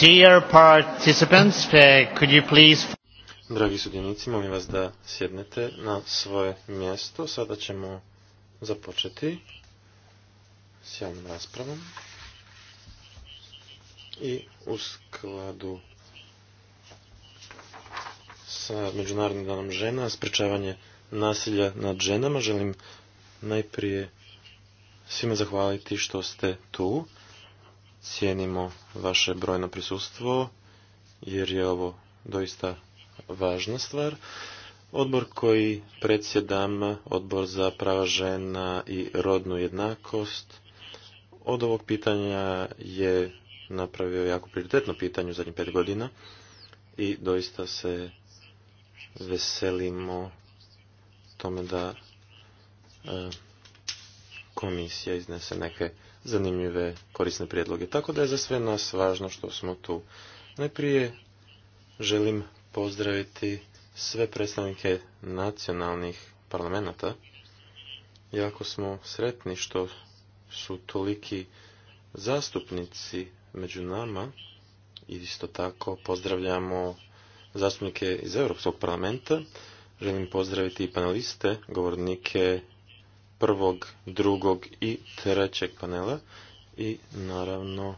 Dear participants, uh, could you please... Dragi sudjenici, molim vas da sjednete na svoje mjesto. Sada ćemo započeti s javnom raspravom. I u skladu sa Međunarodnim danom žena, sprečavanje nasilja nad ženama, želim najprije svima zahvaliti što ste tu cijenimo vaše brojno prisustvo, jer je ovo doista važna stvar. Odbor koji predsjedam, odbor za prava žena i rodnu jednakost, od ovog pitanja je napravio jako prioritetno pitanje u zadnjih pet godina i doista se veselimo tome da e, komisija iznese neke zanimljive korisne prijedloge. Tako da je za sve nas važno što smo tu. Najprije želim pozdraviti sve predstavnike nacionalnih parlamenta. Jako smo sretni što su toliki zastupnici među nama i isto tako pozdravljamo zastupnike iz Europskog parlamenta. Želim pozdraviti i paneliste, govornike prvog, drugog i trećeg panela i naravno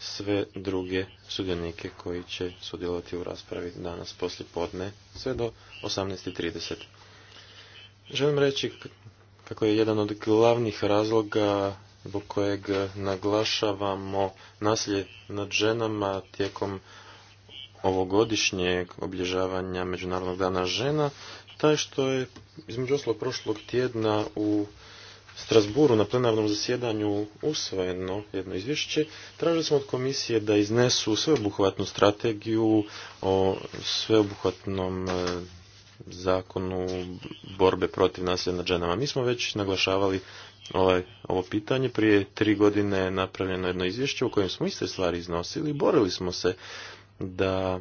sve druge sudionike koji će sudjelovati u raspravi danas poslije podne sve do 18.30. Želim reći kako je jedan od glavnih razloga zbog kojeg naglašavamo nasilje nad ženama tijekom ovogodišnjeg obilježavanja Međunarodnog dana žena taj što je između oslo prošlog tjedna u Strasburu na plenarnom zasjedanju usvojeno jedno izvješće, tražili smo od komisije da iznesu sveobuhvatnu strategiju o sveobuhvatnom e, zakonu borbe protiv nasilja nad ženama. Mi smo već naglašavali ovaj, ovo pitanje. Prije tri godine je napravljeno jedno izvješće u kojem smo iste stvari iznosili i borili smo se da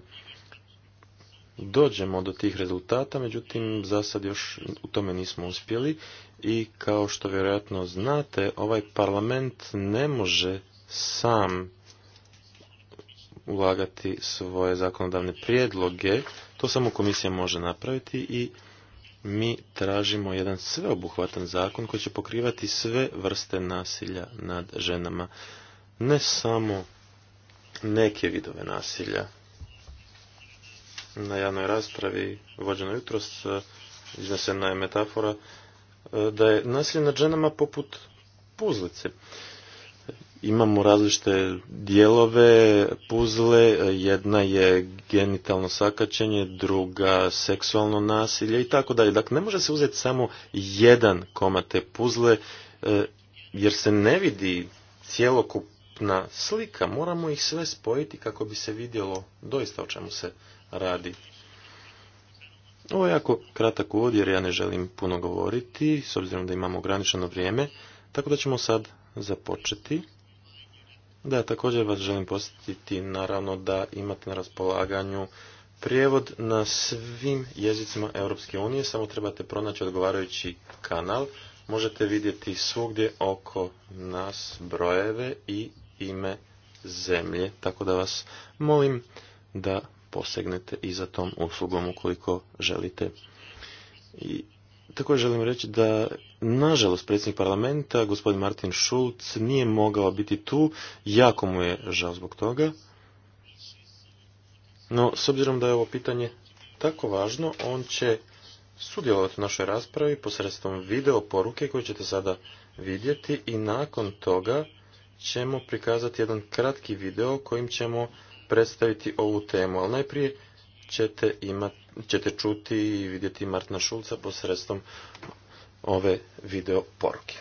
dođemo do tih rezultata, međutim za sad još u tome nismo uspjeli i kao što vjerojatno znate, ovaj parlament ne može sam ulagati svoje zakonodavne prijedloge, to samo komisija može napraviti i mi tražimo jedan sveobuhvatan zakon koji će pokrivati sve vrste nasilja nad ženama, ne samo neke vidove nasilja na javnoj raspravi vođenoj jutros e, iznesena je metafora e, da je nasilje nad ženama poput puzlice. Imamo različite dijelove puzle, jedna je genitalno sakačenje, druga seksualno nasilje i tako dalje. Dakle, ne može se uzeti samo jedan komad te puzle e, jer se ne vidi cjelokupna slika. Moramo ih sve spojiti kako bi se vidjelo doista o čemu se radi. Ovo je jako kratak uvod jer ja ne želim puno govoriti, s obzirom da imamo ograničeno vrijeme, tako da ćemo sad započeti. Da, također vas želim posjetiti, naravno da imate na raspolaganju prijevod na svim jezicima Europske unije, samo trebate pronaći odgovarajući kanal. Možete vidjeti svugdje oko nas brojeve i ime zemlje, tako da vas molim da posegnete i za tom uslugom ukoliko želite. I također želim reći da, nažalost, predsjednik parlamenta, gospodin Martin Schulz, nije mogao biti tu. Jako mu je žao zbog toga. No, s obzirom da je ovo pitanje tako važno, on će sudjelovati u našoj raspravi posredstvom video poruke koju ćete sada vidjeti i nakon toga ćemo prikazati jedan kratki video kojim ćemo predstaviti ovu temu, ali najprije ćete, imat, ćete čuti i vidjeti Martina Šulca posredstvom ove video poruke.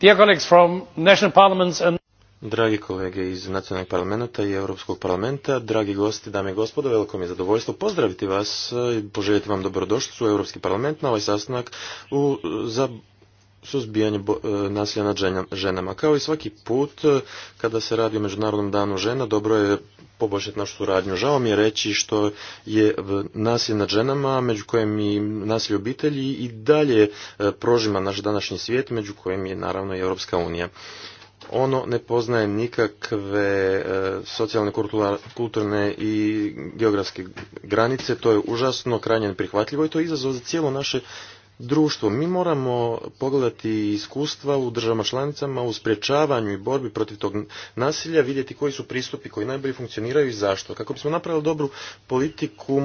Dear colleagues from national parliaments and Dragi kolege iz Nacionalnog parlamenta i Europskog parlamenta, dragi gosti, dame i gospodo, veliko mi je zadovoljstvo pozdraviti vas i poželjeti vam dobrodošlicu u Europski parlament na ovaj sastanak u, za suzbijanje e, nasilja nad ženama. Kao i svaki put e, kada se radi o Međunarodnom danu žena, dobro je poboljšati našu suradnju. Žao mi je reći što je nasilje nad ženama, među kojem i nasilje obitelji i dalje e, prožima naš današnji svijet, među kojim je naravno i Europska unija ono ne poznaje nikakve e, socijalne, kulturne i geografske granice, to je užasno, krajnje neprihvatljivo i to je izazov za cijelo naše društvo. Mi moramo pogledati iskustva u državama članicama u sprječavanju i borbi protiv tog nasilja, vidjeti koji su pristupi koji najbolje funkcioniraju i zašto. Kako bismo napravili dobru politiku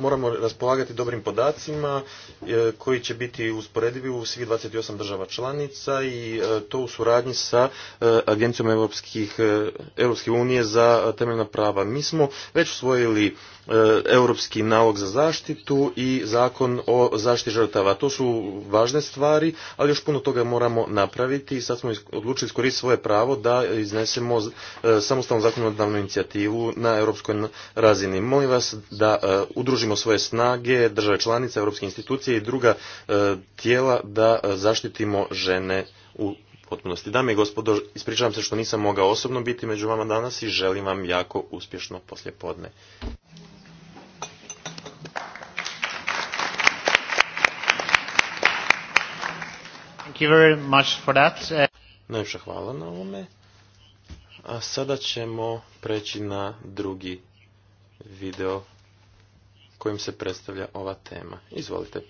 moramo raspolagati dobrim podacima e, koji će biti usporedivi u svih 28 država članica i e, to u suradnji sa e, Agencijom Europskih, Europske unije za temeljna prava. Mi smo već usvojili E, europski nalog za zaštitu i zakon o zaštiti žrtava. To su važne stvari, ali još puno toga moramo napraviti i sad smo odlučili iskoristiti svoje pravo da iznesemo e, samostalnu zakonodavnu inicijativu na europskoj razini. Molim vas da e, udružimo svoje snage, države članice, europske institucije i druga tijela da zaštitimo žene u potpunosti. Dame i gospodo, ispričavam se što nisam mogao osobno biti među vama danas i želim vam jako uspješno podne. Thank uh, Najviše hvala na ovome. A sada ćemo preći na drugi video kojim se predstavlja ova tema. Izvolite.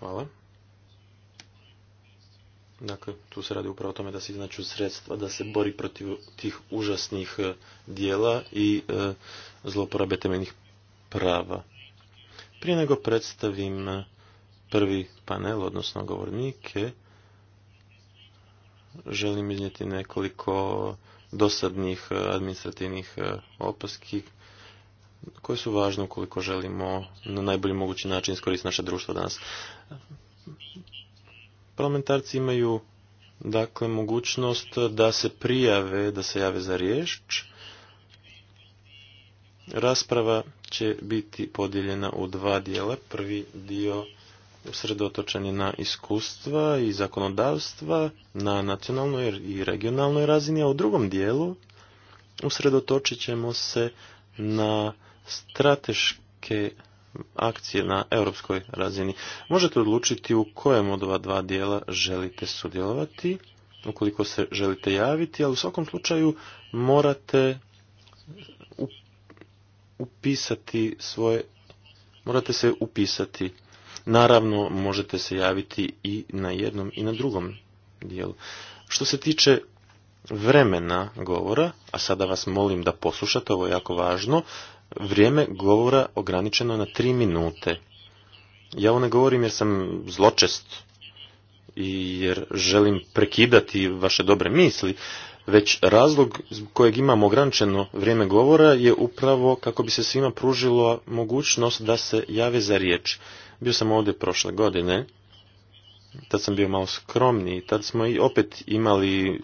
Hvala. Dakle, tu se radi upravo o tome da se iznaču sredstva, da se bori protiv tih užasnih e, dijela i e, zloporabe temeljnih prava. Prije nego predstavim e, prvi panel, odnosno govornike, želim iznijeti nekoliko dosadnih administrativnih opaski koje su važne ukoliko želimo na najbolji mogući način iskoristiti naše društvo danas. Parlamentarci imaju dakle mogućnost da se prijave, da se jave za riječ. Rasprava će biti podijeljena u dva dijela. Prvi dio usredotočen je na iskustva i zakonodavstva na nacionalnoj i regionalnoj razini, a u drugom dijelu usredotočit ćemo se na strateške akcije na europskoj razini. Možete odlučiti u kojem od ova dva dijela želite sudjelovati, ukoliko se želite javiti, ali u svakom slučaju morate upisati svoje, morate se upisati. Naravno, možete se javiti i na jednom i na drugom dijelu. Što se tiče vremena govora, a sada vas molim da poslušate, ovo je jako važno, vrijeme govora ograničeno na tri minute. Ja ovo ne govorim jer sam zločest i jer želim prekidati vaše dobre misli, već razlog kojeg imam ograničeno vrijeme govora je upravo kako bi se svima pružilo mogućnost da se jave za riječ. Bio sam ovdje prošle godine, tad sam bio malo i tad smo i opet imali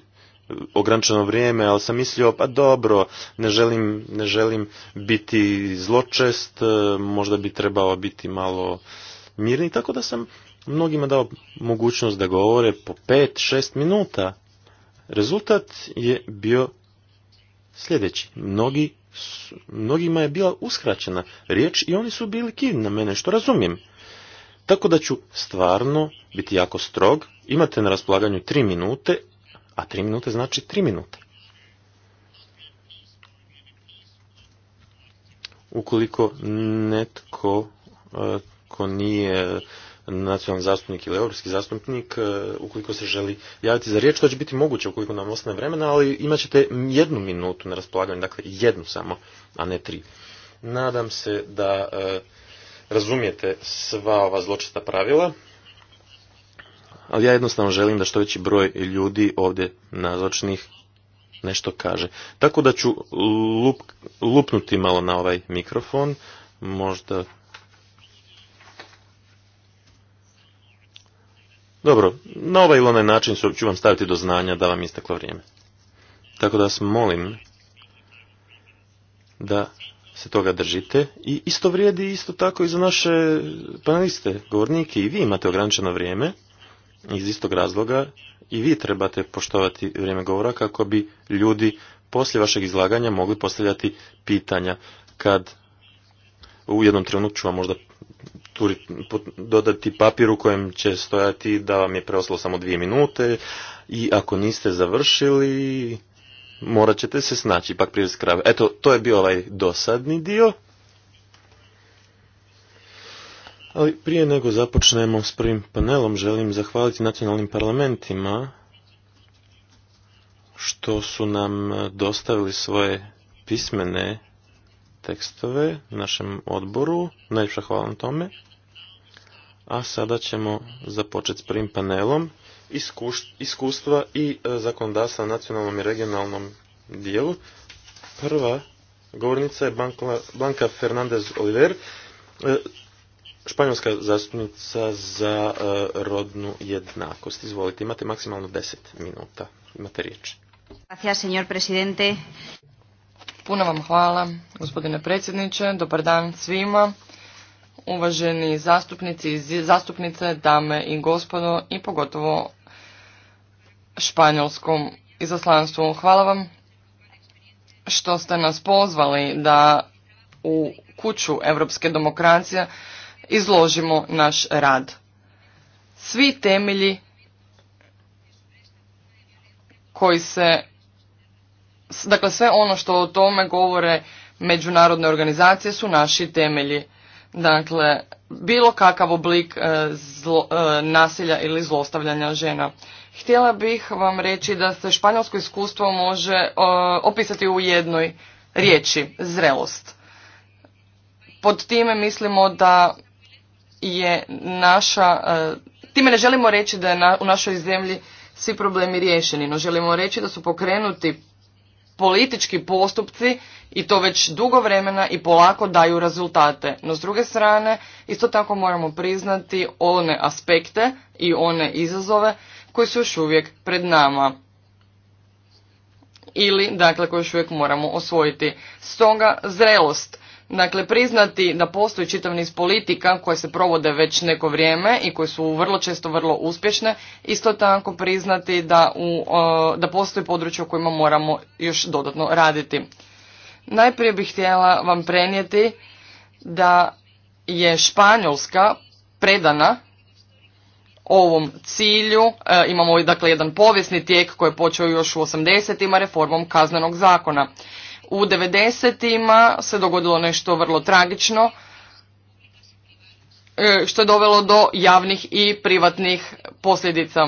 ograničeno vrijeme, ali sam mislio, pa dobro, ne želim, ne želim biti zločest, e, možda bi trebao biti malo mirni, tako da sam mnogima dao mogućnost da govore po pet, šest minuta. Rezultat je bio sljedeći. Mnogi, mnogima je bila uskraćena riječ i oni su bili kivni na mene, što razumijem. Tako da ću stvarno biti jako strog. Imate na raspolaganju tri minute, a tri minute znači tri minute. Ukoliko netko e, ko nije nacionalni zastupnik ili europski zastupnik, e, ukoliko se želi javiti za riječ, to će biti moguće ukoliko nam ostane vremena, ali imat ćete jednu minutu na raspolaganju, dakle jednu samo, a ne tri. Nadam se da e, razumijete sva ova zločista pravila ali ja jednostavno želim da što veći broj ljudi ovdje nazočnih nešto kaže. Tako da ću lup, lupnuti malo na ovaj mikrofon, možda... Dobro, na ovaj ili onaj način ću vam staviti do znanja da vam isteklo vrijeme. Tako da vas molim da se toga držite i isto vrijedi isto tako i za naše paneliste, govornike i vi imate ograničeno vrijeme iz istog razloga i vi trebate poštovati vrijeme govora kako bi ljudi poslije vašeg izlaganja mogli postavljati pitanja kad u jednom trenutku ću vam možda dodati papir u kojem će stojati da vam je preoslo samo dvije minute i ako niste završili morat ćete se snaći ipak prije skrave. Eto, to je bio ovaj dosadni dio. Ali prije nego započnemo s prvim panelom, želim zahvaliti nacionalnim parlamentima što su nam dostavili svoje pismene tekstove našem odboru. Najljepša hvala na tome. A sada ćemo započeti s prvim panelom iskustva i e, zakonodavstva na nacionalnom i regionalnom dijelu. Prva govornica je Banka Fernandez Oliver, e, Španjolska zastupnica za e, rodnu jednakost. Izvolite, imate maksimalno deset minuta. Imate riječ. Gracias, señor presidente. Puno vam hvala, gospodine predsjedniče. Dobar dan svima. Uvaženi zastupnici i zastupnice, dame i gospodo i pogotovo španjolskom izaslanstvu. Hvala vam što ste nas pozvali da u kuću evropske demokracije izložimo naš rad. Svi temelji koji se, dakle sve ono što o tome govore međunarodne organizacije su naši temelji. Dakle, bilo kakav oblik e, e, nasilja ili zlostavljanja žena. Htjela bih vam reći da se španjolsko iskustvo može e, opisati u jednoj riječi, zrelost. Pod time mislimo da je naša, e, time ne želimo reći da je na, u našoj zemlji svi problemi riješeni, no želimo reći da su pokrenuti politički postupci i to već dugo vremena i polako daju rezultate. No s druge strane, isto tako moramo priznati one aspekte i one izazove koji su još uvijek pred nama ili dakle koje još uvijek moramo osvojiti. Stoga zrelost Dakle, priznati da postoji čitav niz politika koje se provode već neko vrijeme i koje su vrlo često vrlo uspješne, isto tako priznati da, u, da postoji područje u kojima moramo još dodatno raditi. Najprije bih htjela vam prenijeti da je Španjolska predana ovom cilju. E, imamo dakle jedan povijesni tijek koji je počeo još u 80-ima reformom kaznenog zakona. U 90. se dogodilo nešto vrlo tragično, e, što je dovelo do javnih i privatnih posljedica.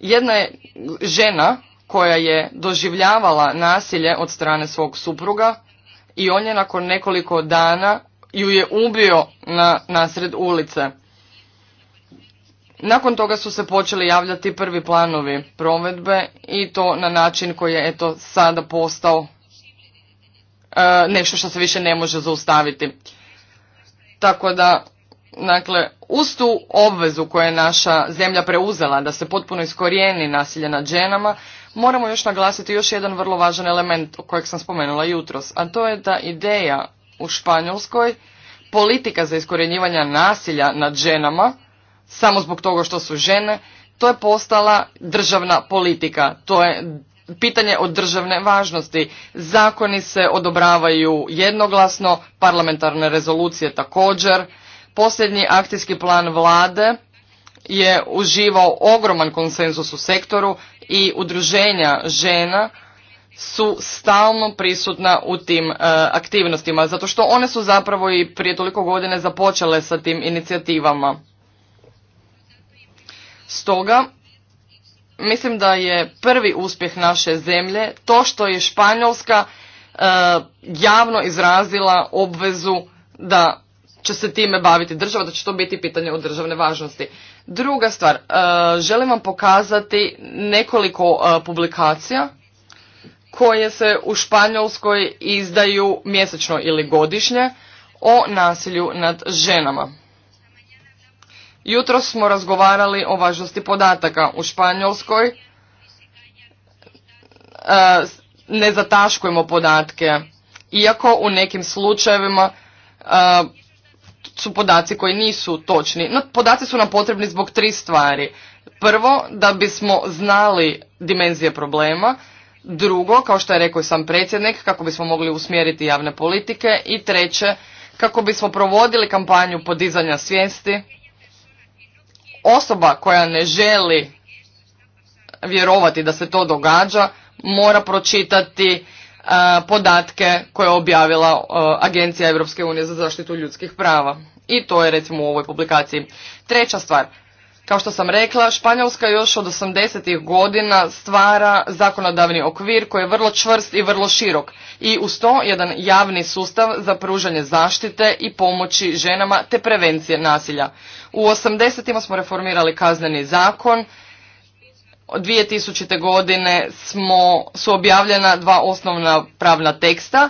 Jedna je žena koja je doživljavala nasilje od strane svog supruga i on je nakon nekoliko dana ju je ubio na nasred ulice. Nakon toga su se počeli javljati prvi planovi provedbe i to na način koji je eto sada postao E, nešto što se više ne može zaustaviti. Tako da, dakle, uz tu obvezu koju je naša zemlja preuzela da se potpuno iskorijeni nasilje nad ženama, moramo još naglasiti još jedan vrlo važan element kojeg sam spomenula jutros, a to je da ideja u Španjolskoj politika za iskorjenjivanje nasilja nad ženama, samo zbog toga što su žene, to je postala državna politika, to je pitanje od državne važnosti. Zakoni se odobravaju jednoglasno, parlamentarne rezolucije također. Posljednji akcijski plan vlade je uživao ogroman konsenzus u sektoru i udruženja žena su stalno prisutna u tim e, aktivnostima, zato što one su zapravo i prije toliko godine započele sa tim inicijativama. Stoga mislim da je prvi uspjeh naše zemlje to što je Španjolska e, javno izrazila obvezu da će se time baviti država, da će to biti pitanje od državne važnosti. Druga stvar, e, želim vam pokazati nekoliko e, publikacija koje se u Španjolskoj izdaju mjesečno ili godišnje o nasilju nad ženama. Jutro smo razgovarali o važnosti podataka u Španjolskoj. E, ne zataškujemo podatke, iako u nekim slučajevima e, su podaci koji nisu točni. No, podaci su nam potrebni zbog tri stvari. Prvo, da bismo znali dimenzije problema. Drugo, kao što je rekao sam predsjednik, kako bismo mogli usmjeriti javne politike. I treće, kako bismo provodili kampanju podizanja svijesti osoba koja ne želi vjerovati da se to događa mora pročitati e, podatke koje je objavila e, Agencija Europske unije za zaštitu ljudskih prava. I to je recimo u ovoj publikaciji. Treća stvar, kao što sam rekla, Španjolska još od 80. godina stvara zakonodavni okvir koji je vrlo čvrst i vrlo širok i uz to jedan javni sustav za pružanje zaštite i pomoći ženama te prevencije nasilja. U 80. smo reformirali kazneni zakon, od 2000. godine smo, su objavljena dva osnovna pravna teksta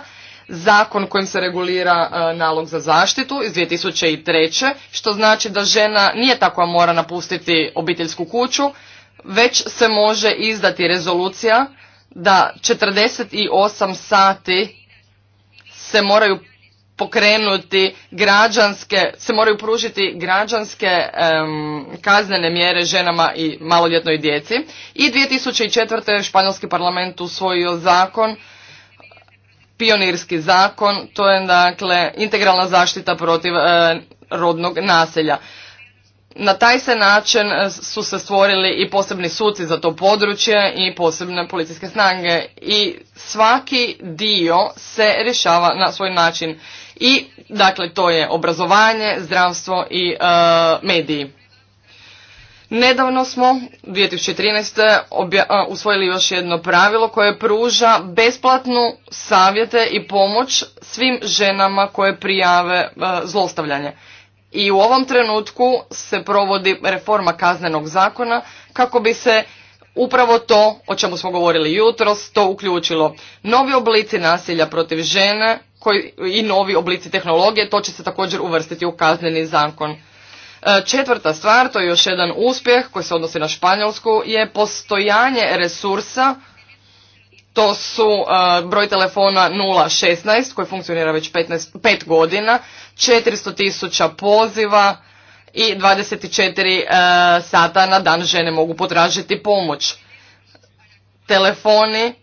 zakon kojim se regulira e, nalog za zaštitu iz 2003. što znači da žena nije tako mora napustiti obiteljsku kuću, već se može izdati rezolucija da 48 sati se moraju pokrenuti građanske, se moraju pružiti građanske kaznene mjere ženama i maloljetnoj djeci. I 2004. Španjolski parlament usvojio zakon pionirski zakon, to je dakle integralna zaštita protiv e, rodnog naselja. Na taj se način e, su se stvorili i posebni suci za to područje i posebne policijske snage i svaki dio se rješava na svoj način. I dakle to je obrazovanje, zdravstvo i e, mediji. Nedavno smo 2013. usvojili još jedno pravilo koje pruža besplatnu savjete i pomoć svim ženama koje prijave zlostavljanje. I u ovom trenutku se provodi reforma kaznenog zakona kako bi se upravo to o čemu smo govorili jutros to uključilo. Novi oblici nasilja protiv žene koji, i novi oblici tehnologije to će se također uvrstiti u kazneni zakon. E, četvrta stvar, to je još jedan uspjeh koji se odnosi na Španjolsku, je postojanje resursa, to su e, broj telefona 016 koji funkcionira već 15, 5 godina, 400 tisuća poziva i 24 e, sata na dan žene mogu potražiti pomoć. Telefoni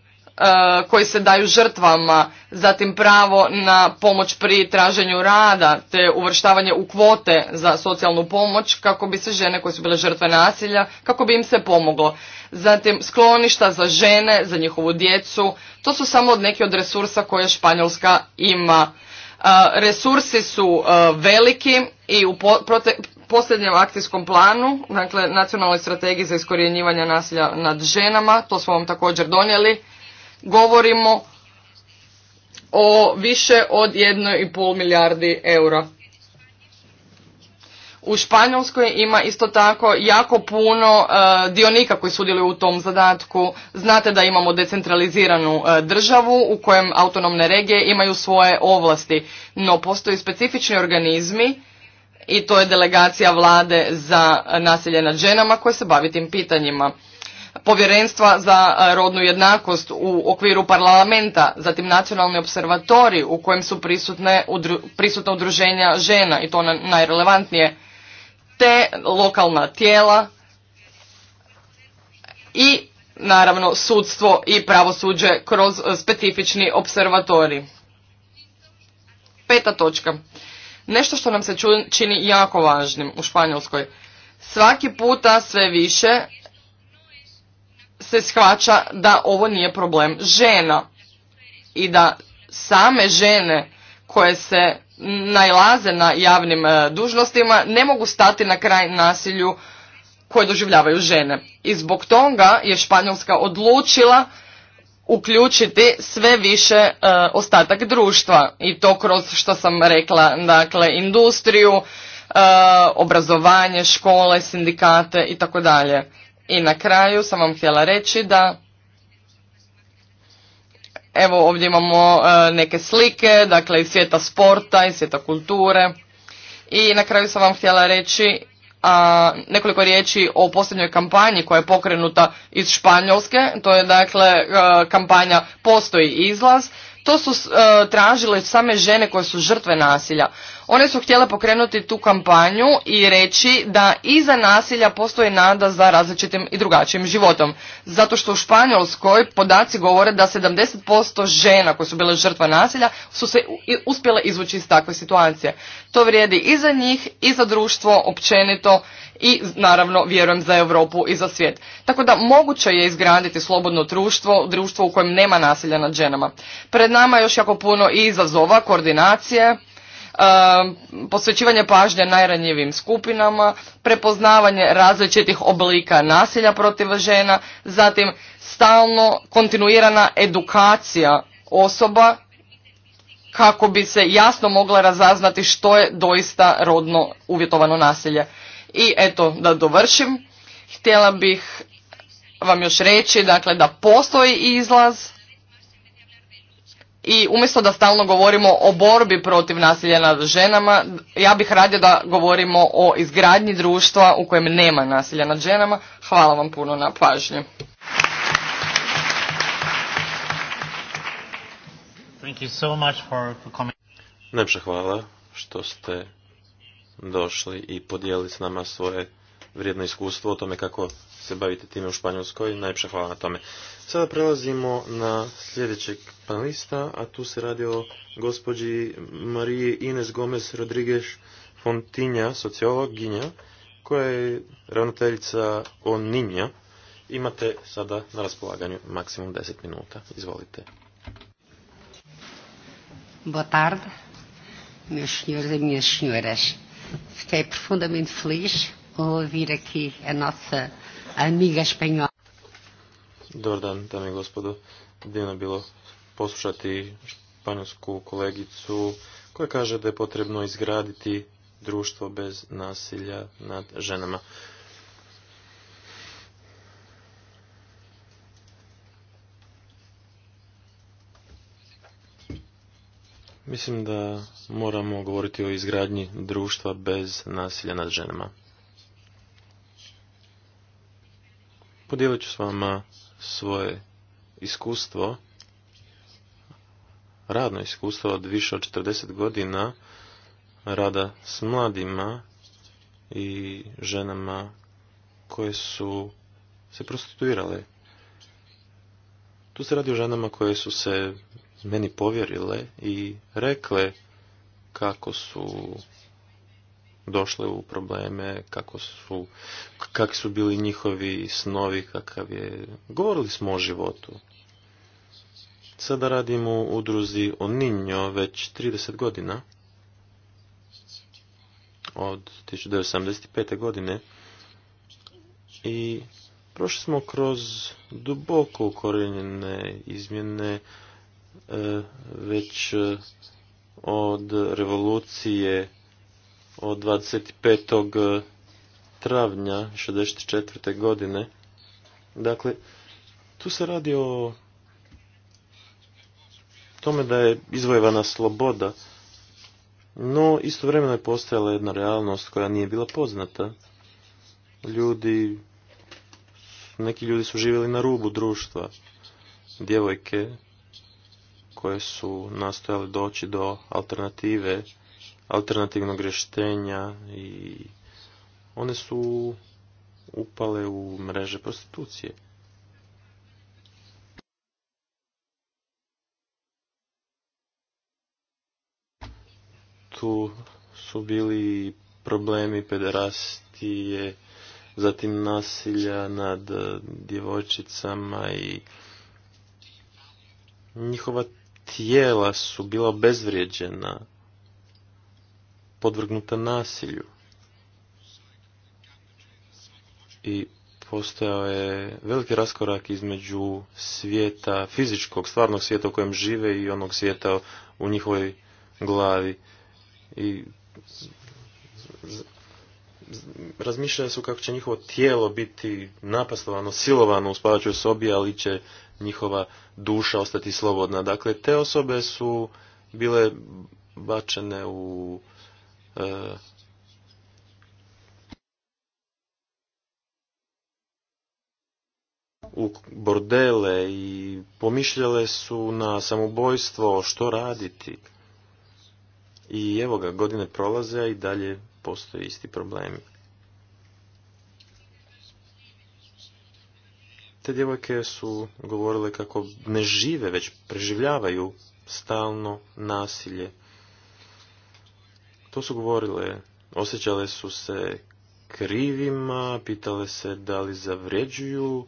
E, koji se daju žrtvama, zatim pravo na pomoć pri traženju rada, te uvrštavanje u kvote za socijalnu pomoć kako bi se žene koje su bile žrtve nasilja, kako bi im se pomoglo. Zatim skloništa za žene, za njihovu djecu, to su samo neki od resursa koje Španjolska ima. E, resursi su e, veliki i u posljednjem akcijskom planu, dakle nacionalnoj strategiji za iskorjenjivanje nasilja nad ženama, to smo vam također donijeli, govorimo o više od 1,5 milijardi eura. U Španjolskoj ima isto tako jako puno e, dionika koji sudjeluju u tom zadatku. Znate da imamo decentraliziranu e, državu u kojem autonomne regije imaju svoje ovlasti, no postoji specifični organizmi i to je delegacija vlade za nasilje nad ženama koje se bavi tim pitanjima povjerenstva za e, rodnu jednakost u okviru parlamenta, zatim nacionalni observatori u kojem su prisutne, prisutna udruženja žena i to najrelevantnije, te lokalna tijela i naravno sudstvo i pravosuđe kroz e, specifični observatori. Peta točka. Nešto što nam se čini jako važnim u Španjolskoj. Svaki puta sve više se shvaća da ovo nije problem žena i da same žene koje se najlaze na javnim e, dužnostima ne mogu stati na kraj nasilju koje doživljavaju žene. I zbog toga je Španjolska odlučila uključiti sve više e, ostatak društva i to kroz što sam rekla, dakle industriju, e, obrazovanje, škole, sindikate i tako dalje. I na kraju sam vam htjela reći da evo ovdje imamo e, neke slike, dakle iz svijeta sporta, iz svijeta kulture. I na kraju sam vam htjela reći a, nekoliko riječi o posljednjoj kampanji koja je pokrenuta iz Španjolske. To je dakle e, kampanja Postoji izlaz. To su e, tražile same žene koje su žrtve nasilja. One su htjele pokrenuti tu kampanju i reći da iza nasilja postoji nada za različitim i drugačijim životom. Zato što u Španjolskoj podaci govore da 70% žena koje su bile žrtva nasilja su se uspjele izvući iz takve situacije. To vrijedi i za njih i za društvo općenito i naravno vjerujem za Europu i za svijet. Tako da moguće je izgraditi slobodno društvo, društvo u kojem nema nasilja nad ženama. Pred nama je još jako puno i izazova, koordinacije, E, posvećivanje pažnje najranjivim skupinama, prepoznavanje različitih oblika nasilja protiv žena, zatim stalno kontinuirana edukacija osoba kako bi se jasno mogla razaznati što je doista rodno uvjetovano nasilje. I eto, da dovršim, htjela bih vam još reći dakle, da postoji izlaz, i umjesto da stalno govorimo o borbi protiv nasilja nad ženama, ja bih radije da govorimo o izgradnji društva u kojem nema nasilja nad ženama. Hvala vam puno na pažnju. Thank you Najpša hvala što ste došli i podijelili s nama svoje vrijedno iskustvo o tome kako se bavite time u Španjolskoj. Najpša hvala na tome. Sada prelazimo na sljedećeg panelista, a tu se radi o gospođi Marije Ines Gomez Rodriguez Fontinja, sociologinja, koja je ravnateljica Oninja. Imate sada na raspolaganju maksimum 10 minuta. Izvolite. Boa tarde, meus senhores e minhas senhoras. Fiquei profundamente feliz ao ouvir aqui a nossa amiga espanhola. Dobar dan, dame i gospodo. Divno je bilo poslušati španjolsku kolegicu koja kaže da je potrebno izgraditi društvo bez nasilja nad ženama. Mislim da moramo govoriti o izgradnji društva bez nasilja nad ženama. Podijelit ću s vama svoje iskustvo radno iskustvo od više od 40 godina rada s mladima i ženama koje su se prostituirale. Tu se radi o ženama koje su se meni povjerile i rekle kako su došle u probleme, kako su, kak su bili njihovi snovi, kakav je... Govorili smo o životu. Sada radimo u udruzi Oninjo već 30 godina. Od 1975. godine. I prošli smo kroz duboko ukorenjene izmjene e, već e, od revolucije od 25. E, travnja 64. godine. Dakle, tu se radi o tome da je izvojevana sloboda, no istovremeno je postojala jedna realnost koja nije bila poznata. Ljudi, neki ljudi su živjeli na rubu društva, djevojke koje su nastojali doći do alternative, alternativnog rještenja i one su upale u mreže prostitucije. tu su bili problemi pederastije, zatim nasilja nad e, djevojčicama i njihova tijela su bila obezvrijeđena, podvrgnuta nasilju. I postojao je veliki raskorak između svijeta, fizičkog, stvarnog svijeta u kojem žive i onog svijeta u njihovoj glavi i Razmišljale su kako će njihovo tijelo biti napastovano, silovano u spavačoj sobi, ali će njihova duša ostati slobodna. Dakle, te osobe su bile bačene u e, u bordele i pomišljale su na samobojstvo, što raditi. I evo ga, godine prolaze, a i dalje postoje isti problemi. Te djevojke su govorile kako ne žive, već preživljavaju stalno nasilje. To su govorile, osjećale su se krivima, pitale se da li zavređuju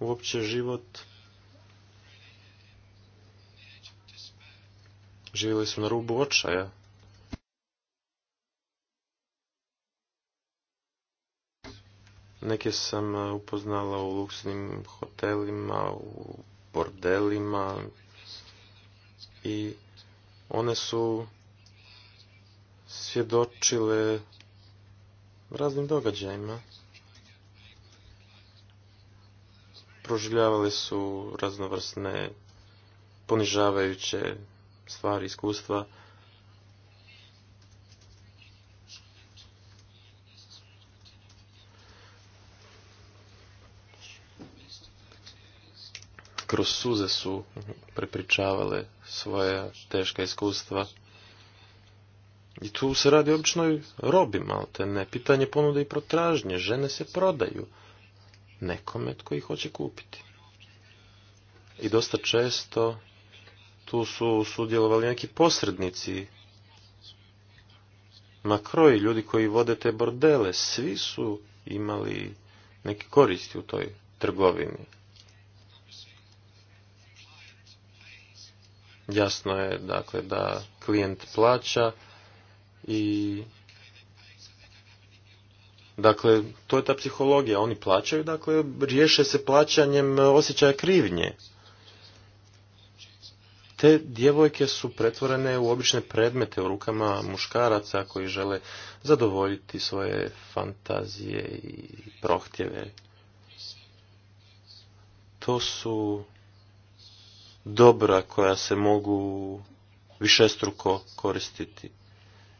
uopće život. Živjeli su na rubu očaja. Neke sam e, upoznala u luksnim hotelima, u bordelima i one su svjedočile raznim događajima. Proživljavale su raznovrsne ponižavajuće stvari, iskustva kroz suze su prepričavale svoja teška iskustva. I tu se radi običnoj robi, malte ne. Pitanje ponude i protražnje. Žene se prodaju nekome tko ih hoće kupiti. I dosta često tu su sudjelovali neki posrednici, makroji, ljudi koji vode te bordele. Svi su imali neke koristi u toj trgovini. Jasno je dakle da klijent plaća i dakle to je ta psihologija, oni plaćaju, dakle riješe se plaćanjem osjećaja krivnje. Te djevojke su pretvorene u obične predmete u rukama muškaraca koji žele zadovoljiti svoje fantazije i prohtjeve. To su dobra koja se mogu višestruko koristiti.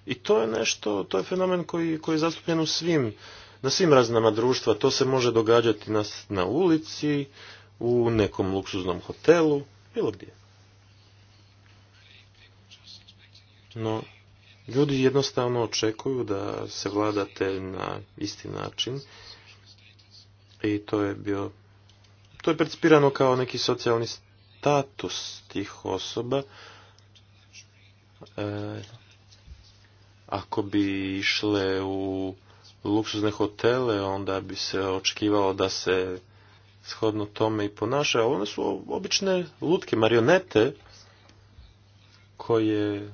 I to je nešto, to je fenomen koji, koji je zastupljen u svim, na svim razinama društva. To se može događati na, na ulici, u nekom luksuznom hotelu, bilo gdje. No, ljudi jednostavno očekuju da se vladate na isti način i to je bio to je percipirano kao neki socijalni status tih osoba e, ako bi išle u luksuzne hotele onda bi se očekivalo da se shodno tome i ponaša one su obične lutke marionete koje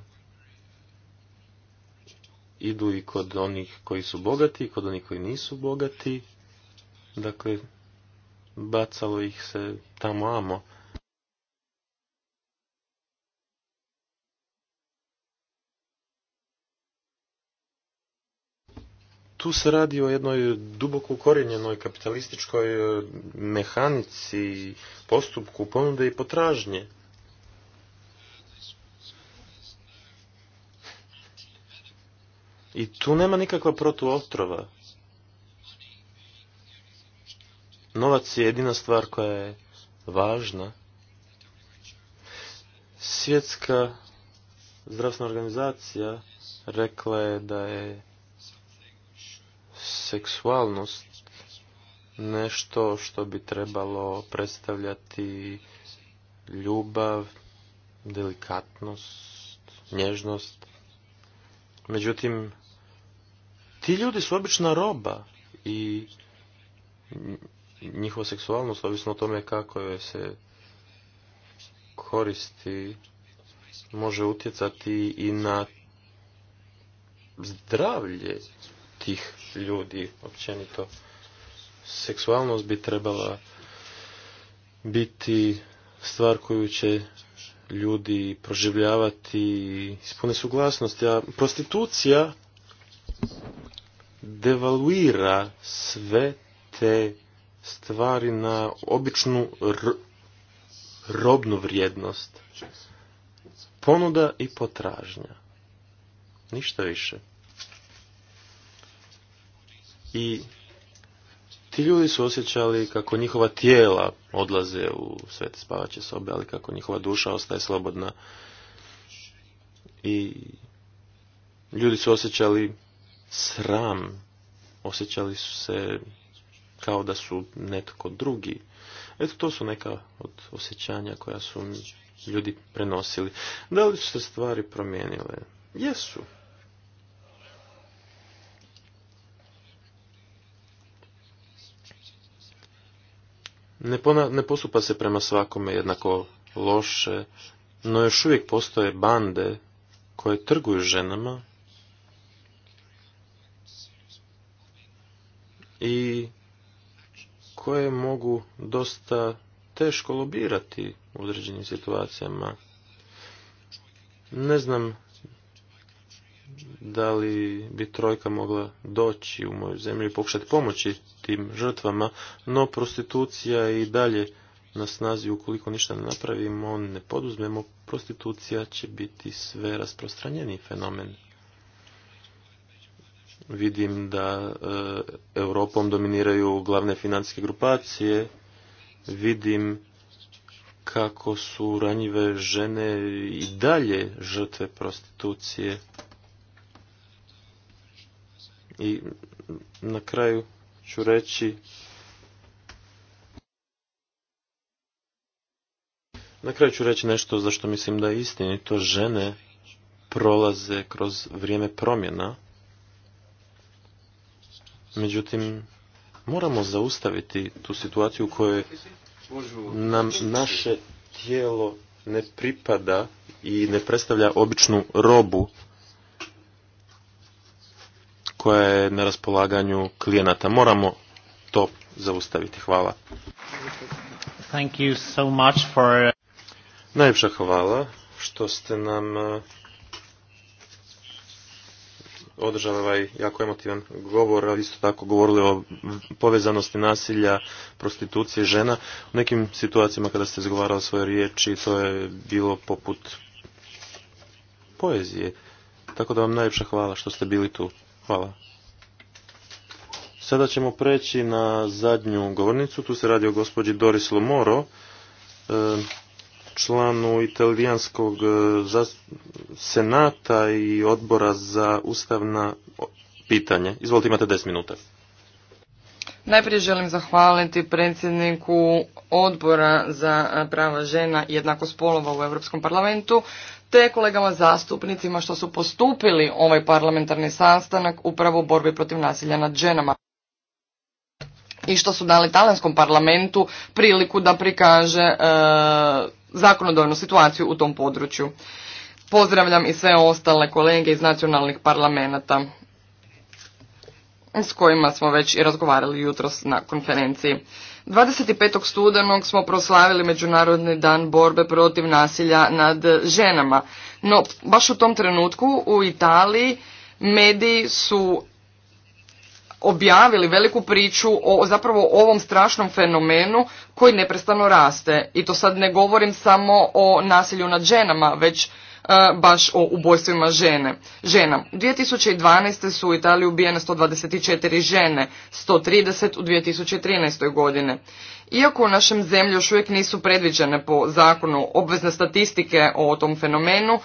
idu i kod onih koji su bogati i kod onih koji nisu bogati dakle bacalo ih se tamo amo tu se radi o jednoj duboko ukorjenjenoj kapitalističkoj e, mehanici, postupku ponude i potražnje. I tu nema nikakva protuotrova. Novac je jedina stvar koja je važna. Svjetska zdravstvena organizacija rekla je da je seksualnost nešto što bi trebalo predstavljati ljubav, delikatnost, nježnost. Međutim, ti ljudi su obična roba i njihova seksualnost, ovisno o tome kako je se koristi, može utjecati i na zdravlje tih ljudi općenito. Seksualnost bi trebala biti stvar koju će ljudi proživljavati ispune suglasnosti, a prostitucija devaluira sve te stvari na običnu robnu vrijednost. Ponuda i potražnja. Ništa više i ti ljudi su osjećali kako njihova tijela odlaze u svete spavaće sobe, ali kako njihova duša ostaje slobodna. I ljudi su osjećali sram, osjećali su se kao da su netko drugi. Eto, to su neka od osjećanja koja su ljudi prenosili. Da li su se stvari promijenile? Jesu. Ne, pona, ne postupa se prema svakome jednako loše, no još uvijek postoje bande koje trguju ženama i koje mogu dosta teško lobirati u određenim situacijama. Ne znam da li bi trojka mogla doći u moju zemlju i pokušati pomoći tim žrtvama, no prostitucija i dalje na snazi ukoliko ništa ne napravimo, ne poduzmemo, prostitucija će biti sve rasprostranjeni fenomen. Vidim da e, Europom dominiraju glavne financijske grupacije, vidim kako su ranjive žene i dalje žrtve prostitucije i na kraju ću reći Na kraju ću reći nešto za što mislim da je To Žene prolaze kroz vrijeme promjena. Međutim, moramo zaustaviti tu situaciju u kojoj nam naše tijelo ne pripada i ne predstavlja običnu robu koja je na raspolaganju klijenata. Moramo to zaustaviti. Hvala. Thank uh, Najljepša hvala što ste nam uh, održali ovaj jako emotivan govor, ali isto tako govorili o povezanosti nasilja, prostitucije žena. U nekim situacijama kada ste izgovarali svoje riječi, to je bilo poput poezije. Tako da vam najljepša hvala što ste bili tu. Hvala. Sada ćemo preći na zadnju govornicu. Tu se radi o gospođi Doris Lomoro, eh, članu italijanskog eh, senata i odbora za ustavna pitanja. Izvolite, imate 10 minuta. Najprije želim zahvaliti predsjedniku odbora za eh, prava žena i jednako spolova u Europskom parlamentu te kolegama zastupnicima što su postupili ovaj parlamentarni sastanak upravo u borbi protiv nasilja nad ženama i što su dali talijanskom parlamentu priliku da prikaže e, zakonodavnu situaciju u tom području. Pozdravljam i sve ostale kolege iz nacionalnih parlamenta s kojima smo već i razgovarali jutros na konferenciji. 25. studenog smo proslavili Međunarodni dan borbe protiv nasilja nad ženama. No, baš u tom trenutku u Italiji mediji su objavili veliku priču o zapravo ovom strašnom fenomenu koji neprestano raste. I to sad ne govorim samo o nasilju nad ženama, već baš o ubojstvima žene. žena. 2012. su u Italiji ubijene 124 žene, 130 u 2013. godine. Iako u našem zemlji još uvijek nisu predviđene po zakonu obvezne statistike o tom fenomenu,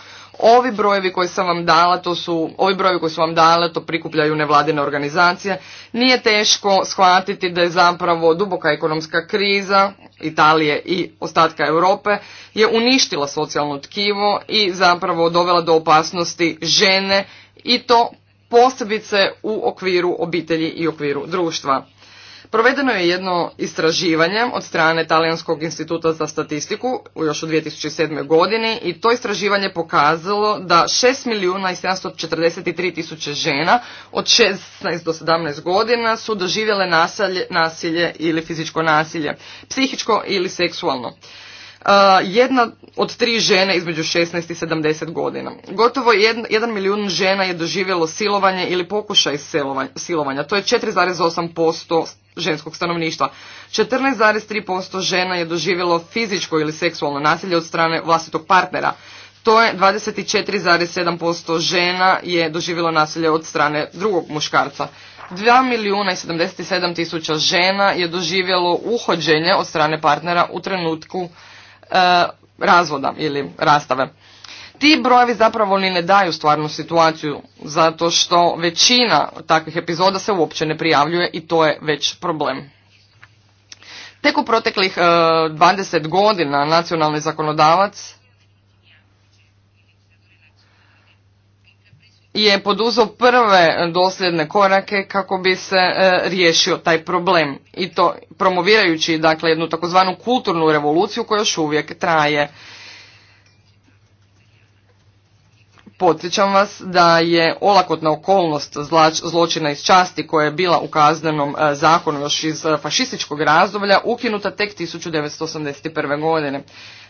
Ovi brojevi koji sam vam dala, to su, ovi brojevi koje su vam dala, to prikupljaju nevladine organizacije. Nije teško shvatiti da je zapravo duboka ekonomska kriza Italije i ostatka Europe je uništila socijalno tkivo i zapravo dovela do opasnosti žene i to posebice u okviru obitelji i okviru društva. Provedeno je jedno istraživanje od strane Talijanskog instituta za statistiku još u 2007. godini i to istraživanje pokazalo da 6 milijuna i 743 tisuće žena od 16 do 17 godina su doživjele nasilje ili fizičko nasilje, psihičko ili seksualno jedna od tri žene između 16 i 70 godina. Gotovo jedan milijun žena je doživjelo silovanje ili pokušaj silovanja. To je 4,8% ženskog stanovništva. 14,3% žena je doživjelo fizičko ili seksualno nasilje od strane vlastitog partnera. To je 24,7% žena je doživjelo nasilje od strane drugog muškarca. 2 milijuna i 77 tisuća žena je doživjelo uhođenje od strane partnera u trenutku E, razvoda ili rastave. Ti brojevi zapravo ni ne daju stvarnu situaciju zato što većina takvih epizoda se uopće ne prijavljuje i to je već problem. Tek u proteklih 20 e, godina nacionalni zakonodavac je poduzeo prve dosljedne korake kako bi se e, riješio taj problem i to promovirajući dakle jednu takozvanu kulturnu revoluciju koja još uvijek traje. Podsjećam vas da je olakotna okolnost zločina iz časti koja je bila u kaznenom e, zakonu još iz e, fašističkog razdoblja ukinuta tek 1981. godine.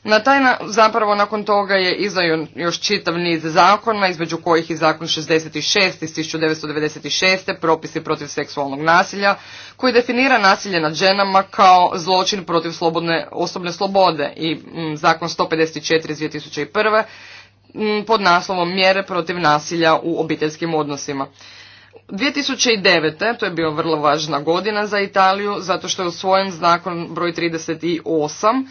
Na taj zapravo nakon toga je izdao još čitav niz zakona, između kojih i zakon 66 iz 1996. propisi protiv seksualnog nasilja, koji definira nasilje nad ženama kao zločin protiv slobodne, osobne slobode i m, mm, zakon 154 iz 2001. Mm, pod naslovom mjere protiv nasilja u obiteljskim odnosima. 2009. to je bio vrlo važna godina za Italiju zato što je usvojen zakon broj 38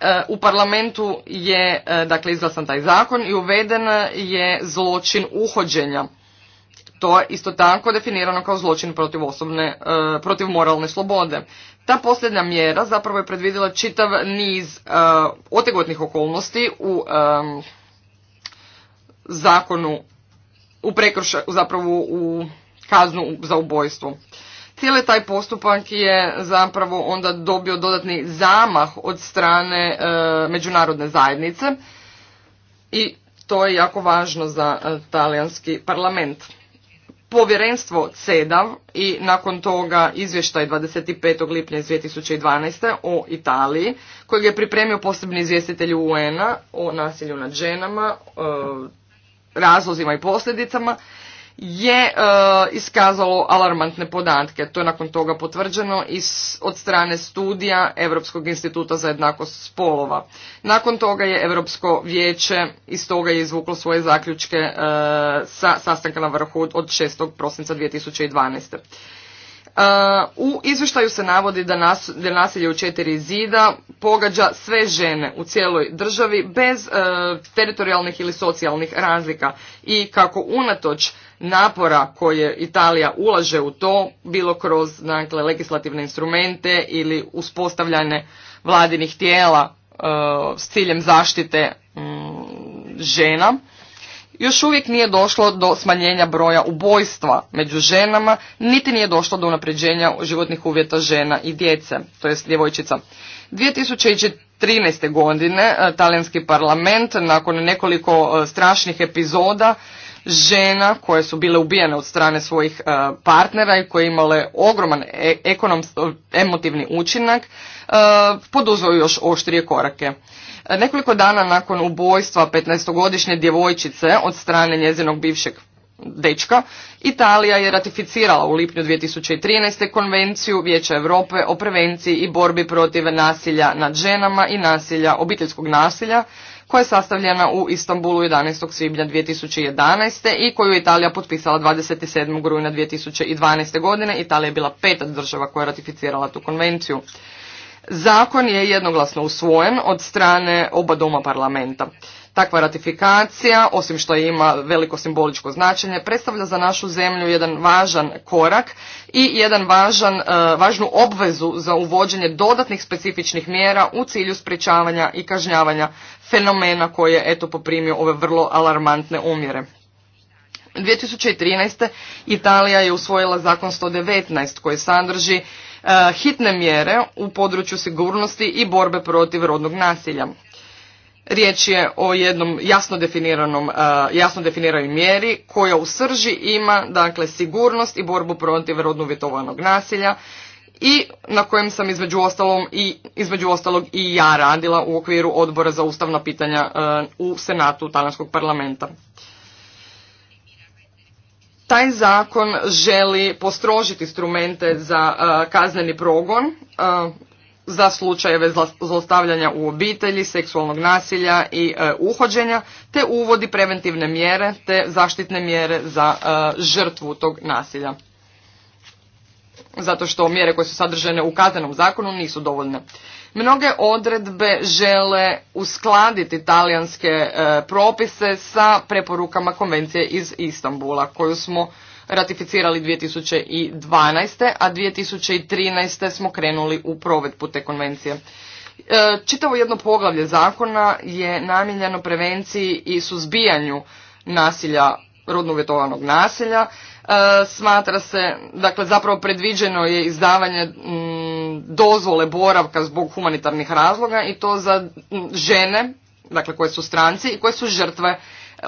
E, u parlamentu je e, dakle izglasan taj zakon i uveden je zločin uhođenja. To je isto tako definirano kao zločin protiv osobne, e, protiv moralne slobode. Ta posljednja mjera zapravo je predvidjela čitav niz otegotnih okolnosti u zakonu u prekršaju, zapravo u kaznu za ubojstvo. Cijeli taj postupak je zapravo onda dobio dodatni zamah od strane e, međunarodne zajednice i to je jako važno za e, talijanski parlament. Povjerenstvo CEDAV i nakon toga izvještaj 25. lipnja 2012. o Italiji, kojeg je pripremio posebni izvjestitelj UN-a o nasilju nad ženama, e, razlozima i posljedicama je e, iskazalo alarmantne podatke. To je nakon toga potvrđeno od strane studija Europskog instituta za jednakost spolova. Nakon toga je Europsko vijeće iz toga je izvuklo svoje zaključke e, sa sastanka na vrhu od 6. prosinca 2012. U izvještaju se navodi da, nas, nasilje u četiri zida pogađa sve žene u cijeloj državi bez e, teritorijalnih ili socijalnih razlika i kako unatoč napora koje Italija ulaže u to, bilo kroz dakle, legislativne instrumente ili uspostavljanje vladinih tijela e, s ciljem zaštite mm, žena, još uvijek nije došlo do smanjenja broja ubojstva među ženama, niti nije došlo do unapređenja životnih uvjeta žena i djece, to jest djevojčica. 2013. godine e, talijanski parlament nakon nekoliko e, strašnih epizoda žena koje su bile ubijene od strane svojih e, partnera i koje imale ogroman ekonomski emotivni učinak poduzeo još oštrije korake. Nekoliko dana nakon ubojstva 15-godišnje djevojčice od strane njezinog bivšeg dečka, Italija je ratificirala u lipnju 2013. konvenciju Vijeća Europe o prevenciji i borbi protiv nasilja nad ženama i nasilja, obiteljskog nasilja, koja je sastavljena u Istanbulu 11. svibnja 2011. i koju je Italija potpisala 27. rujna 2012. godine. Italija je bila peta država koja je ratificirala tu konvenciju. Zakon je jednoglasno usvojen od strane oba doma parlamenta. Takva ratifikacija, osim što ima veliko simboličko značenje, predstavlja za našu zemlju jedan važan korak i jedan važan, e, važnu obvezu za uvođenje dodatnih specifičnih mjera u cilju sprječavanja i kažnjavanja fenomena koji je eto poprimio ove vrlo alarmantne umjere. 2013. Italija je usvojila zakon 119 koji sadrži E, hitne mjere u području sigurnosti i borbe protiv rodnog nasilja. Riječ je o jednom jasno definiranom, e, jasno definiranoj mjeri koja u srži ima dakle sigurnost i borbu protiv rodno uvjetovanog nasilja i na kojem sam između ostalog i između ostalog i ja radila u okviru odbora za ustavna pitanja e, u senatu talijanskog parlamenta taj zakon želi postrožiti instrumente za e, kazneni progon e, za slučajeve zlostavljanja u obitelji, seksualnog nasilja i e, uhođenja, te uvodi preventivne mjere te zaštitne mjere za žrtvu tog nasilja. Zato što mjere koje su sadržene u kaznenom zakonu nisu dovoljne. Mnoge odredbe žele uskladiti talijanske e, propise sa preporukama konvencije iz Istambula koju smo ratificirali 2012. a 2013. smo krenuli u provedbu te konvencije. E, čitavo jedno poglavlje zakona je namijenjeno prevenciji i suzbijanju nasilja, rodno uvjetovanog nasilja. E, smatra se, dakle zapravo predviđeno je izdavanje dozvole boravka zbog humanitarnih razloga i to za žene, dakle koje su stranci i koje su žrtve e,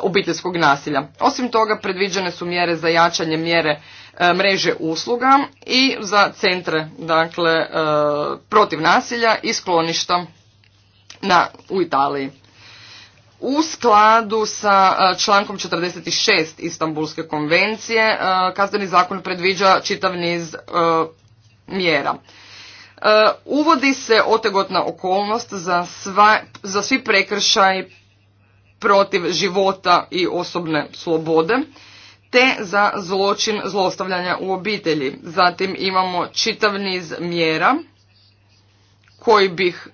obiteljskog nasilja. Osim toga predviđene su mjere za jačanje mjere e, mreže usluga i za centre dakle e, protiv nasilja i skloništa na, u Italiji. U skladu sa člankom 46 Istanbulske konvencije, kazneni zakon predviđa čitav niz mjera. E, uvodi se otegotna okolnost za, za svi prekršaj protiv života i osobne slobode te za zločin zlostavljanja u obitelji. Zatim imamo čitav niz mjera koji bih e,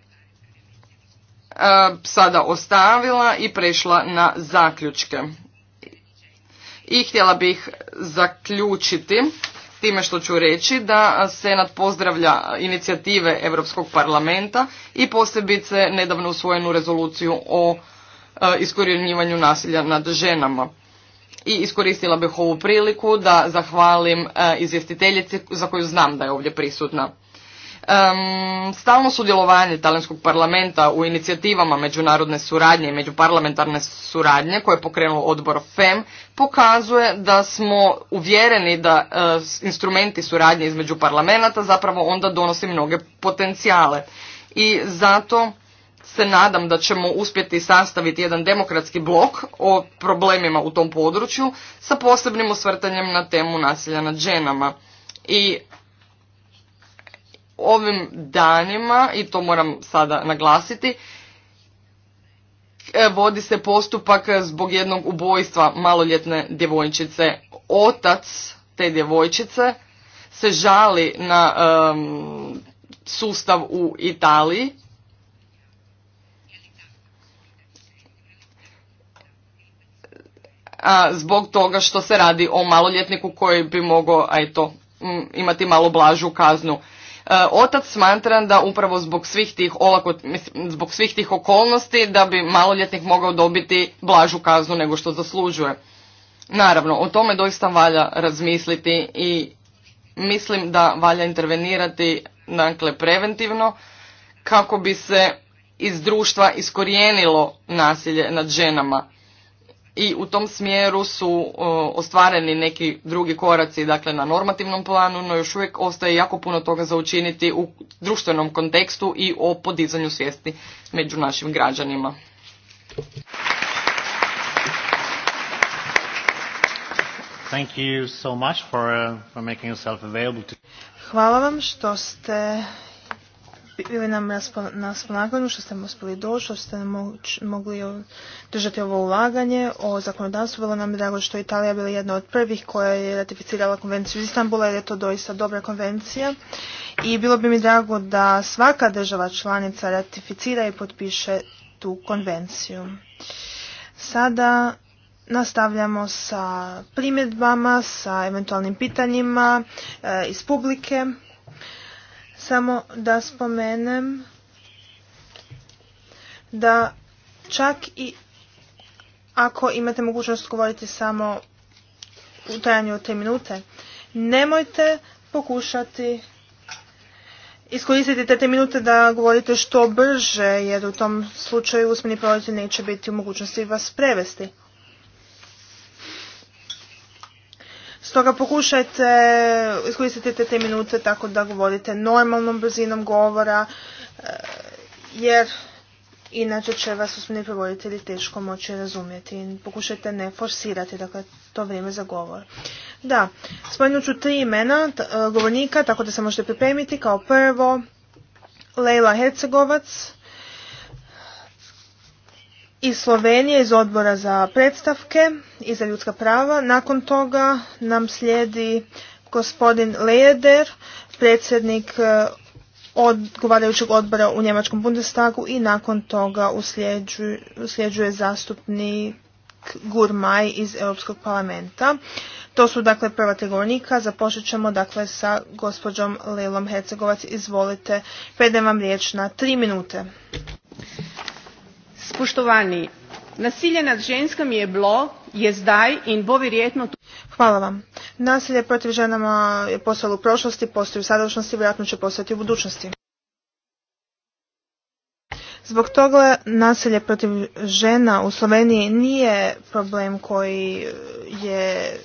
sada ostavila i prešla na zaključke. I htjela bih zaključiti time što ću reći da Senat pozdravlja inicijative Europskog parlamenta i posebice nedavno usvojenu rezoluciju o e, iskorjenjivanju nasilja nad ženama. I iskoristila bih ovu priliku da zahvalim e, izvjestiteljici za koju znam da je ovdje prisutna. Um, stalno sudjelovanje talijanskog parlamenta u inicijativama međunarodne suradnje i međuparlamentarne suradnje koje je pokrenuo odbor FEM pokazuje da smo uvjereni da e, instrumenti suradnje između parlamenata zapravo onda donosi mnoge potencijale. I zato se nadam da ćemo uspjeti sastaviti jedan demokratski blok o problemima u tom području sa posebnim osvrtanjem na temu nasilja nad ženama. I ovim danima, i to moram sada naglasiti, e, vodi se postupak zbog jednog ubojstva maloljetne djevojčice. Otac te djevojčice se žali na sustav u Italiji. A, zbog toga što se radi o maloljetniku koji bi mogao eto, imati malo blažu kaznu. E, otac smatram da upravo zbog svih tih olako, zbog svih tih okolnosti da bi maloljetnik mogao dobiti blažu kaznu nego što zaslužuje. Naravno, o tome doista valja razmisliti i mislim da valja intervenirati dakle, preventivno kako bi se iz društva iskorijenilo nasilje nad ženama i u tom smjeru su ostvareni neki drugi koraci dakle na normativnom planu, no još uvijek ostaje jako puno toga za učiniti u društvenom kontekstu i o podizanju svijesti među našim građanima. Thank you so much for, uh, for making yourself available to... Hvala vam što ste bili nam na spolaganju, što ste nam uspjeli doći, što ste mogli držati ovo ulaganje o zakonodavstvu. Bilo nam je drago što je Italija bila jedna od prvih koja je ratificirala konvenciju iz Istanbula, jer je to doista dobra konvencija. I bilo bi mi drago da svaka država članica ratificira i potpiše tu konvenciju. Sada nastavljamo sa primjedbama, sa eventualnim pitanjima e, iz publike. Samo da spomenem da čak i ako imate mogućnost govoriti samo u trajanju od te minute, nemojte pokušati iskoristiti te, minute da govorite što brže, jer u tom slučaju usmeni provoditelj neće biti u mogućnosti vas prevesti. Stoga pokušajte e, iskoristiti te, te minute tako da govorite normalnom brzinom govora, e, jer inače će vas usmeni prevoditelji teško moći razumjeti. Pokušajte ne forsirati dakle, to vrijeme za govor. Da, spomenut ću tri imena e, govornika, tako da se možete pripremiti. Kao prvo, Leila Hercegovac, iz Slovenije, iz odbora za predstavke i za ljudska prava. Nakon toga nam slijedi gospodin Leder, predsjednik e, odgovarajućeg odbora u Njemačkom Bundestagu i nakon toga usljeđuje, zastupnik Gurmaj iz Europskog parlamenta. To su dakle prva tegovornika. Započet ćemo dakle sa gospođom Lelom Hercegovac. Izvolite, predem vam riječ na tri minute. Spoštovani, nasilje nad ženskami je bilo, je zdaj in bo verjetno tudi... Hvala vam. Nasilje protiv ženama je postalo u prošlosti, postoji u sadašnjosti, vjerojatno će postati u budućnosti. Zbog toga nasilje protiv žena u Sloveniji nije problem koji je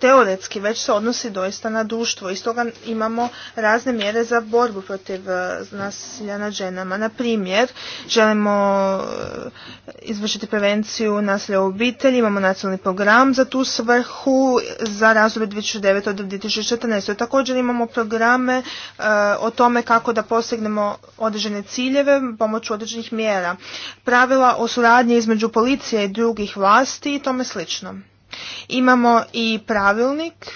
teoretski, već se odnosi doista na društvo. I stoga imamo razne mjere za borbu protiv e, nasilja nad ženama. Na primjer, želimo e, izvršiti prevenciju nasilja u obitelji, imamo nacionalni program za tu svrhu za razdoblje 2009. do 2014. Također imamo programe e, o tome kako da postignemo određene ciljeve pomoću određenih mjera. Pravila o suradnji između policije i drugih vlasti i tome slično. Imamo i pravilnik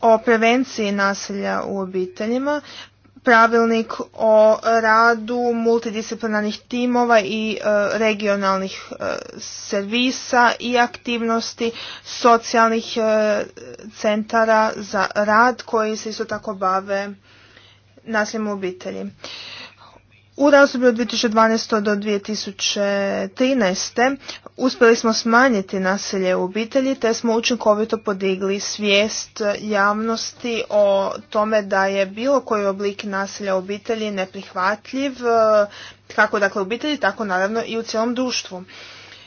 o prevenciji nasilja u obiteljima, pravilnik o radu multidisciplinarnih timova i e, regionalnih e, servisa i aktivnosti socijalnih e, centara za rad koji se isto tako bave nasiljem u obitelji. U razdoblju od 2012. do 2013. uspjeli smo smanjiti nasilje u obitelji te smo učinkovito podigli svijest javnosti o tome da je bilo koji oblik nasilja u obitelji neprihvatljiv, e, kako dakle u obitelji, tako naravno i u cijelom društvu.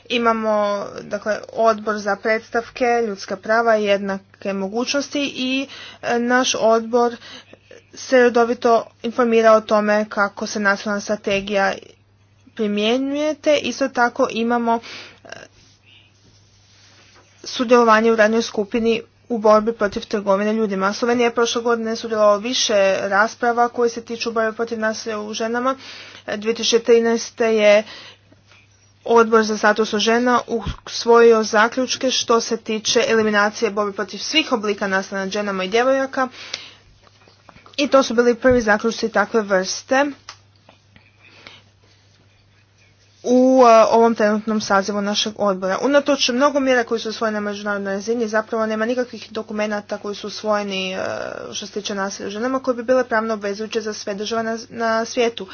Imamo dakle, odbor za predstavke, ljudska prava i jednake mogućnosti i e, naš odbor se redovito informira o tome kako se nacionalna strategija primjenjujete. Isto tako imamo eh, sudjelovanje u radnoj skupini u borbi protiv trgovine ljudima. Slovenija je prošle godine sudjelovao više rasprava koje se tiču borbe protiv nasilja u ženama. 2013. Eh, je Odbor za status žena usvojio zaključke što se tiče eliminacije borbe protiv svih oblika nasilja nad ženama i djevojaka i to su bili prvi zaključci takve vrste u e, ovom trenutnom sazivu našeg odbora. Unatoč mnogo mjera koji su usvojene na međunarodnoj razini, zapravo nema nikakvih dokumenata koji su usvojeni e, što se tiče nasilja ženama koji bi bile pravno obvezujuće za sve države na, svijetu.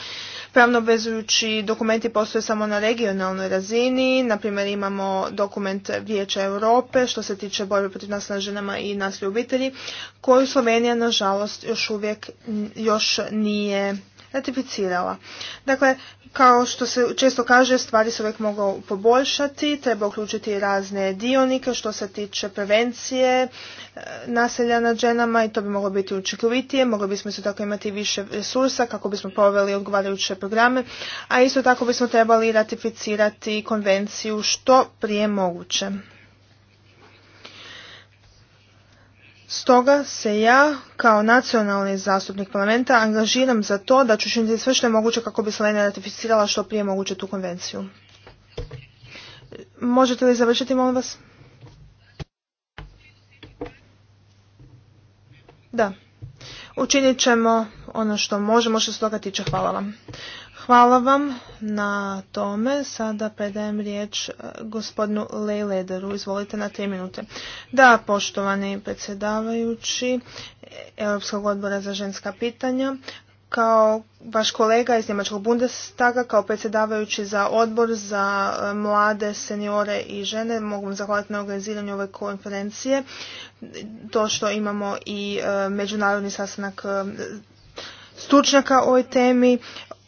Pravno obvezujući dokumenti postoje samo na regionalnoj razini, na primjer imamo dokument Vijeća Europe što se tiče borbe protiv nasilja ženama i nasilja u obitelji, koju Slovenija nažalost još uvijek još nije ratificirala. Dakle, kao što se često kaže, stvari se uvijek mogu poboljšati, treba uključiti razne dionike što se tiče prevencije e, naselja nad ženama i to bi moglo biti učinkovitije, mogli bismo isto tako imati više resursa kako bismo proveli odgovarajuće programe, a isto tako bismo trebali ratificirati konvenciju što prije moguće. Stoga se ja kao nacionalni zastupnik parlamenta angažiram za to da ću učiniti sve što je moguće kako bi Slovenija ratificirala što prije moguće tu konvenciju. Možete li završiti, molim vas? Da. Učinit ćemo ono što možemo što se toga tiče. Hvala vam. Hvala vam na tome. Sada predajem riječ e, gospodinu Lejlederu. Izvolite na tri minute. Da, poštovani predsjedavajući Europskog odbora za ženska pitanja, kao vaš kolega iz Njemačkog Bundestaga, kao predsjedavajući za odbor za e, mlade, seniore i žene, mogu vam zahvaliti na organiziranju ove konferencije. To što imamo i e, međunarodni sastanak stručnjaka o ovoj temi,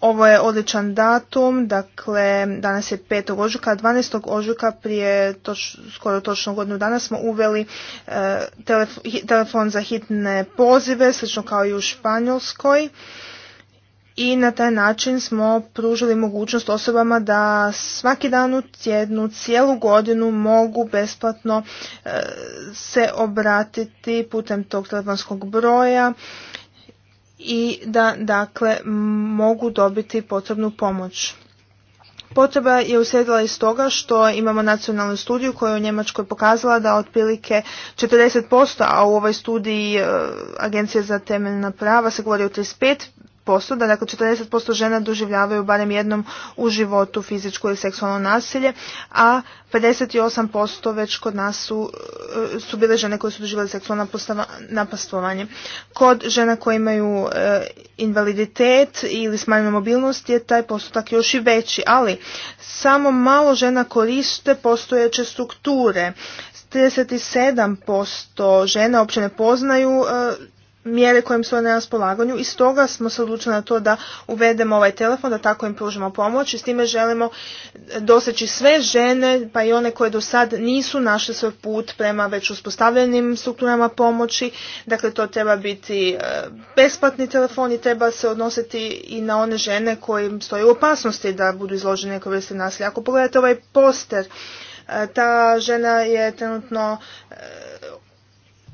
ovo je odličan datum, dakle danas je 5. ožujka, 12. ožujka prije toč, skoro točno godinu dana smo uveli e, telefon za hitne pozive, slično kao i u Španjolskoj i na taj način smo pružili mogućnost osobama da svaki dan u tjednu, cijelu godinu mogu besplatno e, se obratiti putem tog telefonskog broja i da dakle mogu dobiti potrebnu pomoć. Potreba je uslijedila iz toga što imamo nacionalnu studiju koja je u Njemačkoj pokazala da otprilike 40%, a u ovoj studiji e, Agencije za temeljna prava se govori o 40%, da dakle 40% žena doživljavaju barem jednom u životu fizičko ili seksualno nasilje, a 58% već kod nas su, e, su bile žene koje su doživjele seksualno napastovanje. Kod žena koje imaju e, invaliditet ili smanjenu mobilnost je taj postotak još i veći, ali samo malo žena koriste postojeće strukture. 37% žena uopće ne poznaju e, mjere kojim su na raspolaganju i stoga smo se odlučili na to da uvedemo ovaj telefon, da tako im pružimo pomoć i s time želimo doseći sve žene pa i one koje do sad nisu našle svoj put prema već uspostavljenim strukturama pomoći. Dakle, to treba biti e, besplatni telefon i treba se odnositi i na one žene koje stoje u opasnosti da budu izložene nekoj vrste nasilja. Ako pogledate ovaj poster, e, ta žena je trenutno e,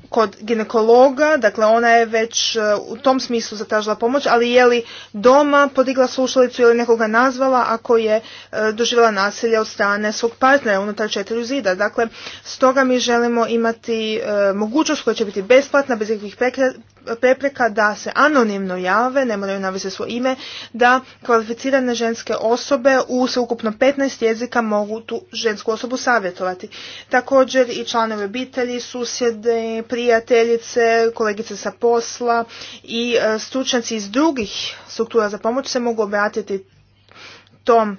kod ginekologa, dakle ona je već e, u tom smislu zatražila pomoć, ali je li doma podigla slušalicu ili nekoga nazvala ako je e, doživjela nasilje od strane svog partnera unutar četiri zida. Dakle, stoga mi želimo imati e, mogućnost koja će biti besplatna, bez ikakvih prepreka da se anonimno jave, ne moraju navesti svoje ime, da kvalificirane ženske osobe u sveukupno 15 jezika mogu tu žensku osobu savjetovati. Također i članovi obitelji, susjede, prijateljice, kolegice sa posla i e, stručnjaci iz drugih struktura za pomoć se mogu obratiti tom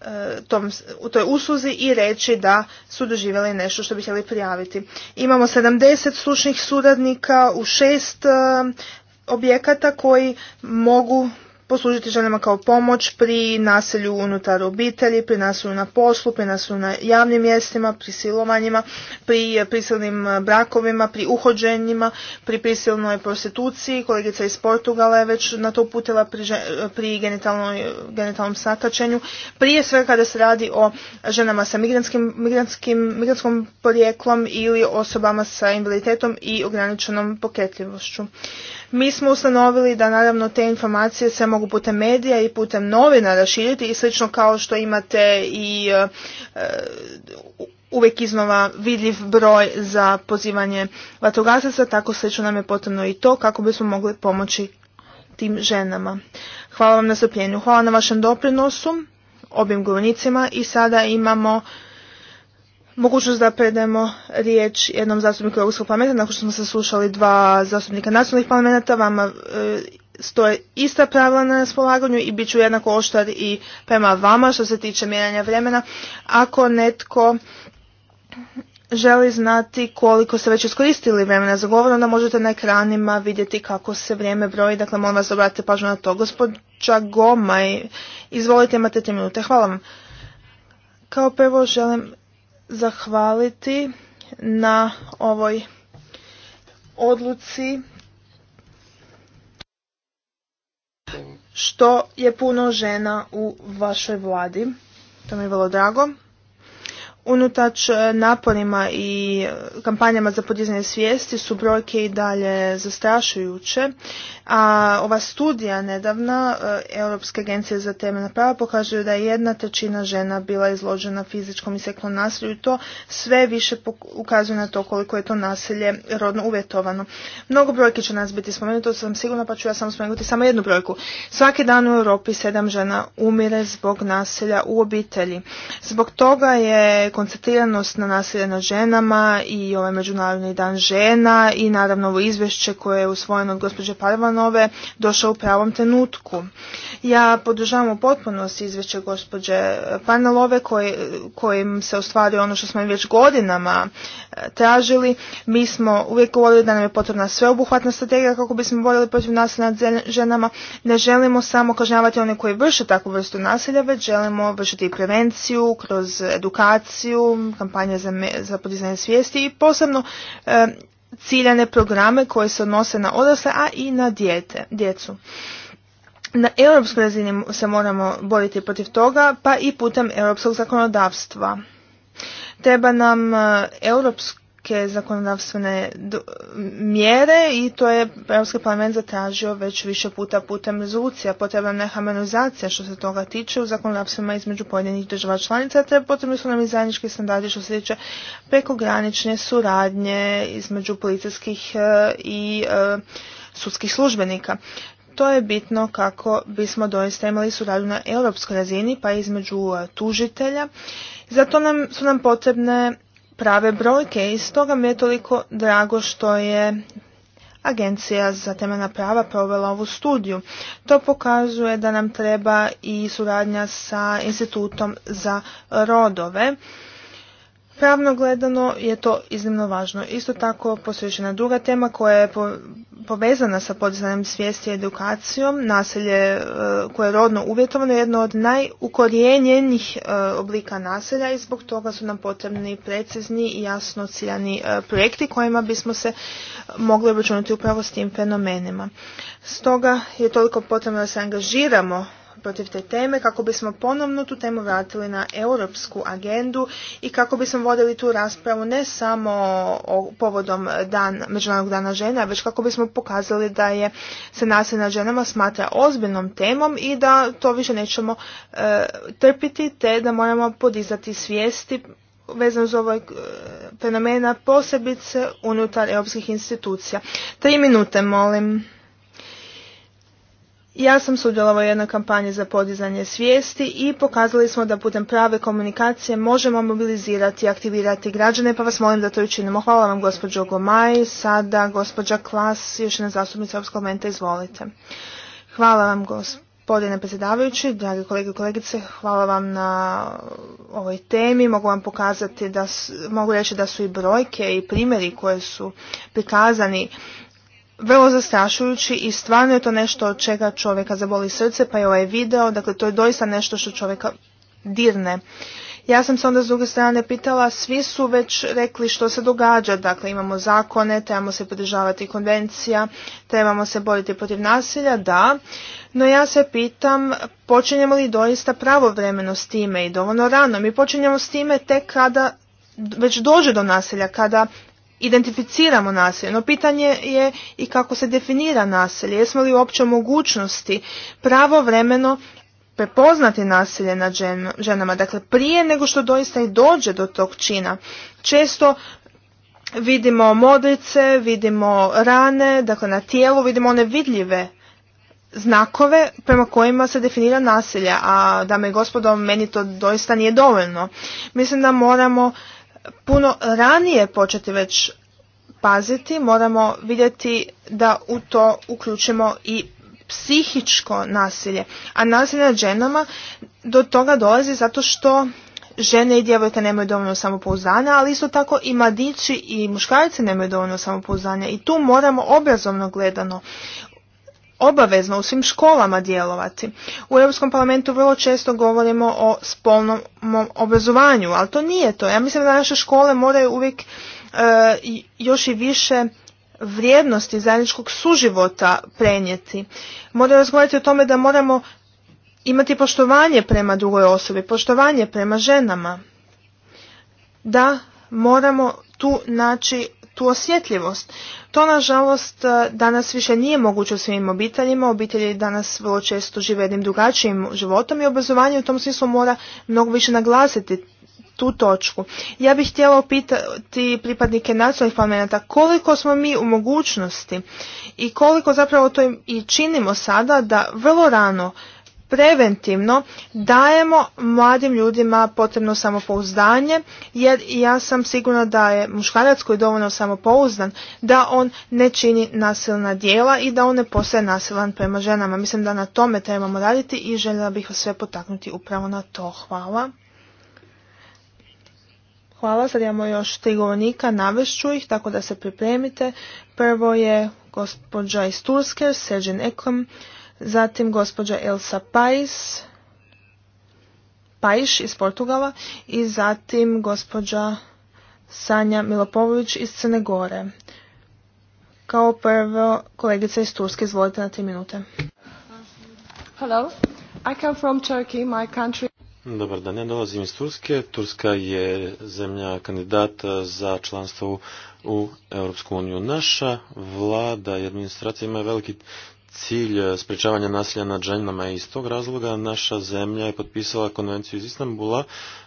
e, tom, u toj usluzi i reći da su doživjeli nešto što bi htjeli prijaviti. Imamo 70 stručnih suradnika u šest e, objekata koji mogu poslužiti ženama kao pomoć pri nasilju unutar obitelji, pri nasilju na poslu, pri nasilju na javnim mjestima, pri silovanjima, pri prisilnim eh, brakovima, pri uhođenjima, pri prisilnoj prostituciji. Kolegica iz Portugala je već na to uputila pri, pri genitalnom sakačenju. Prije svega kada se radi o ženama sa migranskim, migranskim, migrantskom porijeklom ili osobama sa invaliditetom i ograničenom pokretljivošću. Mi smo ustanovili da naravno te informacije se mogu putem medija i putem novina raširiti i slično kao što imate i uvek e, uvijek iznova vidljiv broj za pozivanje vatrogasaca, tako slično nam je potrebno i to kako bismo mogli pomoći tim ženama. Hvala vam na strpljenju, hvala na vašem doprinosu, obim govornicima i sada imamo mogućnost da predemo riječ jednom zastupniku Europskog parlamenta, nakon što smo saslušali dva zastupnika nacionalnih parlamenta, vama e, stoje ista pravila na raspolaganju i bit ću jednako oštar i prema vama što se tiče mijenjanja vremena. Ako netko želi znati koliko ste već iskoristili vremena za govor, onda možete na ekranima vidjeti kako se vrijeme broji. Dakle, molim vas da obratite pažnju na to. Gospođa Gomaj, izvolite, imate tri minute. Hvala vam. Kao prvo želim zahvaliti na ovoj odluci što je puno žena u vašoj vladi. To mi je vrlo drago. Unutač e, naporima i e, kampanjama za podizanje svijesti su brojke i dalje zastrašujuće, a ova studija nedavna e, Europske agencije za temeljna prava pokazuje da je jedna trećina žena bila izložena fizičkom i seksualnom nasilju i to sve više ukazuje na to koliko je to nasilje rodno uvjetovano. Mnogo brojke će nas biti spomenuto, to sam sigurna, pa ću ja samo spomenuti samo jednu brojku. Svaki dan u Europi sedam žena umire zbog nasilja u obitelji. Zbog toga je koncentriranost na nasilje nad ženama i ovaj Međunarodni dan žena i naravno ovo izvješće koje je usvojeno od gospođe Parvanove došao u pravom trenutku. Ja podržavam u potpunosti izvješće gospođe Parvanove kojim se ostvaruje ono što smo već godinama e, tražili. Mi smo uvijek govorili da nam je potrebna sveobuhvatna strategija kako bismo borili protiv nasilja nad ženama. Ne želimo samo kažnjavati one koji vrše takvu vrstu nasilja, već želimo vršiti i prevenciju kroz edukaciju edukaciju, kampanje za, za podizanje svijesti i posebno e, ciljane programe koje se odnose na odrasle, a i na djecu. Na europskoj razini se moramo boriti protiv toga, pa i putem europskog zakonodavstva. Treba nam e, europsko neke zakonodavstvene mjere i to je Europski parlament zatražio već više puta putem rezolucija. Potrebna je harmonizacija što se toga tiče u zakonodavstvima između pojedinih država članica, te potrebni su nam i zajednički standardi što se tiče prekogranične suradnje između policijskih e, i e, sudskih službenika. To je bitno kako bismo doista imali suradnju na europskoj razini pa između e, tužitelja. Zato nam, su nam potrebne prave brojke i stoga mi je toliko drago što je Agencija za temeljna prava provela ovu studiju. To pokazuje da nam treba i suradnja sa Institutom za rodove Pravno gledano je to iznimno važno. Isto tako posvećena druga tema koja je povezana sa podizanjem svijesti i edukacijom. Naselje e, koje je rodno uvjetovano jedno od najukorijenjenih e, oblika naselja i zbog toga su nam potrebni precizni i jasno ciljani e, projekti kojima bismo se mogli obračunati upravo s tim fenomenima. Stoga je toliko potrebno da se angažiramo protiv te teme kako bismo ponovno tu temu vratili na europsku agendu i kako bismo vodili tu raspravu ne samo o povodom dan, Međunarodnog dana žena, već kako bismo pokazali da je se nasilje nad ženama smatra ozbiljnom temom i da to više nećemo e, trpiti te da moramo podizati svijesti vezano uz ovaj e, fenomena posebice unutar europskih institucija. Tri minute, molim. Ja sam sudjelovao u jednoj kampanji za podizanje svijesti i pokazali smo da putem prave komunikacije možemo mobilizirati i aktivirati građane, pa vas molim da to učinimo. Hvala vam gospođo Gomaj, sada gospođa Klas, još jedna zastupnica Europskog izvolite. Hvala vam gospodine predsjedavajući, dragi kolege i kolegice, hvala vam na ovoj temi. Mogu vam pokazati da, mogu reći da su i brojke i primjeri koje su prikazani vrlo zastrašujući i stvarno je to nešto od čega čovjeka zaboli srce, pa je ovaj video, dakle to je doista nešto što čovjeka dirne. Ja sam se onda s druge strane pitala, svi su već rekli što se događa, dakle imamo zakone, trebamo se podržavati konvencija, trebamo se boriti protiv nasilja, da, no ja se pitam počinjemo li doista pravovremeno s time i dovoljno rano. Mi počinjemo s time tek kada već dođe do nasilja, kada identificiramo nasilje, no pitanje je i kako se definira nasilje, jesmo li uopće mogućnosti pravovremeno prepoznati nasilje nad ženama, dakle prije nego što doista i dođe do tog čina. Često vidimo modrice, vidimo rane, dakle na tijelu vidimo one vidljive znakove prema kojima se definira nasilje, a dame i gospodo, meni to doista nije dovoljno. Mislim da moramo puno ranije početi već paziti, moramo vidjeti da u to uključimo i psihičko nasilje. A nasilje nad ženama do toga dolazi zato što žene i djevojke nemaju dovoljno samopouzdanja, ali isto tako i mladići i muškarci nemaju dovoljno samopouzdanja i tu moramo obrazovno gledano obavezno u svim školama djelovati. U Europskom parlamentu vrlo često govorimo o spolnom obrazovanju, ali to nije to. Ja mislim da naše škole moraju uvijek e, još i više vrijednosti zajedničkog suživota prenijeti. Moraju razgovarati o tome da moramo imati poštovanje prema drugoj osobi, poštovanje prema ženama. Da, moramo tu naći tu osjetljivost. To nažalost e, danas više nije moguće u svim obiteljima, obitelji danas vrlo često žive jednim drugačijim životom i obrazovanje u tom smislu mora mnogo više naglasiti tu točku. Ja bih htjela opitati pripadnike nacionalnih parlamenta koliko smo mi u mogućnosti i koliko zapravo to i činimo sada da vrlo rano preventivno dajemo mladim ljudima potrebno samopouzdanje jer ja sam sigurna da je muškarac koji je dovoljno samopouzdan da on ne čini nasilna djela i da on ne postaje nasilan prema ženama. Mislim da na tome trebamo raditi i željela bih vas sve potaknuti upravo na to. Hvala. Hvala, sad imamo još tri govornika, navešću ih, tako da se pripremite. Prvo je gospođa iz Turske, Serđen Ekrem. Zatim gospođa Elsa Pais, Pais iz Portugala i zatim gospođa Sanja Milopović iz Crne Gore. Kao prvo kolegica iz Turske, izvolite na tri minute. Hello, I come from Turkey, my country. Dobar dan, ja dolazim iz Turske. Turska je zemlja kandidata za članstvo u Europsku uniju. Naša vlada i administracija ima veliki cilj eh, sprečavanja nasilja nad ženama iz tog razloga naša zemlja je potpisala konvenciju iz Istanbula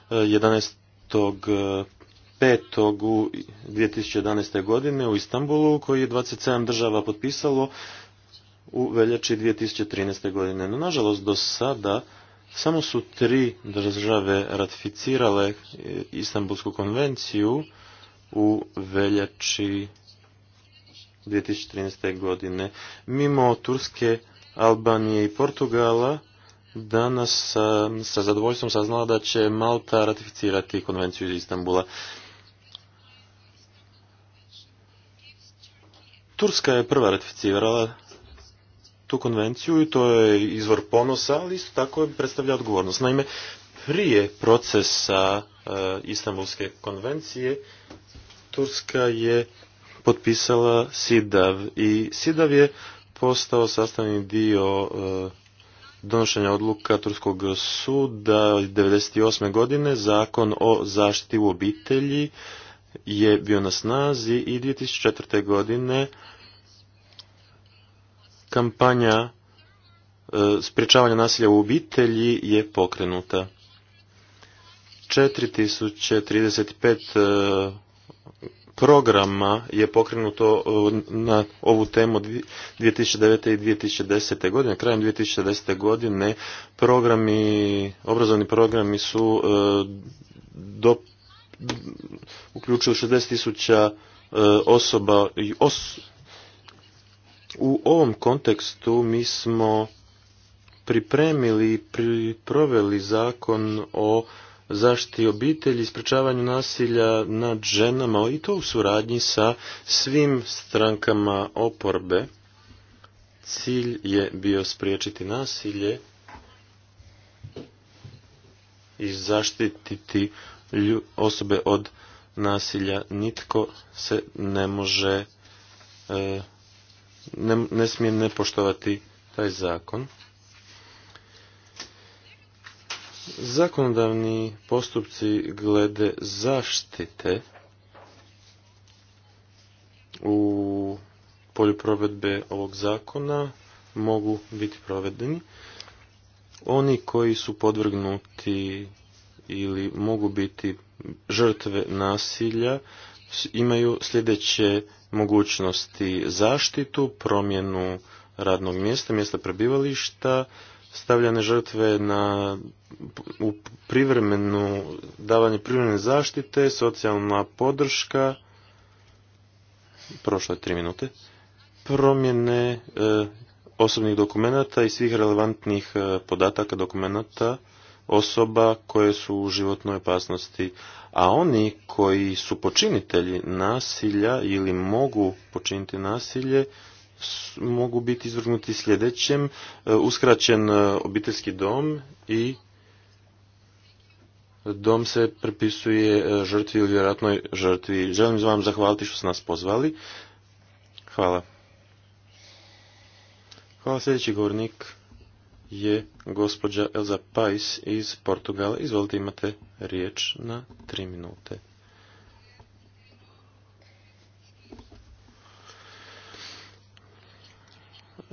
11.5.2011. Eh, eh, godine u Istanbulu koji je 27 država potpisalo u veljači 2013. godine. No, nažalost, do sada samo su tri države ratificirale Istanbulsku konvenciju u veljači 2013. godine. Mimo Turske, Albanije i Portugala, danas sa zadovoljstvom saznala da će Malta ratificirati konvenciju iz Istambula. Turska je prva ratificirala tu konvenciju i to je izvor ponosa, ali isto tako predstavlja odgovornost. Naime, prije procesa e, Istambulske Istanbulske konvencije Turska je potpisala SIDAV i SIDAV je postao sastavni dio e, donošenja odluka Turskog suda 1998. godine zakon o zaštiti u obitelji je bio na snazi i 2004. godine kampanja e, sprječavanja nasilja u obitelji je pokrenuta. 4035 programa je pokrenuto e, na ovu temu 2009. i 2010. godine. Krajem 2010. godine programi, obrazovni programi su e, do, uključuju 60 tisuća e, osoba u ovom kontekstu mi smo pripremili i proveli zakon o zaštiti obitelji, sprečavanju nasilja nad ženama i to u suradnji sa svim strankama oporbe. Cilj je bio spriječiti nasilje i zaštititi osobe od nasilja. Nitko se ne može, e, ne, ne smije ne poštovati taj zakon. Zakonodavni postupci glede zaštite u polju provedbe ovog zakona mogu biti provedeni. Oni koji su podvrgnuti ili mogu biti žrtve nasilja imaju sljedeće mogućnosti zaštitu, promjenu radnog mjesta, mjesta prebivališta, stavljane žrtve na u privremenu davanje privremene zaštite, socijalna podrška prošle tri minute promjene e, osobnih dokumenata i svih relevantnih e, podataka dokumenata osoba koje su u životnoj opasnosti, a oni koji su počinitelji nasilja ili mogu počiniti nasilje mogu biti izvrgnuti sljedećem, e, uskraćen e, obiteljski dom i dom se prepisuje e, žrtvi ili vjerojatnoj žrtvi. Želim vam zahvaliti što ste nas pozvali. Hvala. Hvala sljedeći govornik je gospođa Elza Pais iz Portugala. Izvolite imate riječ na tri minute.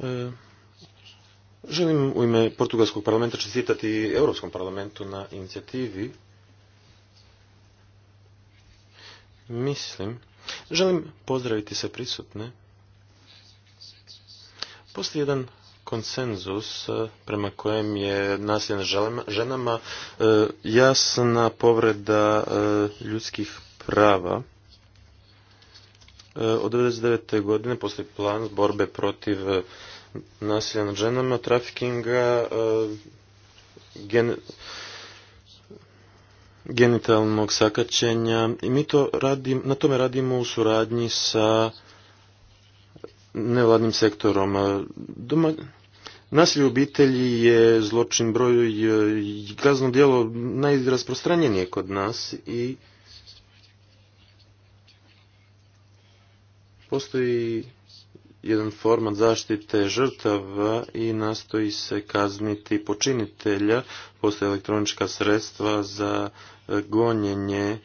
E, želim u ime Portugalskog parlamenta čestitati Europskom parlamentu na inicijativi. Mislim, želim pozdraviti sve prisutne. Postoji jedan konsenzus e, prema kojem je nasilje ženama e, jasna povreda ljudskih prava od 1999. godine postoji plan borbe protiv e, nasilja na ženama, trafikinga, e, genitalnog sakaćenja i mi to radim, na tome radimo u suradnji sa nevladnim sektorom. Doma, nasilje u obitelji je zločin broj e, kazno djelo najrasprostranjenije kod nas i Postoji jedan format zaštite žrtava i nastoji se kazniti počinitelja. Postoje elektronička sredstva za e, gonjenje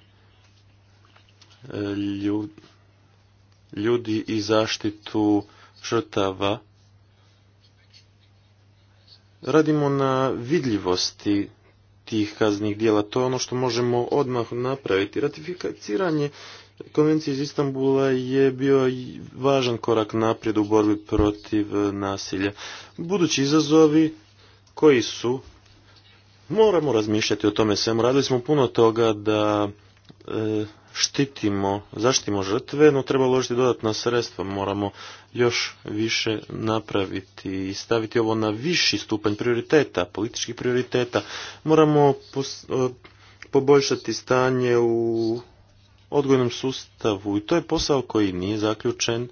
e, ljudi i zaštitu žrtava. Radimo na vidljivosti tih kaznih dijela. To je ono što možemo odmah napraviti. Ratifikaciranje Konvencija iz Istambula je bio važan korak naprijed u borbi protiv e, nasilja. Budući izazovi koji su, moramo razmišljati o tome svemu. Radili smo puno toga da e, štitimo, zaštitimo žrtve, no treba uložiti dodatna sredstva. Moramo još više napraviti i staviti ovo na viši stupanj prioriteta, političkih prioriteta. Moramo e, poboljšati stanje u odgojnom sustavu i to je posao koji nije zaključen,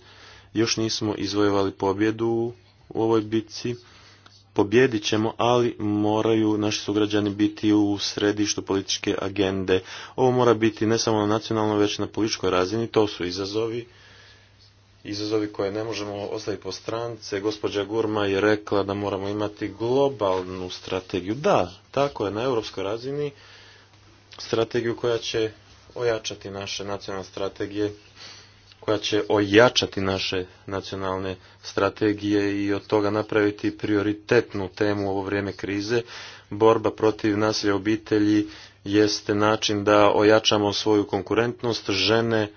još nismo izvojevali pobjedu u ovoj bitci, pobjedit ćemo, ali moraju naši sugrađani biti u središtu političke agende. Ovo mora biti ne samo na nacionalnoj, već na političkoj razini, to su izazovi izazovi koje ne možemo ostaviti po strance. Gospođa Gurma je rekla da moramo imati globalnu strategiju. Da, tako je, na europskoj razini strategiju koja će ojačati naše nacionalne strategije, koja će ojačati naše nacionalne strategije i od toga napraviti prioritetnu temu u ovo vrijeme krize. Borba protiv nasilja obitelji jeste način da ojačamo svoju konkurentnost. Žene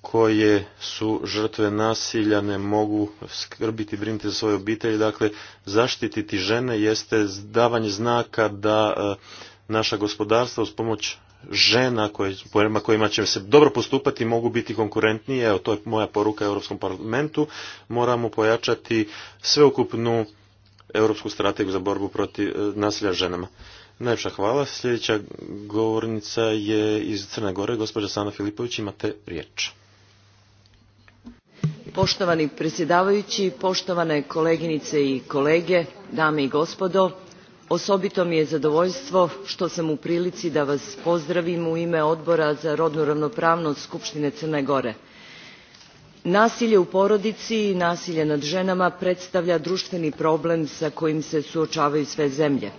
koje su žrtve nasilja ne mogu skrbiti, brinuti za svoje obitelji. Dakle, zaštititi žene jeste davanje znaka da e, naša gospodarstva uz pomoć žena prema kojima će se dobro postupati mogu biti konkurentnije, evo to je moja poruka Europskom parlamentu, moramo pojačati sveukupnu europsku strategiju za borbu protiv e, nasilja ženama. Najljepša hvala. Sljedeća govornica je iz Crne Gore, gospođa Sana Filipović, imate riječ. Poštovani predsjedavajući, poštovane koleginice i kolege, dame i gospodo, osobito mi je zadovoljstvo što sam u prilici da vas pozdravim u ime odbora za rodnu ravnopravnost skupštine crne gore nasilje u porodici i nasilje nad ženama predstavlja društveni problem sa kojim se suočavaju sve zemlje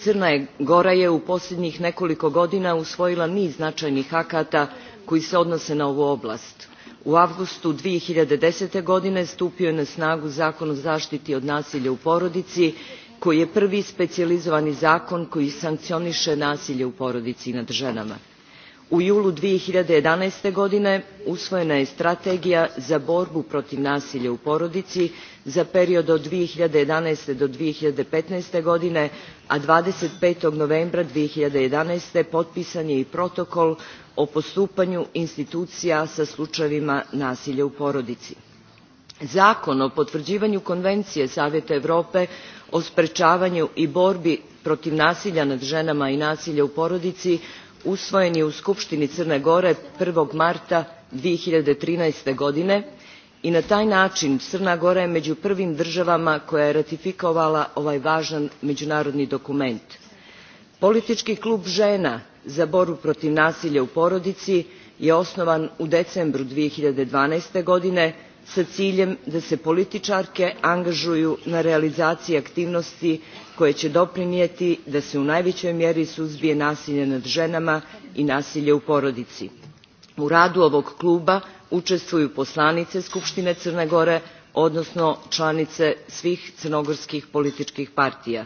crna gora je u posljednjih nekoliko godina usvojila niz značajnih akata koji se odnose na ovu oblast u avgustu. two thousand and godine stupio je na snagu zakon o zaštiti od nasilja u porodici koji je prvi specijalizovani zakon koji sankcioniše nasilje u porodici nad ženama. u julu. 2011. godine usvojena je strategija za borbu protiv nasilja u porodici za period od. 2011. do. 2015. godine a. 25. novembra. 2011. potpisan je i protokol o postupanju institucija sa slučajevima nasilja u porodici zakon o potvrđivanju konvencije savjeta europe o sprečavanju i borbi protiv nasilja nad ženama i nasilja u porodici usvojen je u skupštini crne gore. one marta. two thousand and thirteen godine i na taj način crna gora je među prvim državama koja je ratifikovala ovaj važan međunarodni dokument. politički klub žena za borbu protiv nasilja u porodici je osnovan u decembru. two thousand and godine sa ciljem da se političarke angažuju na realizaciji aktivnosti koje će doprinijeti da se u najvećoj mjeri suzbije nasilje nad ženama i nasilje u porodici. u radu ovog kluba učestvuju poslanice skupštine crne gore odnosno članice svih crnogorskih političkih partija.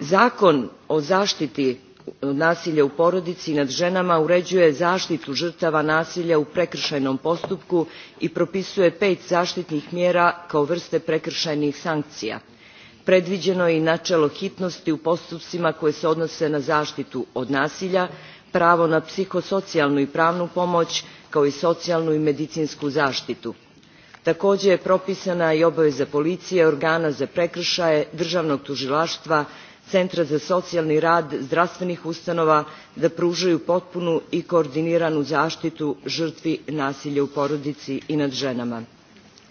zakon o zaštiti nasilje u porodici nad ženama uređuje zaštitu žrtava nasilja u prekršajnom postupku i propisuje pet zaštitnih mjera kao vrste prekršajnih sankcija. predviđeno je i načelo hitnosti u postupcima koje se odnose na zaštitu od nasilja pravo na psihosocijalnu i pravnu pomoć kao i socijalnu i medicinsku zaštitu. također je propisana i obaveza policije organa za prekršaje državnog tužilaštva centra za socijalni rad zdravstvenih ustanova da pružaju potpunu i koordiniranu zaštitu žrtvi nasilja u porodici i nad ženama.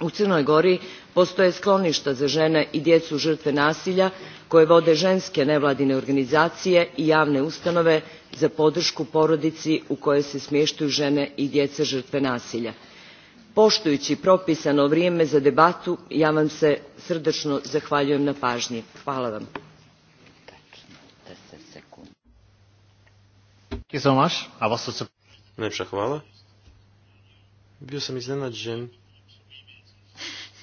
u crnoj gori postoje skloništa za žene i djecu žrtve nasilja koje vode ženske nevladine organizacije i javne ustanove za podršku porodici u kojoj se smještaju žene i djeca žrtve nasilja. poštujući propisano vrijeme za debatu ja vam se srdačno zahvaljujem na pažnji. hvala vam. Najpša hvala. Bio sam iznenađen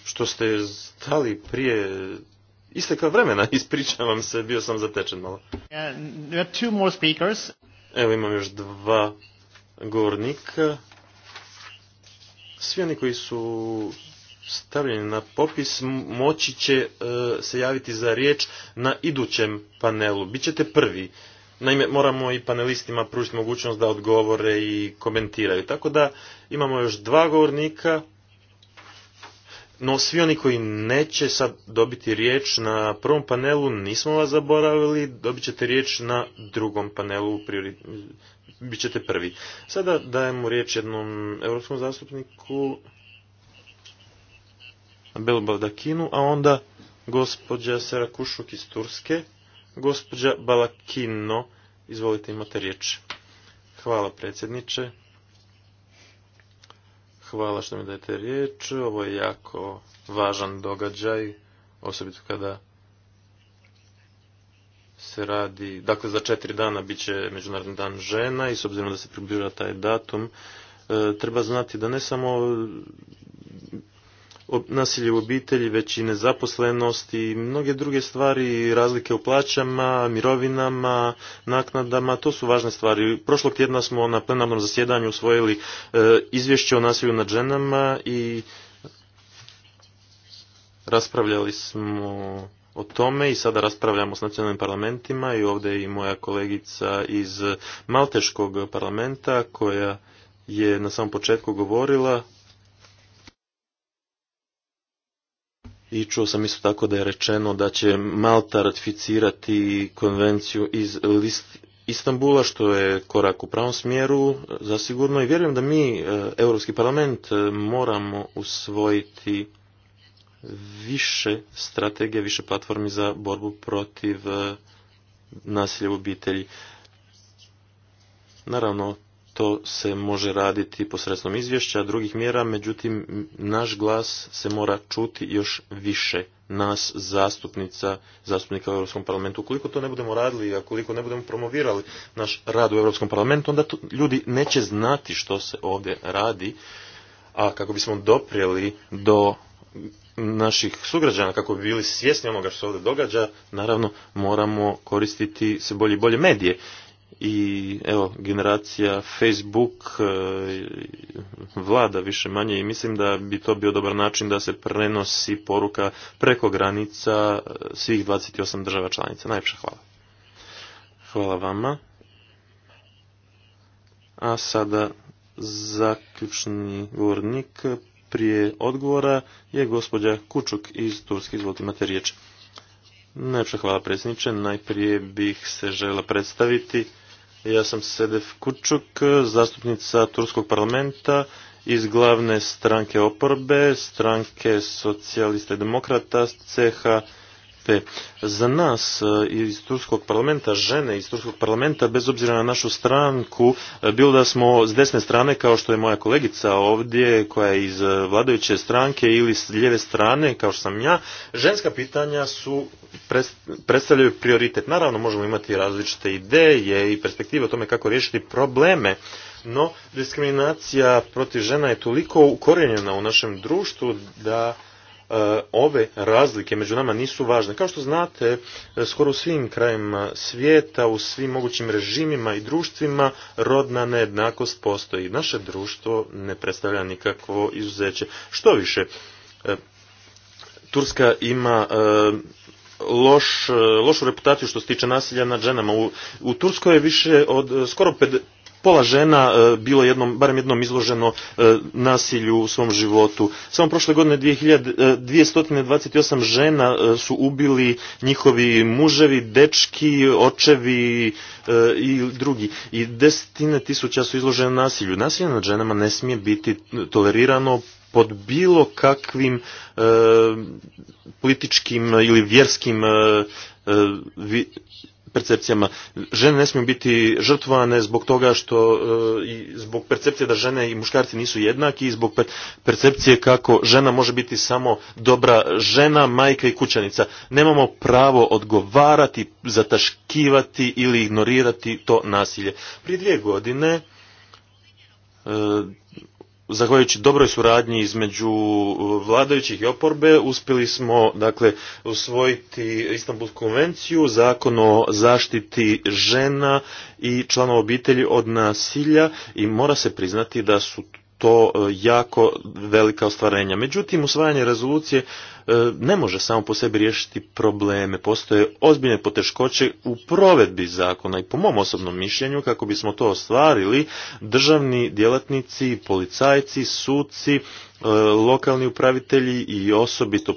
što ste stali prije isteka vremena. Ispričavam se, bio sam zatečen malo. Evo imam još dva govornika. Svi oni koji su stavljeni na popis moći će e, se javiti za riječ na idućem panelu. Bićete prvi. Naime, moramo i panelistima pružiti mogućnost da odgovore i komentiraju. Tako da imamo još dva govornika, no svi oni koji neće sad dobiti riječ na prvom panelu, nismo vas zaboravili, dobit ćete riječ na drugom panelu, priori... bit ćete prvi. Sada dajemo riječ jednom europskom zastupniku, Baldakinu, a onda gospođa Serakušuk iz Turske. Gospođa Balakino, izvolite imate riječ. Hvala predsjedniče. Hvala što mi dajete riječ. Ovo je jako važan događaj, osobito kada se radi, dakle za četiri dana bit će Međunarodni dan žena i s obzirom da se približava taj datum, e, treba znati da ne samo nasilje u obitelji, već i nezaposlenost i mnoge druge stvari, razlike u plaćama, mirovinama, naknadama, to su važne stvari. Prošlog tjedna smo na plenarnom zasjedanju usvojili e, izvješće o nasilju nad ženama i raspravljali smo o tome i sada raspravljamo s nacionalnim parlamentima i ovdje je i moja kolegica iz Malteškog parlamenta koja je na samom početku govorila I čuo sam isto tako da je rečeno da će Malta ratificirati konvenciju iz list, Istanbula, što je korak u pravom smjeru, zasigurno. I vjerujem da mi, e, Europski parlament, e, moramo usvojiti više strategije, više platformi za borbu protiv e, nasilja u obitelji. Naravno, to se može raditi posredstvom izvješća, drugih mjera, međutim naš glas se mora čuti još više nas zastupnica, zastupnika u Europskom parlamentu. Ukoliko to ne budemo radili, a koliko ne budemo promovirali naš rad u Europskom parlamentu, onda ljudi neće znati što se ovdje radi, a kako bismo doprijeli do naših sugrađana kako bi bili svjesni onoga što se ovdje događa, naravno moramo koristiti se bolje i bolje medije i evo generacija Facebook e, vlada više manje i mislim da bi to bio dobar način da se prenosi poruka preko granica e, svih 28 država članica. najviše hvala. Hvala vama. A sada zaključni govornik prije odgovora je gospođa Kučuk iz Turske. Izvolite imate Najpša hvala predsjedniče. Najprije bih se žela predstaviti. Ja sam Sedef Kučuk, zastupnica Turskog parlamenta iz glavne stranke oporbe, stranke socijalista i demokrata, ceha za nas eh, iz Turskog parlamenta, žene iz Turskog parlamenta, bez obzira na našu stranku, eh, bilo da smo s desne strane, kao što je moja kolegica ovdje, koja je iz eh, vladajuće stranke ili s lijeve strane, kao što sam ja, ženska pitanja su predstavljaju prioritet. Naravno, možemo imati različite ideje i perspektive o tome kako riješiti probleme, no diskriminacija protiv žena je toliko ukorenjena u našem društvu da E, ove razlike među nama nisu važne. Kao što znate, e, skoro u svim krajima svijeta, u svim mogućim režimima i društvima, rodna nejednakost postoji. Naše društvo ne predstavlja nikakvo izuzeće. Što više, e, Turska ima lošu reputaciju što se tiče nasilja nad ženama. U, Turskoj je više od skoro pola žena e, bilo jednom, barem jednom izloženo e, nasilju u svom životu. Samo prošle godine 2000, 228 e, žena su ubili njihovi muževi, dečki, očevi i drugi. I desetine tisuća su izložene nasilju. Nasilje nad ženama ne smije biti tolerirano pod bilo kakvim političkim ili vjerskim percepcijama. Žene ne smiju biti žrtvovane zbog toga što, e, zbog percepcije da žene i muškarci nisu jednaki i zbog percepcije kako žena može biti samo dobra žena, majka i kućanica. Nemamo pravo odgovarati, zataškivati ili ignorirati to nasilje. Prije dvije godine e, zahvaljujući dobroj suradnji između uh, vladajućih i oporbe uspjeli smo dakle usvojiti Istanbulsku konvenciju, zakon o zaštiti žena i članova obitelji od nasilja i mora se priznati da su to uh, jako velika ostvarenja. Međutim, usvajanje rezolucije E, ne može samo po sebi riješiti probleme. Postoje ozbiljne poteškoće u provedbi zakona i po mom osobnom mišljenju kako bismo to ostvarili državni djelatnici, policajci, suci, e, lokalni upravitelji i osobito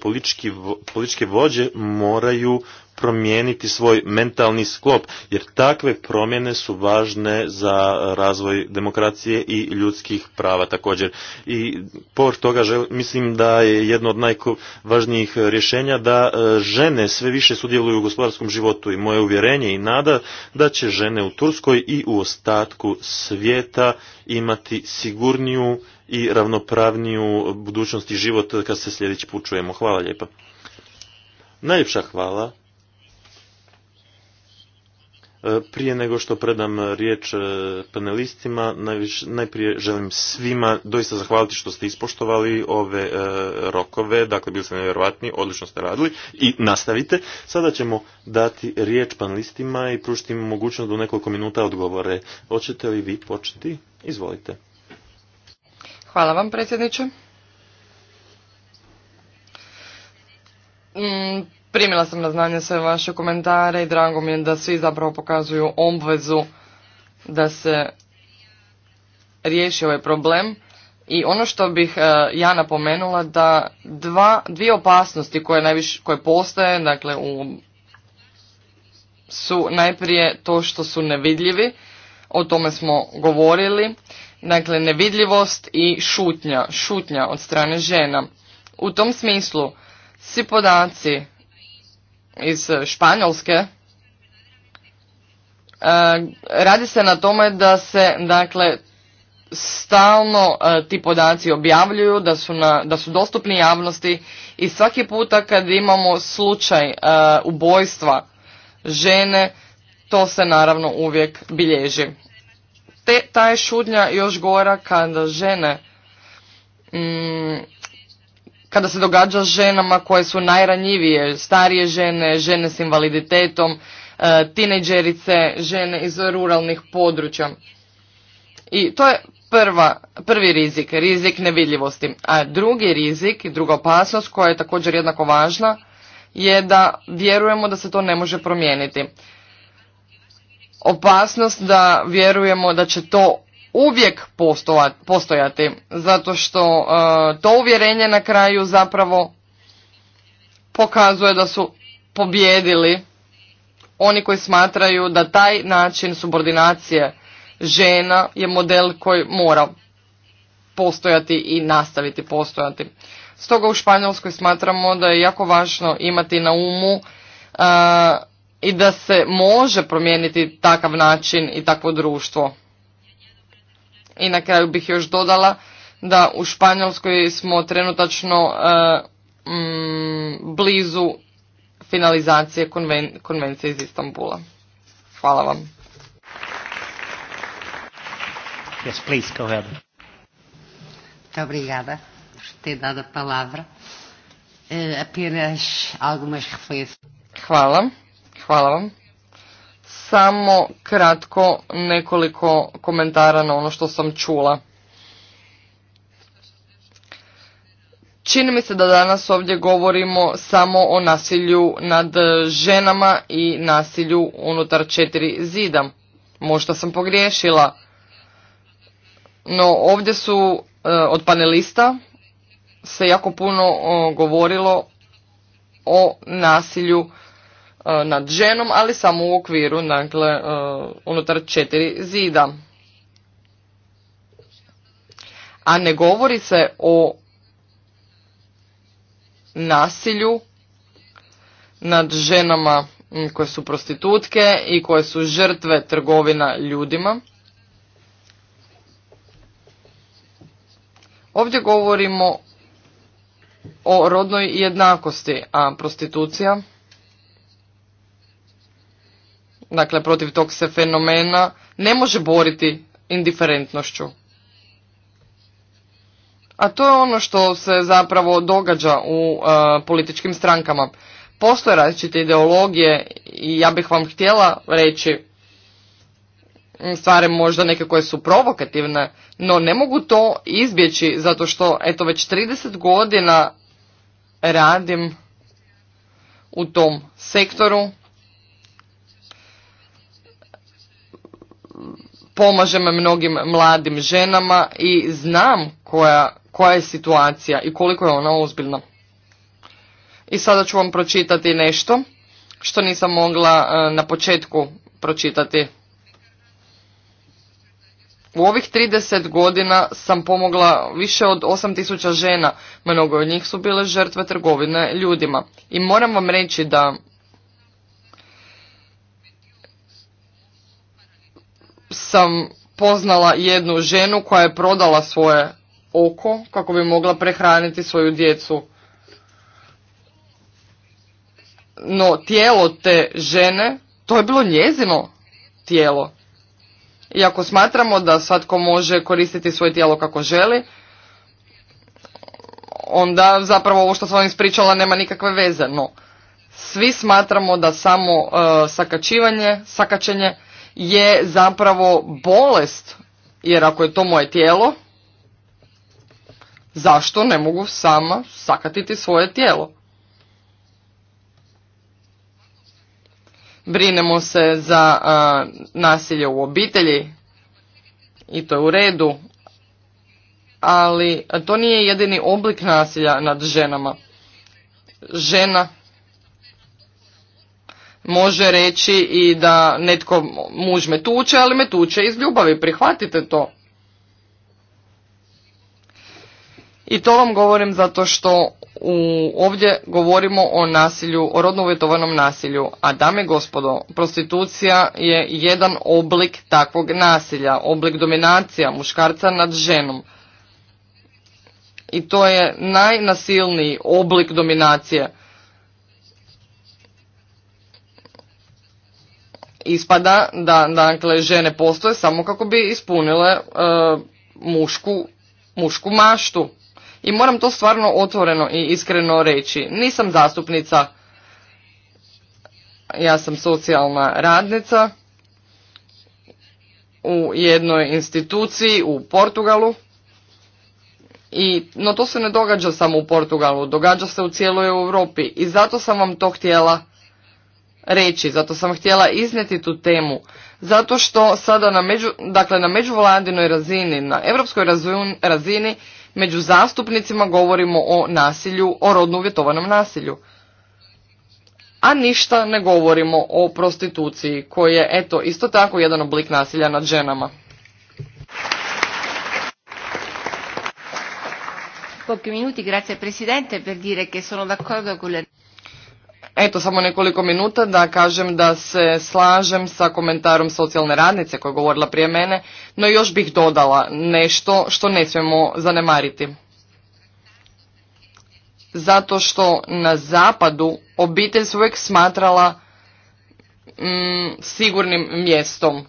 političke vođe moraju promijeniti svoj mentalni sklop, jer takve promjene su važne za razvoj demokracije i ljudskih prava također. I povrh toga mislim da je jedno od najvažnijih rješenja da e, žene sve više sudjeluju u gospodarskom životu i moje uvjerenje i nada da će žene u Turskoj i u ostatku svijeta imati sigurniju i ravnopravniju budućnost i život kad se sljedeći put čujemo. Hvala lijepa. Najljepša hvala. Prije nego što predam riječ e, panelistima, najprije želim svima doista zahvaliti što ste ispoštovali ove e, rokove, dakle bili ste nevjerojatni, odlično ste radili i nastavite. Sada ćemo dati riječ panelistima i pružiti im mogućnost da u nekoliko minuta odgovore. Hoćete li vi početi? Izvolite. Hvala vam predsjedniče. Mm, Primila sam na znanje sve vaše komentare i drago mi je da svi zapravo pokazuju obvezu da se riješi ovaj problem. I ono što bih e, ja napomenula da dva, dvije opasnosti koje, najviše, koje postoje dakle, u, su najprije to što su nevidljivi, o tome smo govorili, dakle nevidljivost i šutnja, šutnja od strane žena. U tom smislu, svi podaci iz Španjolske, e, radi se na tome da se dakle stalno e, ti podaci objavljuju, da su, na, da su dostupni javnosti i svaki puta kad imamo slučaj e, ubojstva žene, to se naravno uvijek bilježi. Te, ta je šudnja još gora kada žene mm, kada se događa ženama koje su najranjivije, starije žene, žene s invaliditetom, e, tineđerice, žene iz ruralnih područja. I to je prva, prvi rizik, rizik nevidljivosti. A drugi rizik i druga opasnost koja je također jednako važna je da vjerujemo da se to ne može promijeniti. Opasnost da vjerujemo da će to uvijek postojati zato što e, to uvjerenje na kraju zapravo pokazuje da su pobjedili oni koji smatraju da taj način subordinacije žena je model koji mora postojati i nastaviti postojati. Stoga u Španjolskoj smatramo da je jako važno imati na umu e, i da se može promijeniti takav način i takvo društvo. I na kraju bih još dodala da u Španjolskoj smo trenutačno e, m, mm, blizu finalizacije konven, konvencije iz Istambula. Hvala vam. Yes, please, go ahead. obrigada por ter dado a palavra. E, apenas algumas reflexões. Hvala. Hvala vam. Samo kratko nekoliko komentara na ono što sam čula. Čini mi se da danas ovdje govorimo samo o nasilju nad ženama i nasilju unutar četiri zida. Možda sam pogriješila. No ovdje su e, od panelista se jako puno govorilo o nasilju E, nad ženom, ali samo u okviru, dakle, e, unutar četiri zida. A ne govori se o nasilju nad ženama koje su prostitutke i koje su žrtve trgovina ljudima. Ovdje govorimo o rodnoj jednakosti, a prostitucija dakle protiv tog se fenomena ne može boriti indiferentnošću. A to je ono što se zapravo događa u e, političkim strankama. Postoje različite ideologije i ja bih vam htjela reći stvari možda neke koje su provokativne, no ne mogu to izbjeći zato što eto već 30 godina radim u tom sektoru pomažem mnogim mladim ženama i znam koja, koja je situacija i koliko je ona ozbiljna. I sada ću vam pročitati nešto što nisam mogla e, na početku pročitati. U ovih 30 godina sam pomogla više od 8000 žena, mnogo od njih su bile žrtve trgovine ljudima. I moram vam reći da sam poznala jednu ženu koja je prodala svoje oko kako bi mogla prehraniti svoju djecu. No tijelo te žene, to je bilo njezino tijelo. I ako smatramo da svatko može koristiti svoje tijelo kako želi, onda zapravo ovo što sam vam ispričala nema nikakve veze. No, svi smatramo da samo uh, sakačivanje, sakačenje je zapravo bolest, jer ako je to moje tijelo, zašto ne mogu sama sakatiti svoje tijelo? Brinemo se za nasilje u obitelji i to je u redu, ali to nije jedini oblik nasilja nad ženama. Žena može reći i da netko muž me tuče, ali me tuče iz ljubavi, prihvatite to. I to vam govorim zato što u, ovdje govorimo o nasilju, o rodno uvjetovanom nasilju. A dame i gospodo, prostitucija je jedan oblik takvog nasilja, oblik dominacija muškarca nad ženom. I to je najnasilniji oblik dominacije. ispada da dakle žene postoje samo kako bi ispunile e, mušku, mušku maštu. I moram to stvarno otvoreno i iskreno reći. Nisam zastupnica, ja sam socijalna radnica u jednoj instituciji u Portugalu. I, no to se ne događa samo u Portugalu, događa se u cijeloj Europi i zato sam vam to htjela reći, zato sam htjela iznijeti tu temu, zato što sada na, među, dakle, na međuvladinoj razini, na europskoj razini, među zastupnicima govorimo o nasilju, o rodno uvjetovanom nasilju. A ništa ne govorimo o prostituciji, koji je, eto, isto tako jedan oblik nasilja nad ženama. Pochi minuti, grazie Presidente, per dire che sono d'accordo con le... Eto, samo nekoliko minuta da kažem da se slažem sa komentarom socijalne radnice koja je govorila prije mene, no još bih dodala nešto što ne smijemo zanemariti. Zato što na zapadu obitelj se uvijek smatrala mm, sigurnim mjestom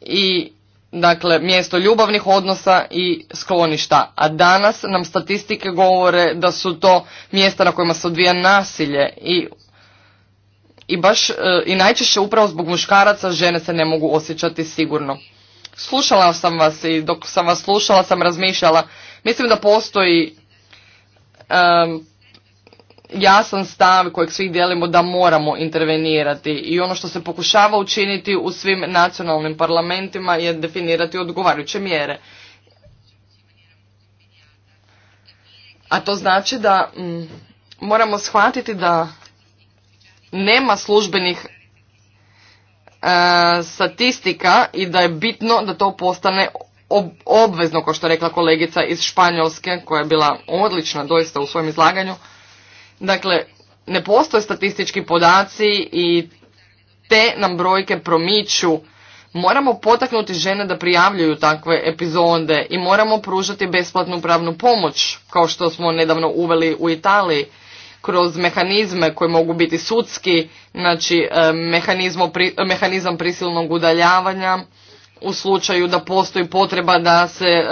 i dakle mjesto ljubavnih odnosa i skloništa. A danas nam statistike govore da su to mjesta na kojima se odvija nasilje i, i baš e, i najčešće upravo zbog muškaraca žene se ne mogu osjećati sigurno. Slušala sam vas i dok sam vas slušala sam razmišljala, mislim da postoji jasan stav kojeg svi dijelimo da moramo intervenirati i ono što se pokušava učiniti u svim nacionalnim parlamentima je definirati odgovarajuće mjere. A to znači da mm, moramo shvatiti da nema službenih e, statistika i da je bitno da to postane obvezno, kao što je rekla kolegica iz Španjolske, koja je bila odlična doista u svojem izlaganju, Dakle, ne postoje statistički podaci i te nam brojke promiču. Moramo potaknuti žene da prijavljuju takve epizode i moramo pružati besplatnu pravnu pomoć, kao što smo nedavno uveli u Italiji, kroz mehanizme koji mogu biti sudski, znači e, e, mehanizam prisilnog udaljavanja u slučaju da postoji potreba da se e,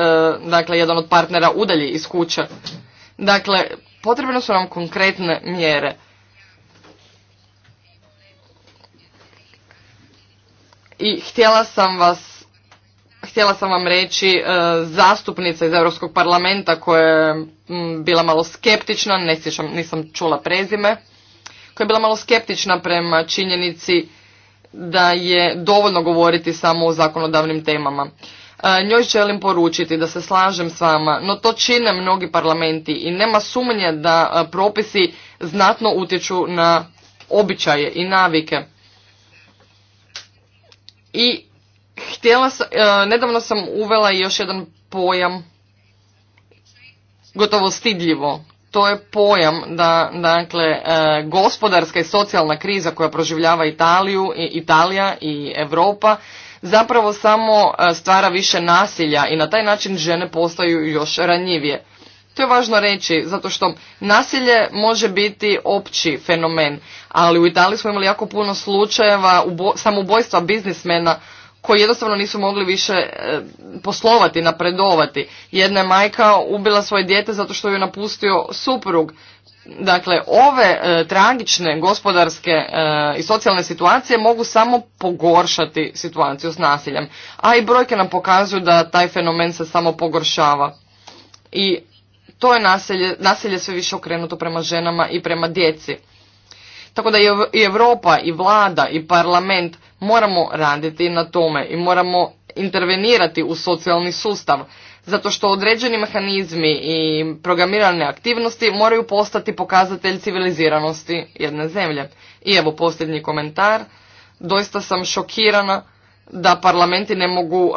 dakle, jedan od partnera udalji iz kuće. Dakle, Potrebne su nam konkretne mjere. I htjela sam vas, htjela sam vam reći e, zastupnica iz Europskog parlamenta koja je bila malo skeptična, ne sjećam, nisam čula prezime, koja je bila malo skeptična prema činjenici da je dovoljno govoriti samo o zakonodavnim temama. E, njoj želim poručiti da se slažem s vama, no to čine mnogi parlamenti i nema sumnje da e, propisi znatno utječu na običaje i navike. I htjela sam, e, nedavno sam uvela još jedan pojam, gotovo stidljivo, to je pojam da dakle gospodarska i socijalna kriza koja proživljava Italiju Italija i Europa zapravo samo e, stvara više nasilja i na taj način žene postaju još ranjivije. To je važno reći, zato što nasilje može biti opći fenomen, ali u Italiji smo imali jako puno slučajeva samoubojstva biznismena koji jednostavno nisu mogli više e, poslovati, napredovati. Jedna je majka ubila svoje dijete zato što ju je napustio suprug Dakle, ove e, tragične gospodarske e, i socijalne situacije mogu samo pogoršati situaciju s nasiljem. A i brojke nam pokazuju da taj fenomen se samo pogoršava. I to je nasilje, nasilje sve više okrenuto prema ženama i prema djeci. Tako da i Europa, i vlada, i parlament moramo raditi na tome i moramo intervenirati u socijalni sustav zato što određeni mehanizmi i programirane aktivnosti moraju postati pokazatelj civiliziranosti jedne zemlje. I evo posljednji komentar, doista sam šokirana da parlamenti ne mogu uh,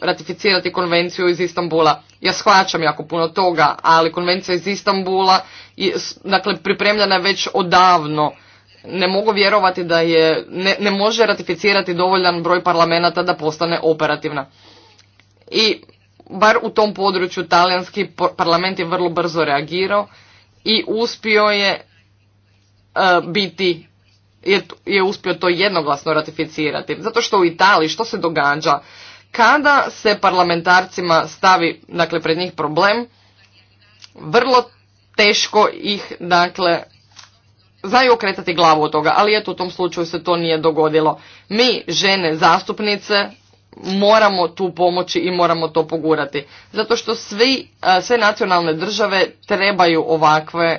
ratificirati konvenciju iz Istambula. Ja shvaćam jako puno toga, ali konvencija iz Istambula je dakle, pripremljena već odavno. Ne mogu vjerovati da je, ne, ne može ratificirati dovoljan broj parlamenta da postane operativna. I bar u tom području talijanski parlament je vrlo brzo reagirao i uspio je e, biti je, je uspio to jednoglasno ratificirati zato što u Italiji što se događa kada se parlamentarcima stavi dakle pred njih problem vrlo teško ih dakle znaju okretati glavu od toga ali eto u tom slučaju se to nije dogodilo mi žene zastupnice moramo tu pomoći i moramo to pogurati. Zato što svi, e, sve nacionalne države trebaju ovakve e,